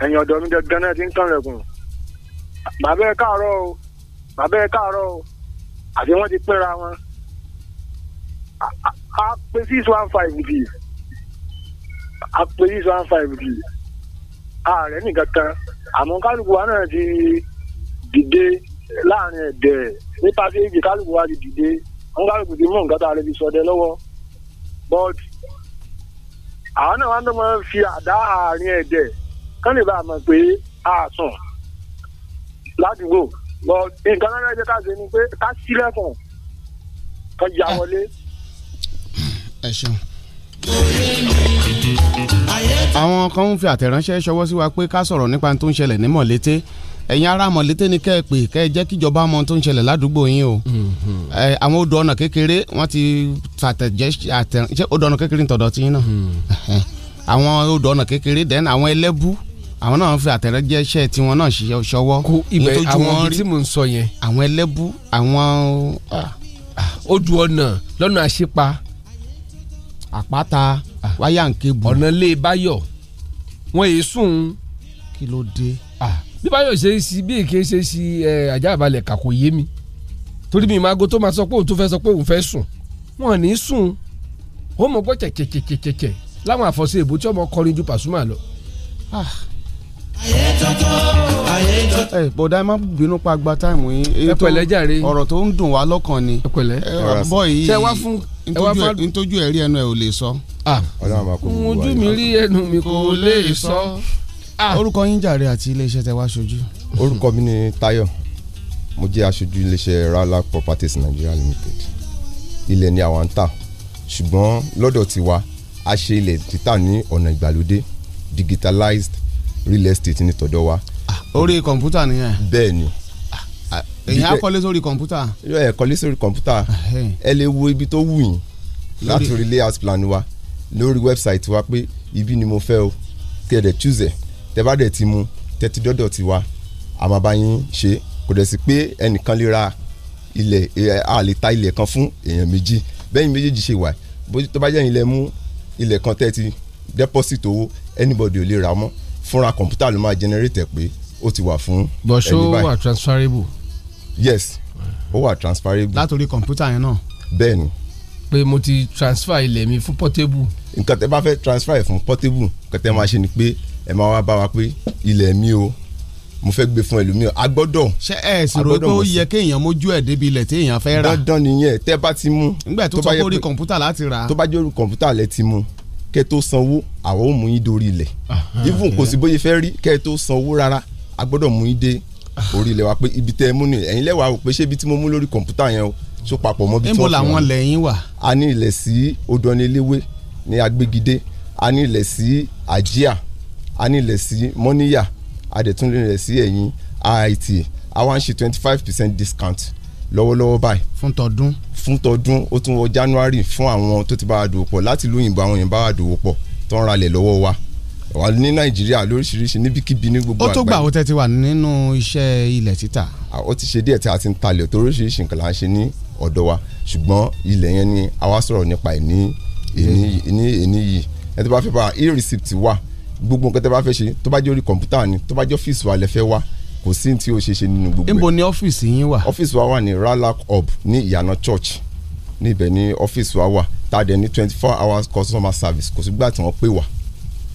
ẹ̀yìn ọ̀dọ́ mi dandan náà ti ń kánlẹ̀kùn bàbá ẹ káàárọ̀ o bàbá ẹ káàárọ̀ o àti wọ́n ti pẹ́ra wọn a pe six one five di a pe six one five di ààrẹ nìkan kan àmọ́ kálukú wa náà ti dìde láàrin ẹ̀dẹ̀ nípa sí èjì kálukú wa ti dìde wọ́n kálukú ti mú nǹkan tá a lè fi sọdẹ lọ́wọ́ but àwọn náà wá ń fi àdá àárín ẹ̀dẹ̀ kán lè bá a mọ̀ pé a sùn ládùúgbò bọ nǹkan náà jẹ́ ká ṣe ni pé ká sílẹ̀kùn kan yà wọlé. ẹ ṣeun àwọn kan ń fi àtẹ̀ránṣẹ́ ṣọwọ́ sí wa pé ká sọ̀rọ̀ nípa tó ń ṣẹlẹ̀ ní mọ̀lété ẹ̀yin ará mọ̀lété ni kẹ́ ẹ pè kẹ́ ẹ jẹ́ kíjọba mọ tó ń ṣẹlẹ̀ ládùúgbò yín o mhm. àwọn odò ọ̀nà kékeré wọ́n ti tàtẹ̀jẹ́ àtẹ̀ránṣẹ́ odò ọ̀nà kékeré ń tọ̀dọ̀ tí yín náà mhm. àwọn odò ọ̀nà kékeré then àwọn ẹlẹ́bù àwọn náà fi àtẹ̀rẹ́jẹsẹ́ tí wọn náà ṣiṣẹ́ ṣọwọ́. kó ibẹ̀ àwọn ibi tí mò ń sọ yẹn. àwọn ẹlẹ́bù àwọn. odù ọ̀nà lọ́nà àṣepa. àpáta wáyà ń kébù. ọ̀nà lè báyọ̀ wọn èé sùn. kí ló dé. bí báyọ̀ ṣe é sí bí èké ṣe é sí ajá balẹ̀ kà kò yé mi torí mi máa go tó máa sọ pé òun tó fẹ́ sọ pé òun fẹ́ sùn wọn ní sùn ó mọ̀ gbọ́ tẹ̀tẹ̀tẹ̀tẹ̀tẹ̀ láwọn àfọ̀sẹ̀ èbó tí ọmọ kọrin ju Pasuma lọ ẹ bọ̀dá ẹ má bínú pa gba táìmù yín ẹ pẹ̀lẹ́ jàre ọ̀rọ̀ tó ń dùn wá lọ́kàn ni ẹ pẹ̀lẹ́ bọ́ yìí ṣe wá fún ntójú ẹ rí ẹnu ẹ ò lè sọ. ojú mi rí ẹnu mi kò lè sọ. orúkọ yín jàre àti iléeṣẹ́ tẹ wá ṣojú. orúkọ mi ni Táyọ̀ mo jẹ́ aṣojú iléeṣẹ́ Rala Properties Nigeria Limited ilẹ̀ ni àwa ń tà ṣùgbọ́n lọ́dọ̀ tiwa a ṣe ilẹ̀ títà ní ọ̀nà ìgbàlódé digitalized real estate ní tọ̀dọ̀ wa. orí kọ̀ǹpútà nìyẹn. bẹ́ẹ̀ ni. Ah, èyàn á kọ́lé sórí kọ̀ǹpútà. ẹ kọ́lé sórí kọ̀ǹpútà ẹ lè wo ibi tó wù yín láti orí layout plan wa lórí website wa pé ibi ni mo fẹ́ o kí ẹ dẹ̀ choose ẹ̀ tẹ bá dẹ̀ ti mu tẹ́tí dọ́dọ̀ ti wa a máa bá yín ṣe kò dẹ̀ sí pé ẹnìkan lè ra ilẹ̀ a lè ta ilẹ̀ kan fún èèyàn méjì bẹ́ẹ̀ méjèèjì ṣe wà bójú tó bá jẹ́ ilẹ̀ mú ilẹ̀ kan tẹ́tí deposit owó anybody ò lè rà mọ́ fúnra kọ̀ǹpútà ló máa generate ẹ̀ pé ó ti wà fún ẹni báyìí. but ṣó wà transferable. yes ó wà transferable. látòrí kọ̀ǹpútà yẹn náà. bẹ́ẹ̀ni. pé mo ti transfer ilẹ̀ mi fún portable. nǹkan tẹ́ bá fẹ́ transfer ẹ̀ fún portable nǹkan tẹ́ máa ṣe ni pé ẹ máa wá bá wa pé ilẹ̀ mi o mo fẹ́ gbé fún ẹlòmíràn a gbọ́dọ̀. ṣé ẹ sì rò pé ó yẹ kéèyàn mójú ẹ̀ débi ilẹ̀ téèyàn fẹ́ rà. dandan nìyẹn tẹ́ bá ti mú. nígbà tó sọ pé kọ̀ǹpútà láti rà. tó bá jẹ́ kọ̀ǹpútà lẹ ti mú kẹ́ tó sanwó àwọn ò mú yín dórí ilẹ̀ even kò sí bóyá fẹ́ rí kẹ́ tó sanwó rárá a gbọ́dọ̀ mú yín dé orí ilẹ̀ wa pé ibi tẹ́ ẹ mú ni ẹ̀yin lẹ́wàá o pé ṣé ibi tí mo mú lórí kọ̀ǹpútà yẹn o tó papọ̀ mọ́ bí tí wọ́n fi níbo làwọn lẹ́yìn wà. a ní ilẹ̀ sí odòaniléwé ní agbègidé a ní ilẹ̀ sí àjíà a ní ilẹ̀ sí mọ́níyà a dẹ̀ tún lè rẹ̀ sí ẹ̀yìn rit a wá ń ṣe twenty five percent discount lọ́wọ́lọ́wọ́ báyìí. fún tọdún. fún tọdún ó tún wọ january fún àwọn tó ti bá wa dòwò pọ̀ láti ìlú òyìnbó àwọn èèyàn bá wa dòwò pọ̀ tó ń ralẹ̀ lọ́wọ́ wa wà ní nàìjíríà lóríṣiríṣi níbikíbi ní gbogbo àgbáyé. ó tó gbà ó tẹ́ ti wà nínú iṣẹ́ ilẹ̀ títà. ó ti ṣe díẹ̀ tí a ti ń talẹ̀ tó oríṣiríṣi nǹkan là ṣe ní ọ̀dọ̀ wa ṣùgbọ́n ilẹ̀ yẹn ni a wá sọ̀rọ̀ nípa ẹ̀ ní èní yìí ẹ tó bá fẹ́ bá e-receipt wà gbogbo nǹkan tẹ́ bá fẹ́ ṣe tó bá jẹ́ orí kọ̀ǹpútà ni tó bá jẹ́ ọ́fíìsì wa lẹ wá kò sí tí o ṣe ṣe nínú gbogbo ẹ̀. níbo ni ọ́fíìsì yín wà. ọ́fíìsì wa wà ní Ralac hub ní ìyànà church níbẹ̀ ni ọ́fíìsì wa wà tá a dẹ̀ ní twenty four hours customer service kò sígbà tí wọ́n pè wá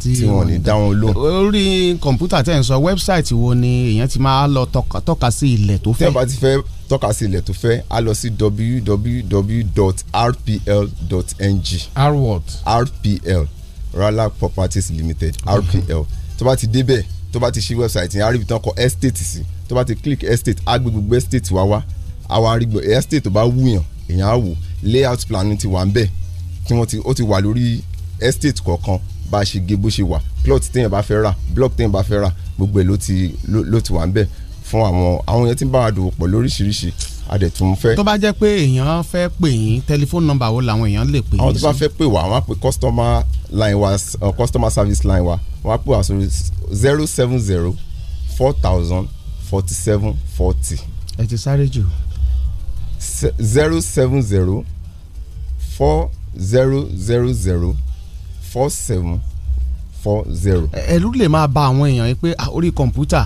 tí wọ́n ní dáhùn lóhùn. orí kọ̀ǹpútà tẹ̀ ń sọ wẹ́bsáìtì wo ni èèyàn ti máa lọ tọ́ka sí ilẹ̀ tó fẹ́. tẹ́ bá ti fẹ́ tọ́ka sí ilẹ̀ tó fẹ́ a lọ sí www.rpl.ng. r what? rpl Ralak properties limited rpl tó bá ti débẹ̀ tó bá ti ṣí website yẹn àríbi tán kọ estate sí tó bá ti click estate á gbé gbogbo estate wá wá àwa àrígbọ estate tó bá wù èèyàn á wò layout plan ti wà ń bẹ̀ tí wọ́n ti ó ti wà lórí estate kọ̀ọ̀kan bá a ṣe gé bó ṣe wà plot téèyàn bá fẹ́ rà block téèyàn bá fẹ́ rà gbogbo ẹ̀ ló ti ló ti wà ń bẹ̀ fún àwọn àwọn yẹn tí ń bá wa dòwò pọ̀ lóríṣiríṣi adẹ̀tún fẹ́. tó bá jẹ́ pé èèyàn fẹ́ pè yín tẹlifóònù nọ́mbà wo làwọn èèyàn lè pè yín sí. àwọn tó bá fẹ́ pè wá wọn á pè customer line wa uh, customer service line wa Wa á pè wá zero seven zero four thousand forty seven forty. ẹ ti sáré jù. zero seven zero four zero zero zero four seven four zero. ẹ̀rù lè máa ba àwọn èèyàn yìí pé orí kọ̀ǹpútà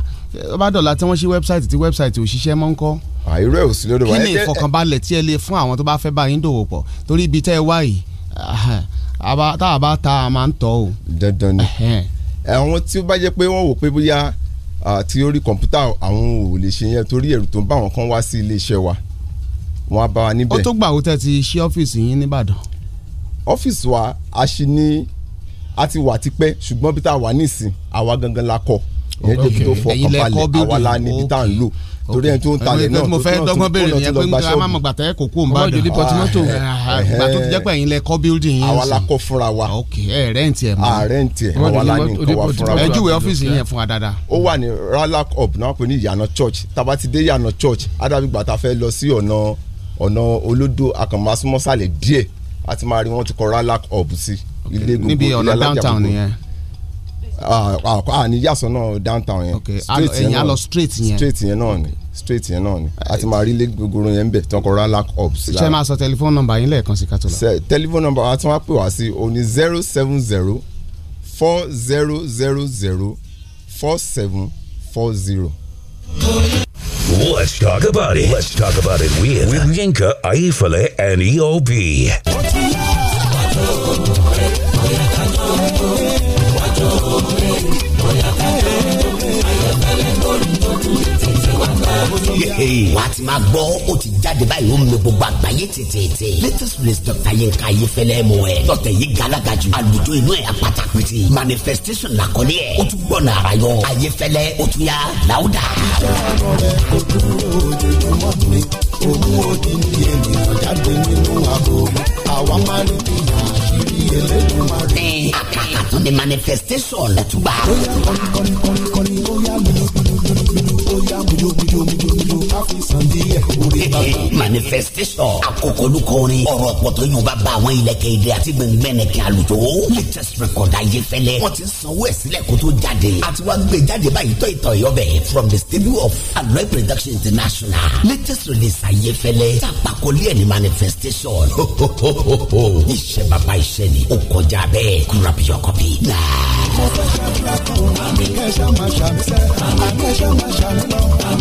bá dọ̀la tí wọ́n ṣí wẹ́bsáìtì tí wẹ́bsáìtì ò ṣiṣẹ́ mọ́ ń kọ́. àìrò ẹ̀ ò sí lódò wa. kí ni ìfọkànbalẹ̀ tí ẹ lè fún àwọn tó bá fẹ́ bá yín dòwò pọ̀ torí ibi tẹ́ ẹ wá yìí tá a bá ta a máa ń tọ́ o. dandan ni àwọn tí ó bá jẹ́ pé wọ́n wò pé bóyá tí ó rí kọ̀ǹpútà àwọn ò lè ṣe yẹn torí ẹ̀rù tó ń bá wọn kan wá sí iléeṣẹ́ wa wọn á bá wa níbẹ̀. ó tó gbà wo ti ṣí ọ́fíìsì yín nìbàdàn. ọ́fíìsì wa a ṣì ní a ti wà tipẹ́ ṣùgbọ́n bí tá a wà nísìn àwa gangan la kọ́ ìyẹn jẹ́ bí àwa la níbi tá à ń lò. okay torí ẹni tó ń talẹ̀ náà tó fẹ́ dọ́gbọ́n béèrè yẹn pé nǹkan amámọ̀ gbàtà ẹ̀ kò ń bá dùn ọjọ́ ní pọtimọ́tò ah, ah, ah, gbà tó ti jẹ́ pé ẹ̀yin lẹ kọ́ bíldìn yẹn àwa la kọ́ fúnra wa ok ẹ rẹ́ǹtì ẹ̀ mọ́ rẹ́ǹtì ẹ̀ àwa la ní nǹkan wa fúnra wa. ẹ ọ́fíìsì yẹn fún wa dáadáa. ó wà ní ralac up náà pé ní ìyànà church taba ti dé ìyànà church adabi gbàtà fẹ́ lọ sí ọ̀nà ọ̀nà olódò akànmásúmọ́sàlẹ̀ díẹ̀ àti máa rí wọn ti kọ ralac up sí ilé gbogbo ilé alájà gbogbo àní ah, ah, ah, yàsọ náà downtown yẹn. ok ẹyin á lọ straight yẹn. straight yẹn náà ni straight yẹn náà ni a ti máa rí ilé gbogbo yẹn bẹ̀ tán kọra lack up. ṣé máa sọ tẹlifóònù nọ́mbà yín lẹ́ẹ̀kan sí kátó la. tẹlifóònù nọ́mbà wa tí wọ́n á pè wá sí o ní zero seven zero four zero zero zero four seven four zero. Let's talk about it. Let's talk about it with, with Yinka, Aifale, and EOB. Oh, wà á ti máa gbọ́ ó ti jáde báyìí ó mi gbogbo àgbáyé tètè. latest release dr yinka ayefẹlẹ mu ẹ dr yìí galaga ju àlùjọ inú ẹ apata pété manifestation làkọlé ẹ ó tún gbọ́nà ara yọ ayefẹlẹ ó tún yà láwùdà. Òun òdi ni ènìyàn jáde nínú àbò, àwa máa ń bìyà àṣírí ẹlẹ́dùn máa rí. Àkàkà tó ni manifestation lẹ́tùgbà. Ó yẹ kọ́ni kọ́ni kọ́ni ó ó yá mujo mujo mujo mujo ká fi san díẹ̀ orí bàbá. manifestation akokolukọ orin ọ̀rọ̀ pọ̀tọ́ yóò bá bá àwọn ilẹ̀kẹ̀ èdè àti gbẹ̀ngbẹ̀nẹ̀kẹ̀ àlùjọ. latest record ayé fẹ́lẹ́ wọ́n ti sanwó ẹ̀ sílẹ̀ kó tó jáde àti wá gbé jáde báyìí tọ́ ìtọ̀ ìyọ́bẹ̀ from the studio of aloe production international latest release ayé fẹ́lẹ́ tàpákọ́lé ẹ̀ ní manifestation. iṣẹ́ bàbá iṣẹ́ ni ó kọjá bẹ́ẹ̀ grab your copy now. àmì kẹ́sà máa ṣàmì sẹ́ àmì kẹ́sà máa ṣàmì náà.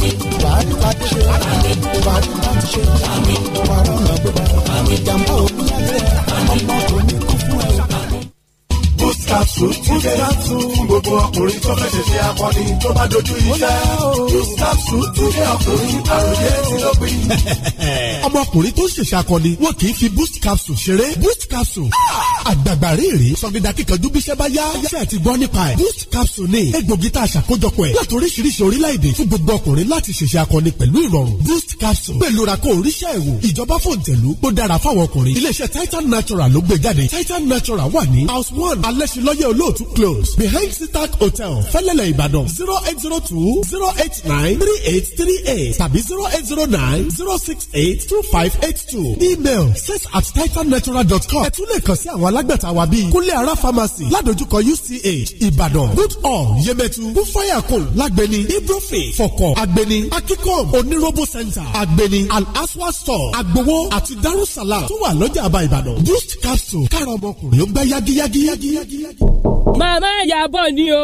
Whoa. ọkùnrin tó fẹ́ ṣẹ̀ṣẹ̀ akọni tó bá dojú iṣẹ́ capsule tún ní ọkùnrin àròyé tí ló gbé. ọmọkùnrin tó ṣẹ̀ṣẹ̀ akọni wọn kì í fi boost capsule ṣeré boost capsule ah! àgbàgbà rírì sọ̀gídà kíkanjú bíṣẹ́ bá yá ṣe àti gbọ́ nípa ẹ̀ boost capsule ni egbògi tá a ṣàkójọpọ̀ ẹ̀ láti oríṣiríṣi orílẹ̀-èdè fún gbogbo ọkùnrin láti ṣẹ̀ṣẹ̀ akọni pẹ̀lú ìrọ̀rùn boost capsule pẹ̀lú rakó oríṣẹ́ ẹ̀wò ìjọba fòǹtẹ̀lú tó dára fáwọn ọkùnrin iléeṣẹ́ titan natural ló gbé jáde titan natural wà ní house one alẹ́sìlọ́yẹ̀ olóòtú close behind sitak hotel fẹ́lẹ́lẹ̀ ìbàdàn zero eight zero two zero eight nine three eight three eight tàbí zero eight zero nine zero six eight two five eight two email sales at titannatural.com ẹ tún lè kàn sí àwọn alágbàtà wa bíi kúnlé ara pharmacy ládojúkọ UCH ìbàdàn good all yemẹtu bufayakun lágbẹni ibrofe fọkọ agbẹni akikom onirobo center agbẹni al-aswa store agbowo àti darussalam tó wà lọ́jà àbá ìbàdàn boost capsule kárọ̀ ọmọkùnrin ó gbá yagiyagi. màmá ìyàbọ̀ ni o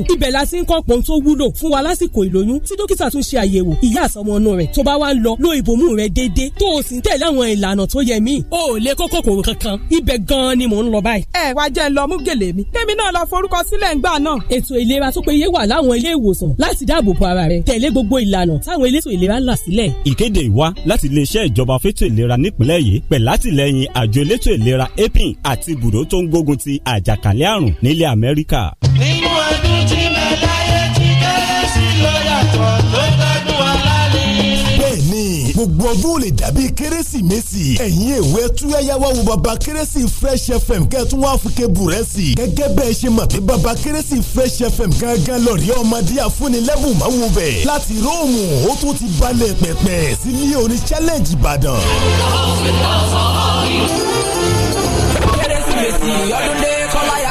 lọ́rùn ibẹ̀ la ti ń kọ́ pọ́n tó wúlò fún wa lásìkò ìlóyún tí dókítà tún ṣe àyẹ̀wò ìyá àsọmọ ọ̀nà rẹ̀ tó bá wá ń lọ lo ìbomú rẹ̀ déédéé tó o sì ń tẹ̀lé àwọn ìlànà tó yẹ mí. o ò lè kó kòkòrò kankan ibẹ̀ gan-an ni mò ń lọ báyìí. ẹ wá jẹ́ ń lọ mú gèlè mi. kémi náà lọ forúkọ sílẹ̀ ńgbà náà. ètò ìlera tó péye wà láwọn ilé ìwòsàn láti dáàbò bo ara rẹ tẹ̀lé gbogbo ìlànà táwọn elétò ìlera là sílẹ̀. ìkéde ìwá láti iléeṣẹ́ ìjọba fétò ìlera nípìnlẹ̀ yìí pẹ̀ látìlẹ́yìn àjọ elétò ìlera apin àti ibùdó tó ń gbógun ti àjàkálẹ̀ àrùn nílẹ̀ Amẹ́ríkà gbogbo ọdún ò lè dàbí kérésìmesì ẹ̀yin èwe túyáyáwá wo baba kérésì fresh fm kẹ́tún wá fúnkẹ́ búrẹ́sì gẹ́gẹ́ bẹ́ẹ̀ ṣe mọ̀ pé baba kérésì fresh fm gángan lọ́ọ̀rì ọmọdé àfúnilẹ́bùn máa wò bẹ̀ láti róòmù ó tún ti balẹ̀ pẹ̀pẹ̀ sílé orin challenge ìbàdàn. kérésìmesì ọdún dé kọ́láyà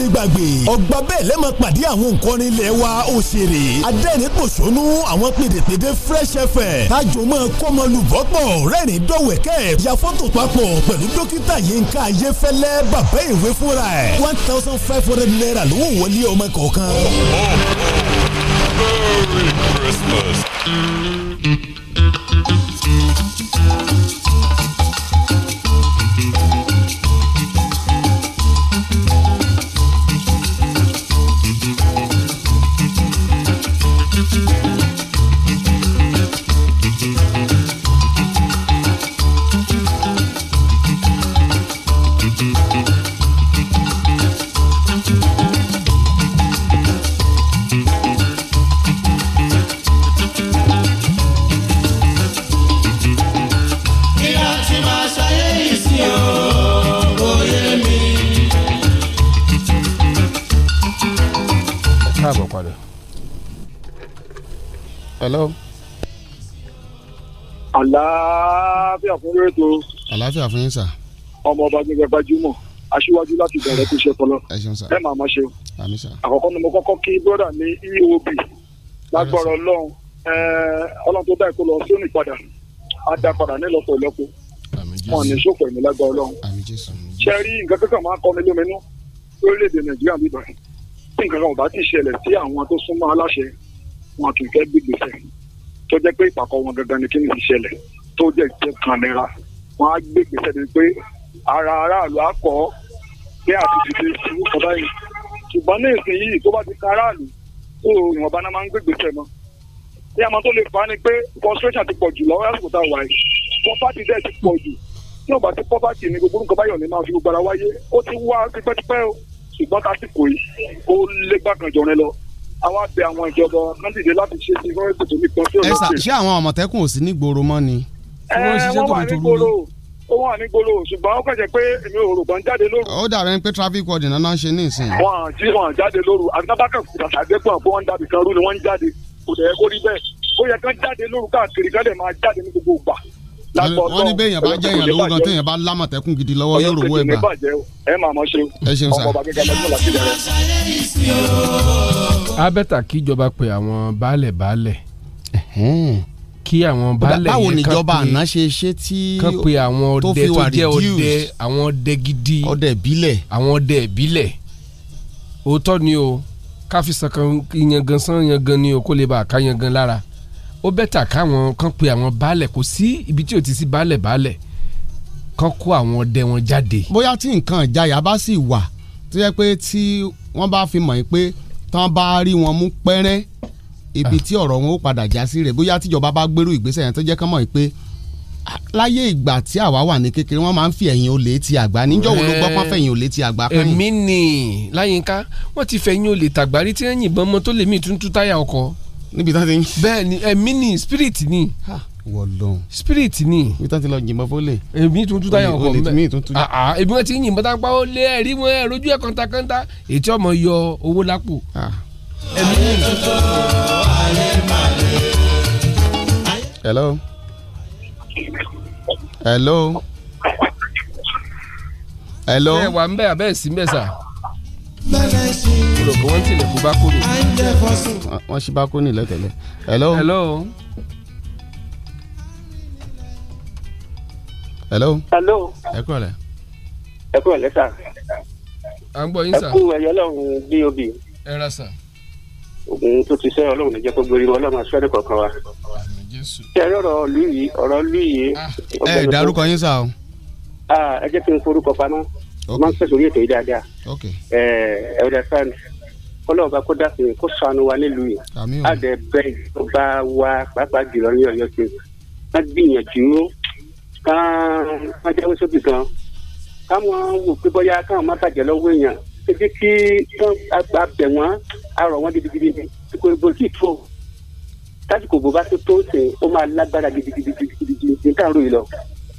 ní gbàgbé ọgbà bẹ́ẹ̀ lẹ́mọ̀ pàdé àwọn nǹkan ilẹ̀ wa òṣèré adẹ́rìnpòṣónú àwọn pèdèpèdè fresh fm tájò máa kọ́mọ dọ́wẹ̀kẹ́ ya fọ́tò papọ̀ pẹ̀lú dókítà yínká ayéfẹ́lẹ́ bàbá ìwé fúnra ẹ̀ one thousand five hundred naira ló wò wọlé ọmọ kọ̀ọ̀kan. Merry Christmas. àlàáfíà fún rétò. àlàáfíà fún yín sà. ọmọ ọba gbẹgbẹ gbajúmọ̀ aṣíwájú láti bẹ̀rẹ̀ kó ṣe tọ́lọ́. ẹ ṣeun sà. ẹ máa ma ṣe. àmín sà. àkọ́kọ́ ni mo kọ́kọ́ kí bọ́dà ní eob lágbọ́rọ̀ ọlọ́run ọlọ́run tó báyìí kó lọ sóní padà á dá padà nílọ́pọ̀ ìlọ́pọ̀ wọn ní sọ́kọ̀ ẹ̀mí lágbọ́rọ̀ ọlọ́run. ṣe rí nǹkan kankan máa kọ́ mi lómi inú lórílẹ̀‐èdè nàìjíríà bíbá tí nǹkan kan ò bá ti ṣẹlẹ̀ sí àwọn tó súnmọ́ aláṣẹ wọn kì í fẹ́ gbígbèsè tó jẹ́ pé ìpàkọ́ wọn dandan ni kí ni ti ṣẹlẹ̀ tó jẹ́ jẹ́ kan nira wọn á gbé ìgbésẹ̀ ni pé ara aráàlú á kọ́ pé àtúntì ti ṣubú kan báyìí ṣùgbọ́n ní ìsìn yìí tó bá ti kan aráàlú tó ìwọ̀nba náà máa ń gbé ìgbésẹ̀ mọ́ ní àmọ́ tó lè fà á ni pé frustration ti pọ̀ jù lọ́wọ́ lásìkò tá a wà yìí property dẹ̀ ti pọ̀ jù tí ò bá ti property ni gbogbo nǹkan báyọ̀ ni máa fi gbogbo ara wáyé ó ti wá tipẹ́tipẹ́ o ṣùgbọ́n tásìkò yìí ó lé gbàgànjọ́ rẹ lọ àwa bẹ àwọn ìjọba mọ́tìdé láti ṣe ti fọ́rẹ́sì tó ní kọ́ńtò. ẹ sà ṣé àwọn àmọ̀tẹ́kùn ò sí ní gbòòrò mọ́ ni. ẹ wọ́n wà ní gbòòrò ó wà ní gbòòrò ṣùgbọ́n ó kẹ̀jẹ̀ pé èmi ò rò gbọ́n jáde lóru. ó dàrẹ́ pé traffic warden náà ń ṣe ní ìsìn. wọn àti wọn jáde lóru àtàbákàn àtàgbẹ́pọ̀ pé wọ́n ń dàbí kan rú ni wọ́n jáde kò dẹ̀ kó bẹ́ẹ̀ ó yẹ kán jáde lóru káàkiri kán lè máa jáde ní gbogbo ìgbà wọ́n ní bẹ́ẹ̀ yẹn bá jẹ́ yẹn lówó gan tẹ́yẹn bá lámọ̀tẹ́kùn gidi lọ́wọ́ yóò rówó ẹ̀ gbà. ẹ máa mọ ṣe ṣeun sá. abẹ́ta kíjọba pe àwọn baálẹ̀ baálẹ̀ kí àwọn baálẹ̀ yẹn kan pe àwọn ọdẹ tó jẹ́ ọdẹ àwọn ọdẹ gidi ọdẹ ìbílẹ̀ àwọn ọdẹ ìbílẹ̀ òótọ́ ni o káfíńsàn kan yangan san yangan ni o kó lè bá a yangan lára ó bẹ́tà káwọn kan pe àwọn baálẹ̀ kò sí ibi tí ò ti sí baálẹ̀ baálẹ̀ kan kó àwọn ọdẹ wọn jáde. bóyá tí nǹkan ìjayà bá sì wà tó yẹ pé tí wọ́n bá fi mọ̀ pé tán bá rí wọn mú pẹ́rẹ́ ibi ah. tí ọ̀rọ̀ wọn ó padà já sí rẹ̀ bóyá tíjọba bá gbèrú ìgbésẹ̀ yẹn tó jẹ́ kán mọ̀ pé láyé ìgbà tí àwa wà ní kékeré wọn máa ń fi ẹ̀yìn olè ti àgbà níjọ́ ló gbọ́ pọ́n eh, fẹ̀yìn olè ti àgbà kẹ́yìn. èmi ni láyínká wọ́n ti fẹ̀yìn olè tàgbárí tí wọ́n yìnbọn mọ́ tó lè mí tuntun táyà ọkọ̀ níbi tán ti ń. bẹ́ẹ̀ni ẹ̀mí ni spirit ni. wọlọrun spirit ni. níbi tán ti lọ yìnbọn fọlẹ. èmi tún tún táyà ọkọ mbẹ èmi wọn ti yìnbọn tá a pa lé ẹrí wọn ẹ rojú ẹ kọńtà ètí ọmọ yọ owó lápò. ẹ̀mí ni. hello. hello. hello. ẹ wà ń bẹ abẹ́ sí ń bẹ sà olùkọ́ wọn tilẹ̀ kú bákónì. wọ́n ṣí bákónì lẹ́tẹ̀lẹ́. hello. hello. hello. hello. ẹ kú ọ̀lẹ́. ẹ kú ọ̀lẹ́ sà. à ń gbọ́ yín sà. ẹ kú ẹ̀yọ́ lọ́hùn-ún bob. ẹ ra sà. oògùn tó ti sẹ́yìn ọlọ́run níjẹ́ kó gbórí ọlọ́run aṣọ ẹ̀dẹ̀ kọ̀ọ̀kan wa. ṣé ẹ ọ̀rọ̀ lùyìí ọ̀rọ̀ lùyìí. Ah, ẹ dárúkọ yín sà o. Ah, ẹ jẹ́ kí n forúkọ paná máa ń pèsè orí ètò yìí dáadáa ẹ ẹ ọ̀dà sáà kọlọ́ọ̀bá kó dàpọ̀ yẹn kó sànù wa nílùú yìí àdẹ bẹ́ẹ̀ ló bá wa pàápàá jùlọ ní ọ̀yọ́ ṣe ká gbìyànjú ká jáwé sóbì gan káwọn wò pé bóyá káwọn má bàjẹ́ lọ́wọ́ èèyàn ebi kí abẹ wọn arọ wọn gidigidi ni ìkòròbó sì tó tásìkò bó bá tó tó sè ó máa lágbára gidigidi gidigidi ní káàró yìí lọ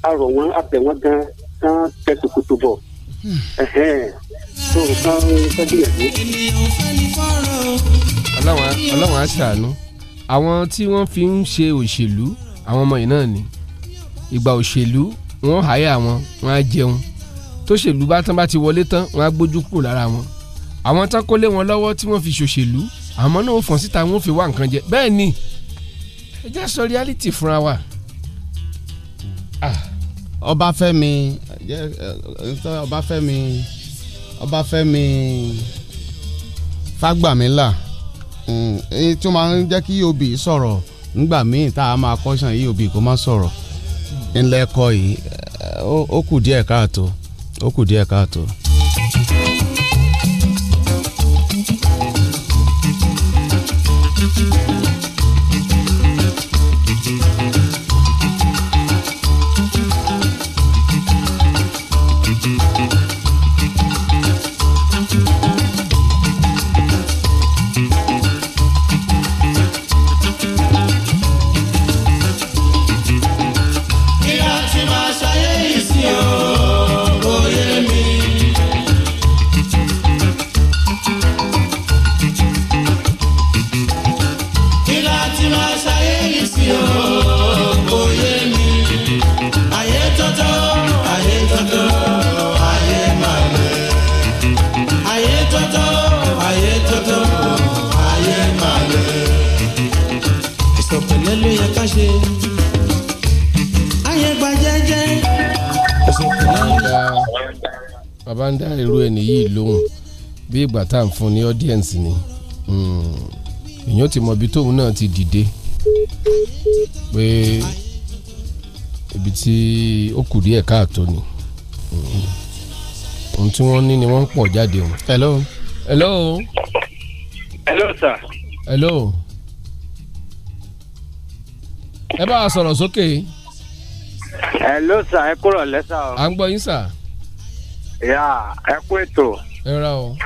arọ wọn abẹ wọn gan kán tẹ tòkòtò bọ̀ tó nǹkan sọ́díyàjú. ọlọ́run á ṣàánú àwọn tí wọ́n fi ń ṣe òṣèlú àwọn ọmọ yìí náà ni ìgbà òṣèlú wọ́n háyà wọn wọ́n á jẹun tóṣèlú bá tán bá ti wọlé tán wọ́n á gbójú kúrò lára wọn àwọn tán kólé wọn lọ́wọ́ tí wọ́n fi ṣòṣèlú àmọ́ náà ó fọ́n síta wọ́n fi wá nǹkan jẹ bẹ́ẹ̀ ni ẹ já sọ reality fúnra wa. Ah. Ọbáfẹ́mi Ọbáfẹ́mi Ọbáfẹ́mi Fágbàmílà hmm, èyí tó máa ń jẹ́ kí e obì sọ̀rọ̀ nígbà míì tá a máa kọ́ṣàn yìí e obì kó má sọ̀rọ̀ ńlẹ́kọ̀ yìí ó kù díẹ̀ káàtó ó kù díẹ̀ káàtó. bá ń dá irú ẹni yìí lóhùn bí ìgbà tá à ń fún ní audience ni hmm, èèyàn ti mọ ibi tóun náà ti dìde pé ibi tí ó kù díẹ̀ káàtó ni hmm, ohun tí wọ́n ní ni wọ́n ń pọ̀ jáde wọn. hello. hello. hello sir. hello. ẹ bá a sọ̀rọ̀ sókè. hello sir ẹ kúrò lẹ́sà o. à ń gbọ́ yín sir yà ẹ kú ètò. ẹ ra o.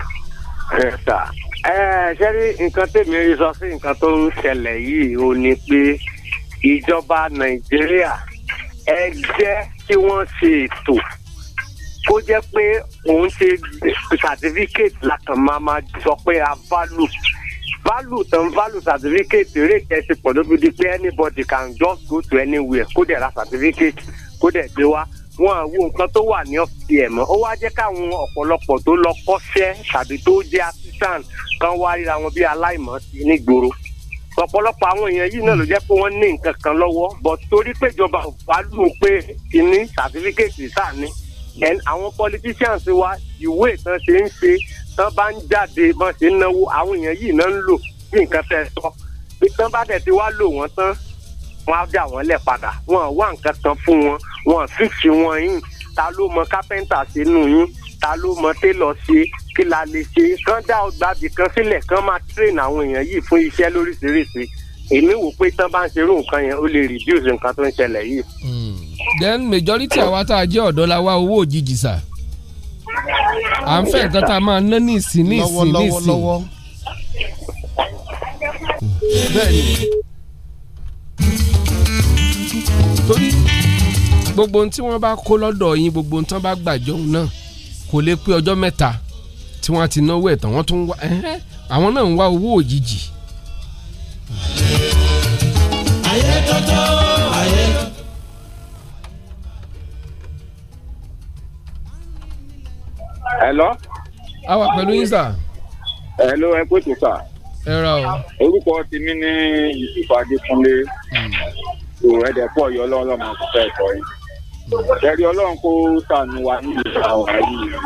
ẹ sà ẹ ṣe rí nǹkan tèmi rí sọ sí nǹkan tó ń ṣẹlẹ̀ yìí ó ní pé ìjọba nàìjíríà ẹ jẹ́ kí wọ́n ṣe ètò kó jẹ́ pé òun ṣe certificate lákàn máa máa sọ pé a value value tán value certificate rate ẹ ti pọ̀ lóbi di pé anybody can just go to anywhere kó dẹ̀ ra certificate kó dẹ̀ gbé wá wọn wo nǹkan tó wà ní ọ̀fìsì ẹ̀ mọ́ ó wá jẹ́ káwọn ọ̀pọ̀lọpọ̀ tó lọ kọ́ṣẹ́ tàbí tó jẹ́ assistant kan wá ríra wọn bí aláìmọ̀ sí nígboro ọ̀pọ̀lọpọ̀ àwọn èèyàn yìí náà ló jẹ́ pé wọ́n ní nǹkan kan lọ́wọ́ but torí pé ìjọba ò bá lù ú pé kìíní certificate sáà ni àwọn politicians wa ìwé ìtàn ṣe ń ṣe tán bá ń jáde bọ́n ṣe ń náwó àwọn èèyàn yìí náà ń lò bí nǹkan fẹ́ sọ bí tán bá tẹ̀ ti wá lò wọ́n tán wọ́n á dà wọ́n lẹ̀ padà wọ́n wá nǹkan kan fún wọn wọ́n fífi wọn yín ta ló mọ kápẹ́ńtà sínú yín ta ló mọ télọ̀ ṣe kí la lè ṣe kán dá ọgbà bì kan sílẹ̀ kán máa train àwọn èèyàn yìí fún iṣẹ́ lóríṣiríṣi èmi wò pé tán bá ń ṣerú nǹkan yẹn ó lè reduce nǹkan tó ń ṣẹlẹ̀ yìí. Hmm. then majority àwa tá a jẹ́ ọ̀dọ́ la wá owó òjijì sà à ń fẹ́ nǹkan tá a máa ná ní ìsìn ní ìsìn ní ìsìn torí gbogbo ohun tí wọ́n bá kó lọ́dọ̀ yín gbogbo ohun tí wọ́n bá gbàjọ́ náà kò lè pé ọjọ́ mẹ́ta tí wọ́n ti náwó ẹ̀tàn wọ́n tún wá àwọn náà ń wá owó òjijì. ayé Hello. a wà pẹ̀lú yín sà. Hello ẹ pé tó sà. ẹ ra o. orúkọ tèmi ni Yusuf Adékúnlé. Hmm òun ẹ̀dẹ̀ pọ̀ yọ ọlọ́run lọ́mọ kò fẹ́ tọ́ yín ẹ̀rí ọlọ́run kó sànù wa ní ìlú àwọn ayé yẹn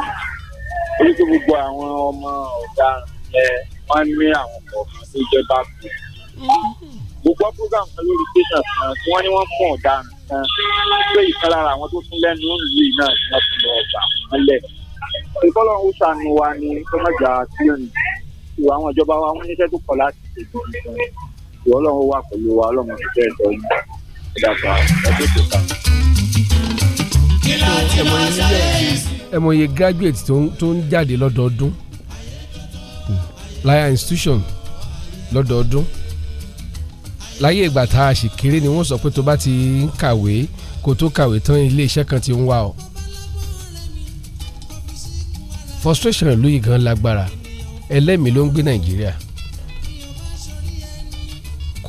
orí tó gbogbo àwọn ọmọ ọ̀daràn yẹn wọ́n ní àwọn kọ̀ọ̀kan tó jẹ́ bá kú gbogbo program kan lórí station kan tí wọ́n ní wọ́n mú ọ̀daràn kan pé ìkan lára àwọn tó tún lẹ́nu òǹlù náà ni wọ́n ti lọ ọ̀gbà wọn lẹ̀ ìfọlọ́run ó sànù wa ní kọ́mọ̀jà ìwà àwọn ìjọba wa wọ́n níṣẹ́ tó pọ̀ láti ṣètò ìṣẹ́ ìwọ́lọ́run wà pẹ̀lú wa ọlọ́run ti fẹ́ ẹ mọ iye graduate tó ń jáde lọ́dọọdún hmm. láyà institution lọ́dọọdún láyé ìgbà tá a sì kéré ni wọ́n sọ pé tó bá ti ń kàwé kó tó kàwé tán ilé iṣẹ́ kan ti ń wá ọ frustration ìlú yìí gan lágbára ẹlẹ́mìí ló ń gbé Nàìjíríà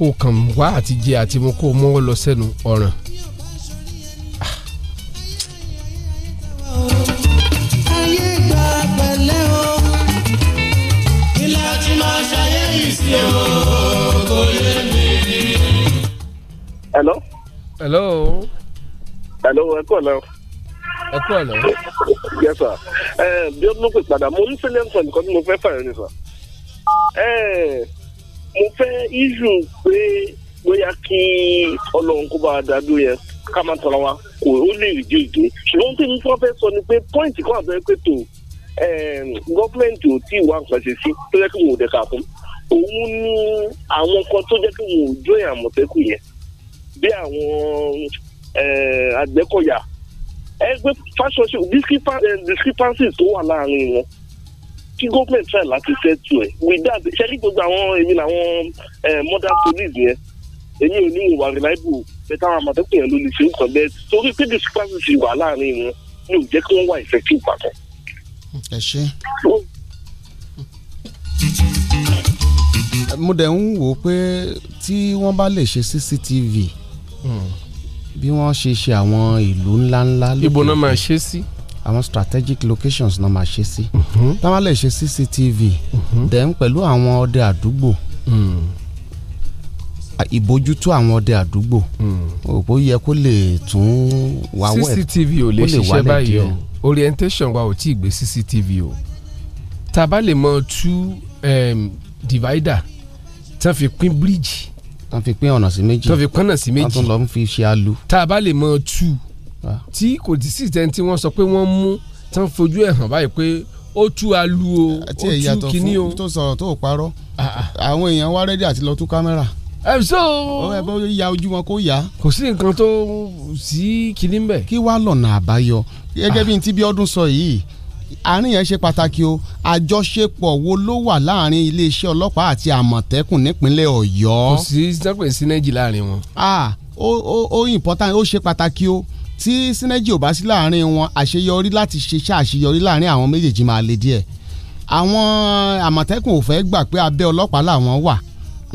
kó kàn wá àti jẹ àti mu kó o lọ sẹ́nu ọ̀ràn. hello. hello. hello ẹ kọ́ lẹ́wọ̀ ẹ kú ọ̀nà. yes sir ẹ bí ọdún ló pè padà mo ń sílẹ̀ nǹkan nìkan tí mo fẹ́ fààyàn ni sir mo fẹ́ iṣu pé bóyá kí ọlọ́run kó bá a dá dúró yẹn ká má tọ́ra wa kò ó lè rí jòjò ṣùgbọ́n tí mo fọ́ fẹ́ sọ ni pé pọ́ìntì kan àbẹ̀rẹ̀ pé tó ehm, gọ́ọ̀mẹ̀ntì ò tí ì wá nǹkan ṣe sí tó yẹ kí wọn ò dẹ̀ kà fún òun ní àwọn kan tó jẹ́ kí wọn jó ìyàn àmọ̀tẹ́kùn yẹn bí àwọn àgbẹ̀kọ̀yà ehm, ẹgbẹ́ fásọ̀ṣe discrepancies tó wà láàrin wọn kí gómìnà try láti settle ẹ̀ with that ṣẹ́rí gbogbo àwọn èmi làwọn eh, modern police yẹn èmi ò ní ìwà reliable bẹ́ẹ̀ táwọn àmọ̀tẹ́kùn yẹn ló lè ṣe é kàn bẹ́ẹ̀ torí pé discrepancy wà láàrin wọn mi ò jẹ́ kí wọ́n wá effective papọ̀. ẹ ṣe mo dẹ̀ ń wò ó pé tí wọ́n bá lè ṣe cctv hmm. bí wọ́n ṣe ṣe àwọn ìlú ńláńlá. ibo náà máa ṣe sí àwọn strategic locations náà máa ṣe sí mhm. táwọn lè ṣe cctv mhm. then pẹ̀lú àwọn ọdẹ àdúgbò mm. ìbójútó àwọn ọdẹ àdúgbò òpó mm. yẹ kó lè tún wá wẹ̀ cctv ò lè ṣiṣẹ́ báyìí o orientation wa ò tí ì gbé cctv o tá a bá lè mọ tú divider tí wọ́n fi pín bíríìjì. tí wọ́n fi pín ọ̀nà sí méjì. tí fi pín ọ̀nà sí méjì. wọ́n tún lọ fi ṣe alu. tá a bá lè mọ tú Ah. tí kò tí sì tẹ́ tí wọ́n sọ pé wọ́n mú tán fojú ẹ̀ hàn báyìí pé ó tú alu o ah, ó tú kíní o. tó sọ̀rọ̀ tó parọ́ ah, àwọn èèyàn wá rẹ́dí àti lọ tú kámẹ́rà ẹ so. ó bá ya ojú wọn kó yá. kò sí nǹkan tó sí kiri ń kí wàá lọ́nà àbáyọ gẹ́gẹ́ bí n ti bí ọdún sọ yìí àárín yẹn ṣe pàtàkì o àjọṣepọ̀ wo ló wà láàrin iléeṣẹ́ ọlọ́pàá àti àmọ̀tẹ́kùn nípínlẹ̀ ọ̀yọ́. kò sí sẹ́pẹ̀ sí nájì láàrin wọn. ó ó ó important ó ṣe pàtàkì o tí sínájì ò bá sí láàrin wọn àṣeyọrí láti ṣe ṣàṣeyọrí láàrin àwọn méjèèjì máa le díẹ̀ àwọn àmọ̀tẹ́kùn ò fẹ́ gbà pé abẹ́ ọlọ́pàá làwọn wà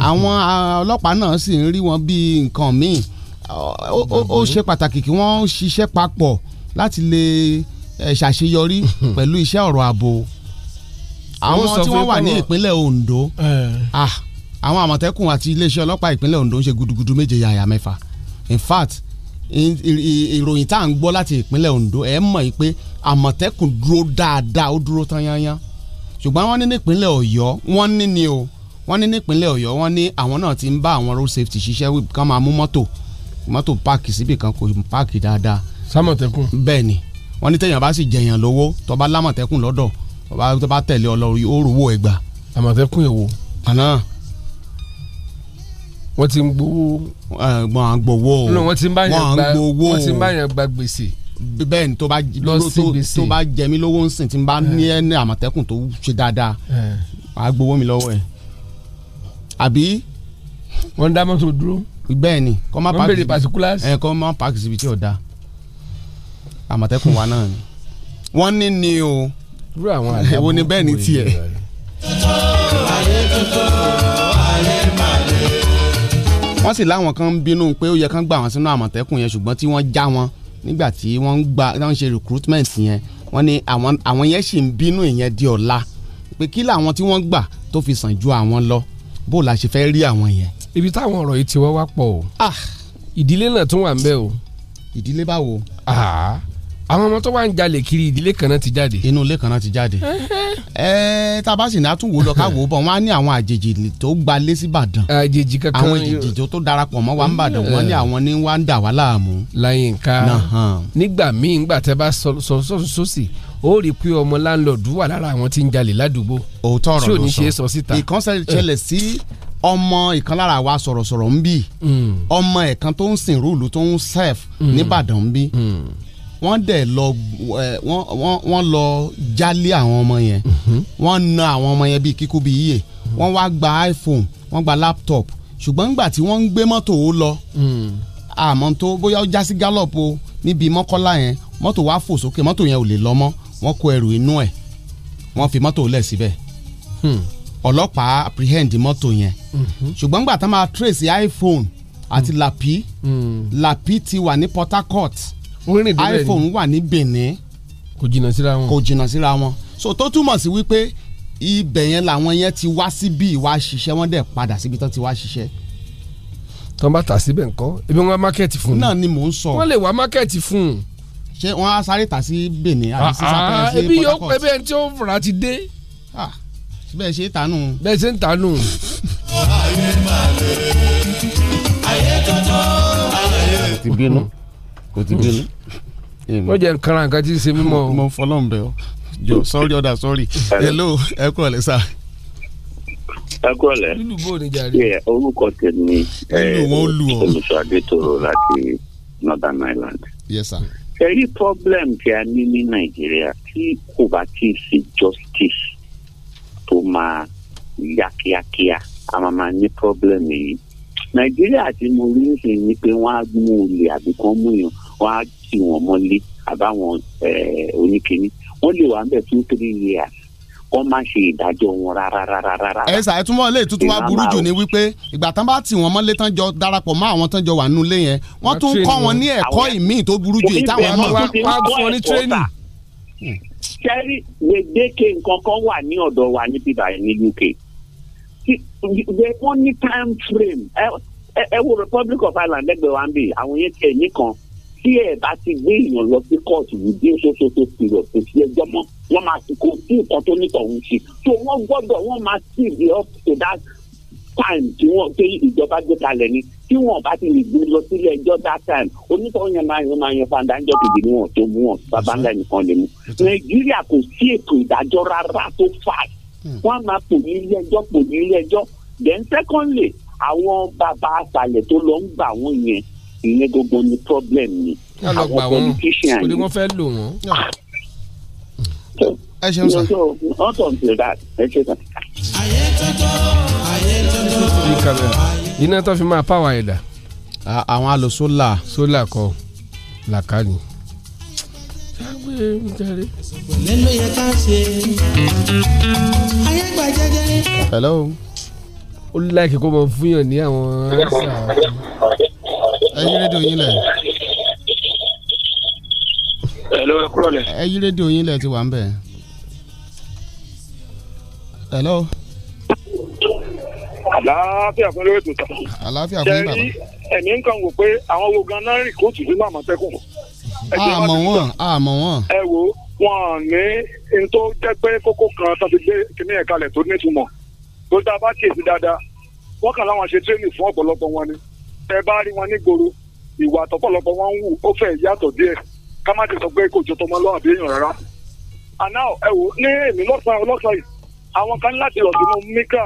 àwọn ọlọ́pàá náà sì ń rí wọn bíi nǹkan míì ó ṣe pàtàkì kí wọ́n ṣiṣẹ́ papọ̀ láti lè ṣàṣeyọrí pẹ̀lú iṣẹ́ ọ̀rọ̀ ààbò àwọn tí wọ́n wà ní ìpínlẹ̀ Ondo ah, àwọn àmọ̀tẹ́kùn àti iléeṣẹ́ ọlọ́pàá ìpínlẹ̀ Ondo ń ṣe gudugudu méje yàyà mẹ́fà in fact ìròyìn tá à ń gbọ́ láti ìpínlẹ̀ Ondo ẹ̀ mọ̀ yìí pé àmọ̀tẹ́kùn dúró dáadáa ó dúró tán yányán ṣùgbọ́n wọ́n ní nípínlẹ̀ Ọ̀yọ́ wọ́n ní ni o wọ́n ní nípínlẹ̀ Ọ̀yọ́ wọ́n ní àwọn náà ti ń bá àwọn road safety ṣiṣẹ́ wípé kán máa mú mọ́tò mọ́tò páàkì síbì kan kò páàkì dáadáa. sámọ̀tẹ́kùn. bẹ́ẹ̀ ni wọ́n ní téèyàn bá sì jẹ̀yàn lówó tó bá lámọ̀tẹ́kùn lọ́dọ̀ tó bá tẹ̀lé ọlọ́run ó rówó ẹgbàá. àmọ̀tẹ́kùn èwo. àná wọ́n ti ń gbowó wọ́n à ń gbowó o wọ́n ti ń bá yẹn gba gbèsè bẹ́ẹ̀ ni tó bá tó bá jẹ mí lówó ń sìn tí n bá ní eh. ẹni àmọ̀tẹ́kùn tó ṣe dáadáa eh. wàá gbowó mi lọ́wọ́ ẹ̀ àbí. wọ́n dá mọ́tò dúró. bẹ́ẹ̀ ni kọ́ má pàkì ẹ̀ kọ́ má pàkì síbi tí ò da àmọ̀tẹ́kùn wa náà ni wọ́n ní ni o èwo ni bẹ́ẹ̀ ni tiẹ̀. ayé tuntun ayé tuntun wọ́n sì láwọn kan ń bínú pé ó yẹ kán gbà wọ́n sínú àmọ̀tẹ́kùn yẹn ṣùgbọ́n tí wọ́n já wọn nígbà tí wọ́n ń gba wọ́n ṣe recruitment yẹn wọ́n ní àwọn yẹn sì ń bínú ìyẹn di ọ̀la pé kí làwọn tí wọ́n gbà tó fi sàn ju àwọn lọ bó la ṣe fẹ́ rí àwọn yẹn. ibi táwọn ọ̀rọ̀ yìí ti wá wá pọ̀ o ah! ìdílé náà tún wà ń bẹ̀ o. ìdílé báwo. Ah! àwọn ọmọ tó wà ń jalè kiri ìdílé kan náà ti jáde. inú ilé kan náà ti jáde. ẹ tá a bá sì ní àtúnwò lọ káwò bọ̀ wọ́n á ní àwọn àjèjì tó gbalé sí Ìbàdàn. àjèjì kankan àwọn àjèjì tó darapọ̀ mọ́ wa ń bàdàn wọ́n ní àwọn ní wá ń dà wá láàmú. láyé nǹka nígbà míì ńgbà tẹ bá sọ sọ sọsì ó rí i pé ọmọ láńlọ́ọ̀dù wà lára àwọn tí ń jalè ládùúgbò. òótọ́ ọ̀rọ̀ ló sọ tí sí ọmọ ìkan lára wa sọ̀rọ̀sọ̀rọ̀ ń bì hmm. ọmọ ẹ̀kan tó ń sìn rúùlù tó ń sẹ́f hmm. níbàdàn ń bì hmm wọ́n dẹ̀ lọ wọ́n lọ jálé àwọn ọmọ yẹn mhm. wọ́n na àwọn ọmọ yẹn bíi kíkú bíi yíyè mhm. wọ́n wá gba iphone wọ́n gba laptop ṣùgbọ́n nígbà tí wọ́n ń gbé mọ́tò ó lọ mm. àmọ́ tó bóyá ó já sí gallop o níbi mọ́kọ́lá yẹn mọ́tò wá fò sókè mọ́tò yẹn ò lè lọ mọ́ wọ́n kó ẹrù inú ẹ̀ wọ́n fi mọ́tò lẹ̀ síbẹ̀ hmm. ọlọ́pàá apprehend mọ́tò yẹn mhm. ṣùgbọ́n nígbà tá máa trace iphone àti hmm. lapi hmm. lapi ti wà ní Port Harcourt iPhone wà ní Benin kò jìnnà síra wọn kò jìnnà síra wọn so tó túmọ̀ sí wípé ibẹ̀ yẹn làwọn yẹn ti wá síbí wá ṣiṣẹ́ wọ́n dẹ̀ padà síbi tán ti wá ṣiṣẹ́. tọ́ bá tà síbẹ̀ ńkọ́ ebi wọn wá mákẹ́ẹ̀tì fún un. náà ni mò ń sọ. wọ́n lè wá mákẹ́ẹ̀tì fún un. ṣé wọ́n á sáré tà sí Benin àbí sí sàkóyè sí Port Harcourt. ebi ẹni tí ó fura ti dé. Ah, bẹ́ẹ̀ ṣe ń tanú. bẹ́ẹ̀ ṣe ń tanú. ayé tọ́jọ́ ayé. ti o ti dé mi. ó jẹ́ nǹkan nǹkan tí ń ṣe mímọ́ mo fọlọ́n bẹ̀ ọ́ jọ sọ́ọ́rì ọ̀dà sọ́ọ́rì hello ẹ kú ọ̀lẹ́ sá. ẹ kú ọ̀lẹ́ orúkọ tèmi olùsọ adétòrò láti northern ireland. yes problem tí a ní ní nàìjíríà tí kò bá ti ṣe justice tó máa yá kíákíá a máa ní problem yìí nàìjíríà tí mo rí ń sìn ni pé wọ́n á mú olè àbí mú yàn wọ́n á tì wọ́n mọ́lé àbáwọn eh, oníkíní wọ́n lè wà níbẹ̀ two three years wọ́n má ṣe ìdájọ́ wọn rárá ẹ ṣáà ìtumọ̀ ilé ìtútù wa burú jù ni wípé ìgbà tán bá tì wọ́n mọ́lé tán jọ darapọ̀ mọ́ àwọn tán jọ wà nínú ilé yẹn wọ́n tún kọ́ wọn ní ẹ̀kọ́ ìmíì tó burú jù ìtàwọn mọ̀ wá sẹ́rí gbèdéke nǹkan kan wà ní ọ̀dọ̀ wa níbí báyìí ní UK wọ́n ní time frame ẹ wo Republic of Ireland lẹ́gbẹ̀ẹ́ wa ń bì àwọn yẹn tiẹ̀ nìkan tí ẹ bá ti gbé èèyàn lọ sí kóòtù within sososo period kò sí ẹjọ́ mọ́ wọ́n máa ti kó sí nǹkan tó nítọ̀hún sí so wọ́n gbọ́dọ̀ wọ́n máa sí the up to that time tí wọ́n pé ìjọba gbé kalẹ̀ ni tí wọ́n bá ti lè gbé lọ sílé ẹjọ́ that time onítọ̀hún yẹn máa yẹn máa yẹn fanda ń jọ kejì ni wọ́n tó mú wọn bàbá ńlá nìkan lè mú nàìjíríà kò sí ètò ìdájọ́ rárá tó fà hmm. wọ́n máa pò ní ilé ẹjọ́ pò ní ilé ẹjọ́ then secondly àwọn bàbá àṣàlẹ̀ tó lọ ń gbà wọ́n yẹn ìyẹn gbogbo ni problem ni àwọn politician yìí. wọ́n fẹ́ lò wọ́n. Ah. ẹ ṣeun sir. wọ́n tọ̀ ní that ẹ ṣe tán. ayé tọ́tọ́ ayé tọ́tọ́. iná tó fi máa pàwọ́ ẹ̀dá. àwọn a sólà. sólà kọ làkàní lẹ́nu hello. ó láìkí kó máa fún yàn ní àwọn ẹyí rédíò yín lẹ. ẹ kúrò rédíò yín lẹ ti wà ń bẹ̀. àlàáfíà fún lórí ètò àlàáfíà fún jẹ́rí ẹ̀mí ń kàn wò pé àwọn wo gan nínú àmọ̀tẹ́kùn. àmọ̀ wọn àmọ̀ wọn. ẹ wo wọn ní n tó jẹ́ pé kókó kan gbé kíní tó nítumọ̀ tó bá dáadáa wọ́n kàn fún ọ̀pọ̀lọpọ̀ wọn ni tẹ bá rí wọn nígboro ìwà àtọ́pọ̀lọpọ̀ wọn ń wù ó fẹ́ yàtọ̀ díẹ̀ ká má ti sọ pé kò jọ tọmọ lọ́wọ́ àbí èèyàn rárá. àná ẹ wò ní èmi lọ́sàn-án ọlọ́sàn yìí àwọn kan láti lọ sínú mika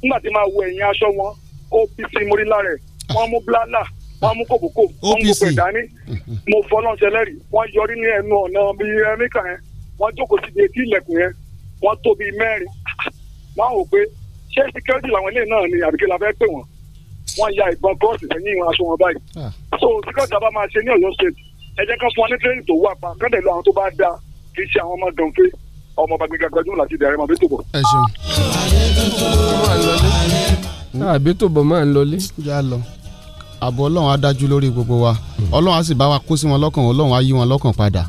nígbà tí máa wo ẹ̀yìn aṣọ wọn opc morila rẹ̀ wọ́n mú blala wọ́n mú kòkòkò wọ́n mú pẹ̀ dání mo fọlọ́n ṣẹlẹ́rì wọ́n yọrí ní ẹnu ọ̀nà bíi mika yẹn wọ́n jókòó síbi etí ilẹ̀kùn yẹn wọ́n tó bíi mẹ́rin wọ́n á wò pé ṣé security làwọn eléyìí náà ni àbíkẹ́ la fẹ́ pè wọ́n wọ́n ya ìbọn bọ́ọ̀sì sẹ́yìn aṣọ wọn báyìí. Ah. so tí kò máa ṣe ní Ọ̀yọ́ state ẹ kan fún wa ní tírẹ́nì tó wà pa kọ́ńdẹ̀ lọ àwọn tó bá da kì í ṣe àwọn ọmọ dànfẹ́ ọmọ bàgbé gàgbẹ́jú láti dẹ̀ ẹ̀rẹ́mọ̀ bẹ́tò bọ̀. ẹ ṣeun. àbẹ́tò ah, bọ̀ máa ń lọlé. já lọ àbọ̀ ọlọ́run á dájú lórí gbogbo wa ọlọ́run á sì bá wa kó sí wọn lọ́kàn ọlọ́run á yí wọn lọ́kàn padà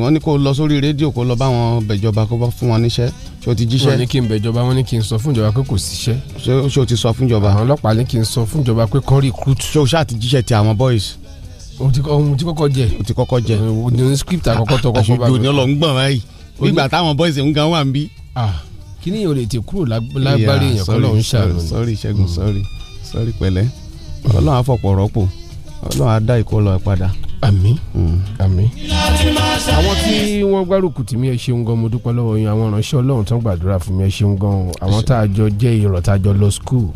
wọ́n ní kó lọ sórí rédíò kó lọ bá wọn bẹ̀jọba kó bá fún wọn níṣẹ́ ṣé o ti jíṣẹ́. wọ́n ní kí n bẹ̀jọba wọ́n ní kí n sọ fún ìjọba pé kò síṣẹ́. ṣé o ti sọ fún ìjọba. àwọn ọlọ́pàá ní kí n sọ fún ìjọba pé kán recruit. ṣé o ṣáà ti jíṣẹ́ ti àwọn boys. o ti kọ́kọ́ jẹ. o ti kọ́kọ́ jẹ. o ní script àkọ́kọ́ tó kọ́kọ́ bá mi. àṣùjò ni ọlọ́ngbọ̀n báyìí nígbà táwọn boys ń gan wà ń bí. kí ni o kúrò lágbárí èèyàn kọ́ lọ́hún sorry sorry hmm. sorry àmín mm. àmín. àwọn tí wọ́n gbárùkù tì mí ẹ ṣeun gan mo dúpẹ́ lọ́wọ́ yín àwọn ìránṣẹ́ ọlọ́run tó ń gbàdúrà fún mi ẹ ṣeun gan àwọn tá a jọ jẹ́ ìrọ̀ tá a jọ lọ skul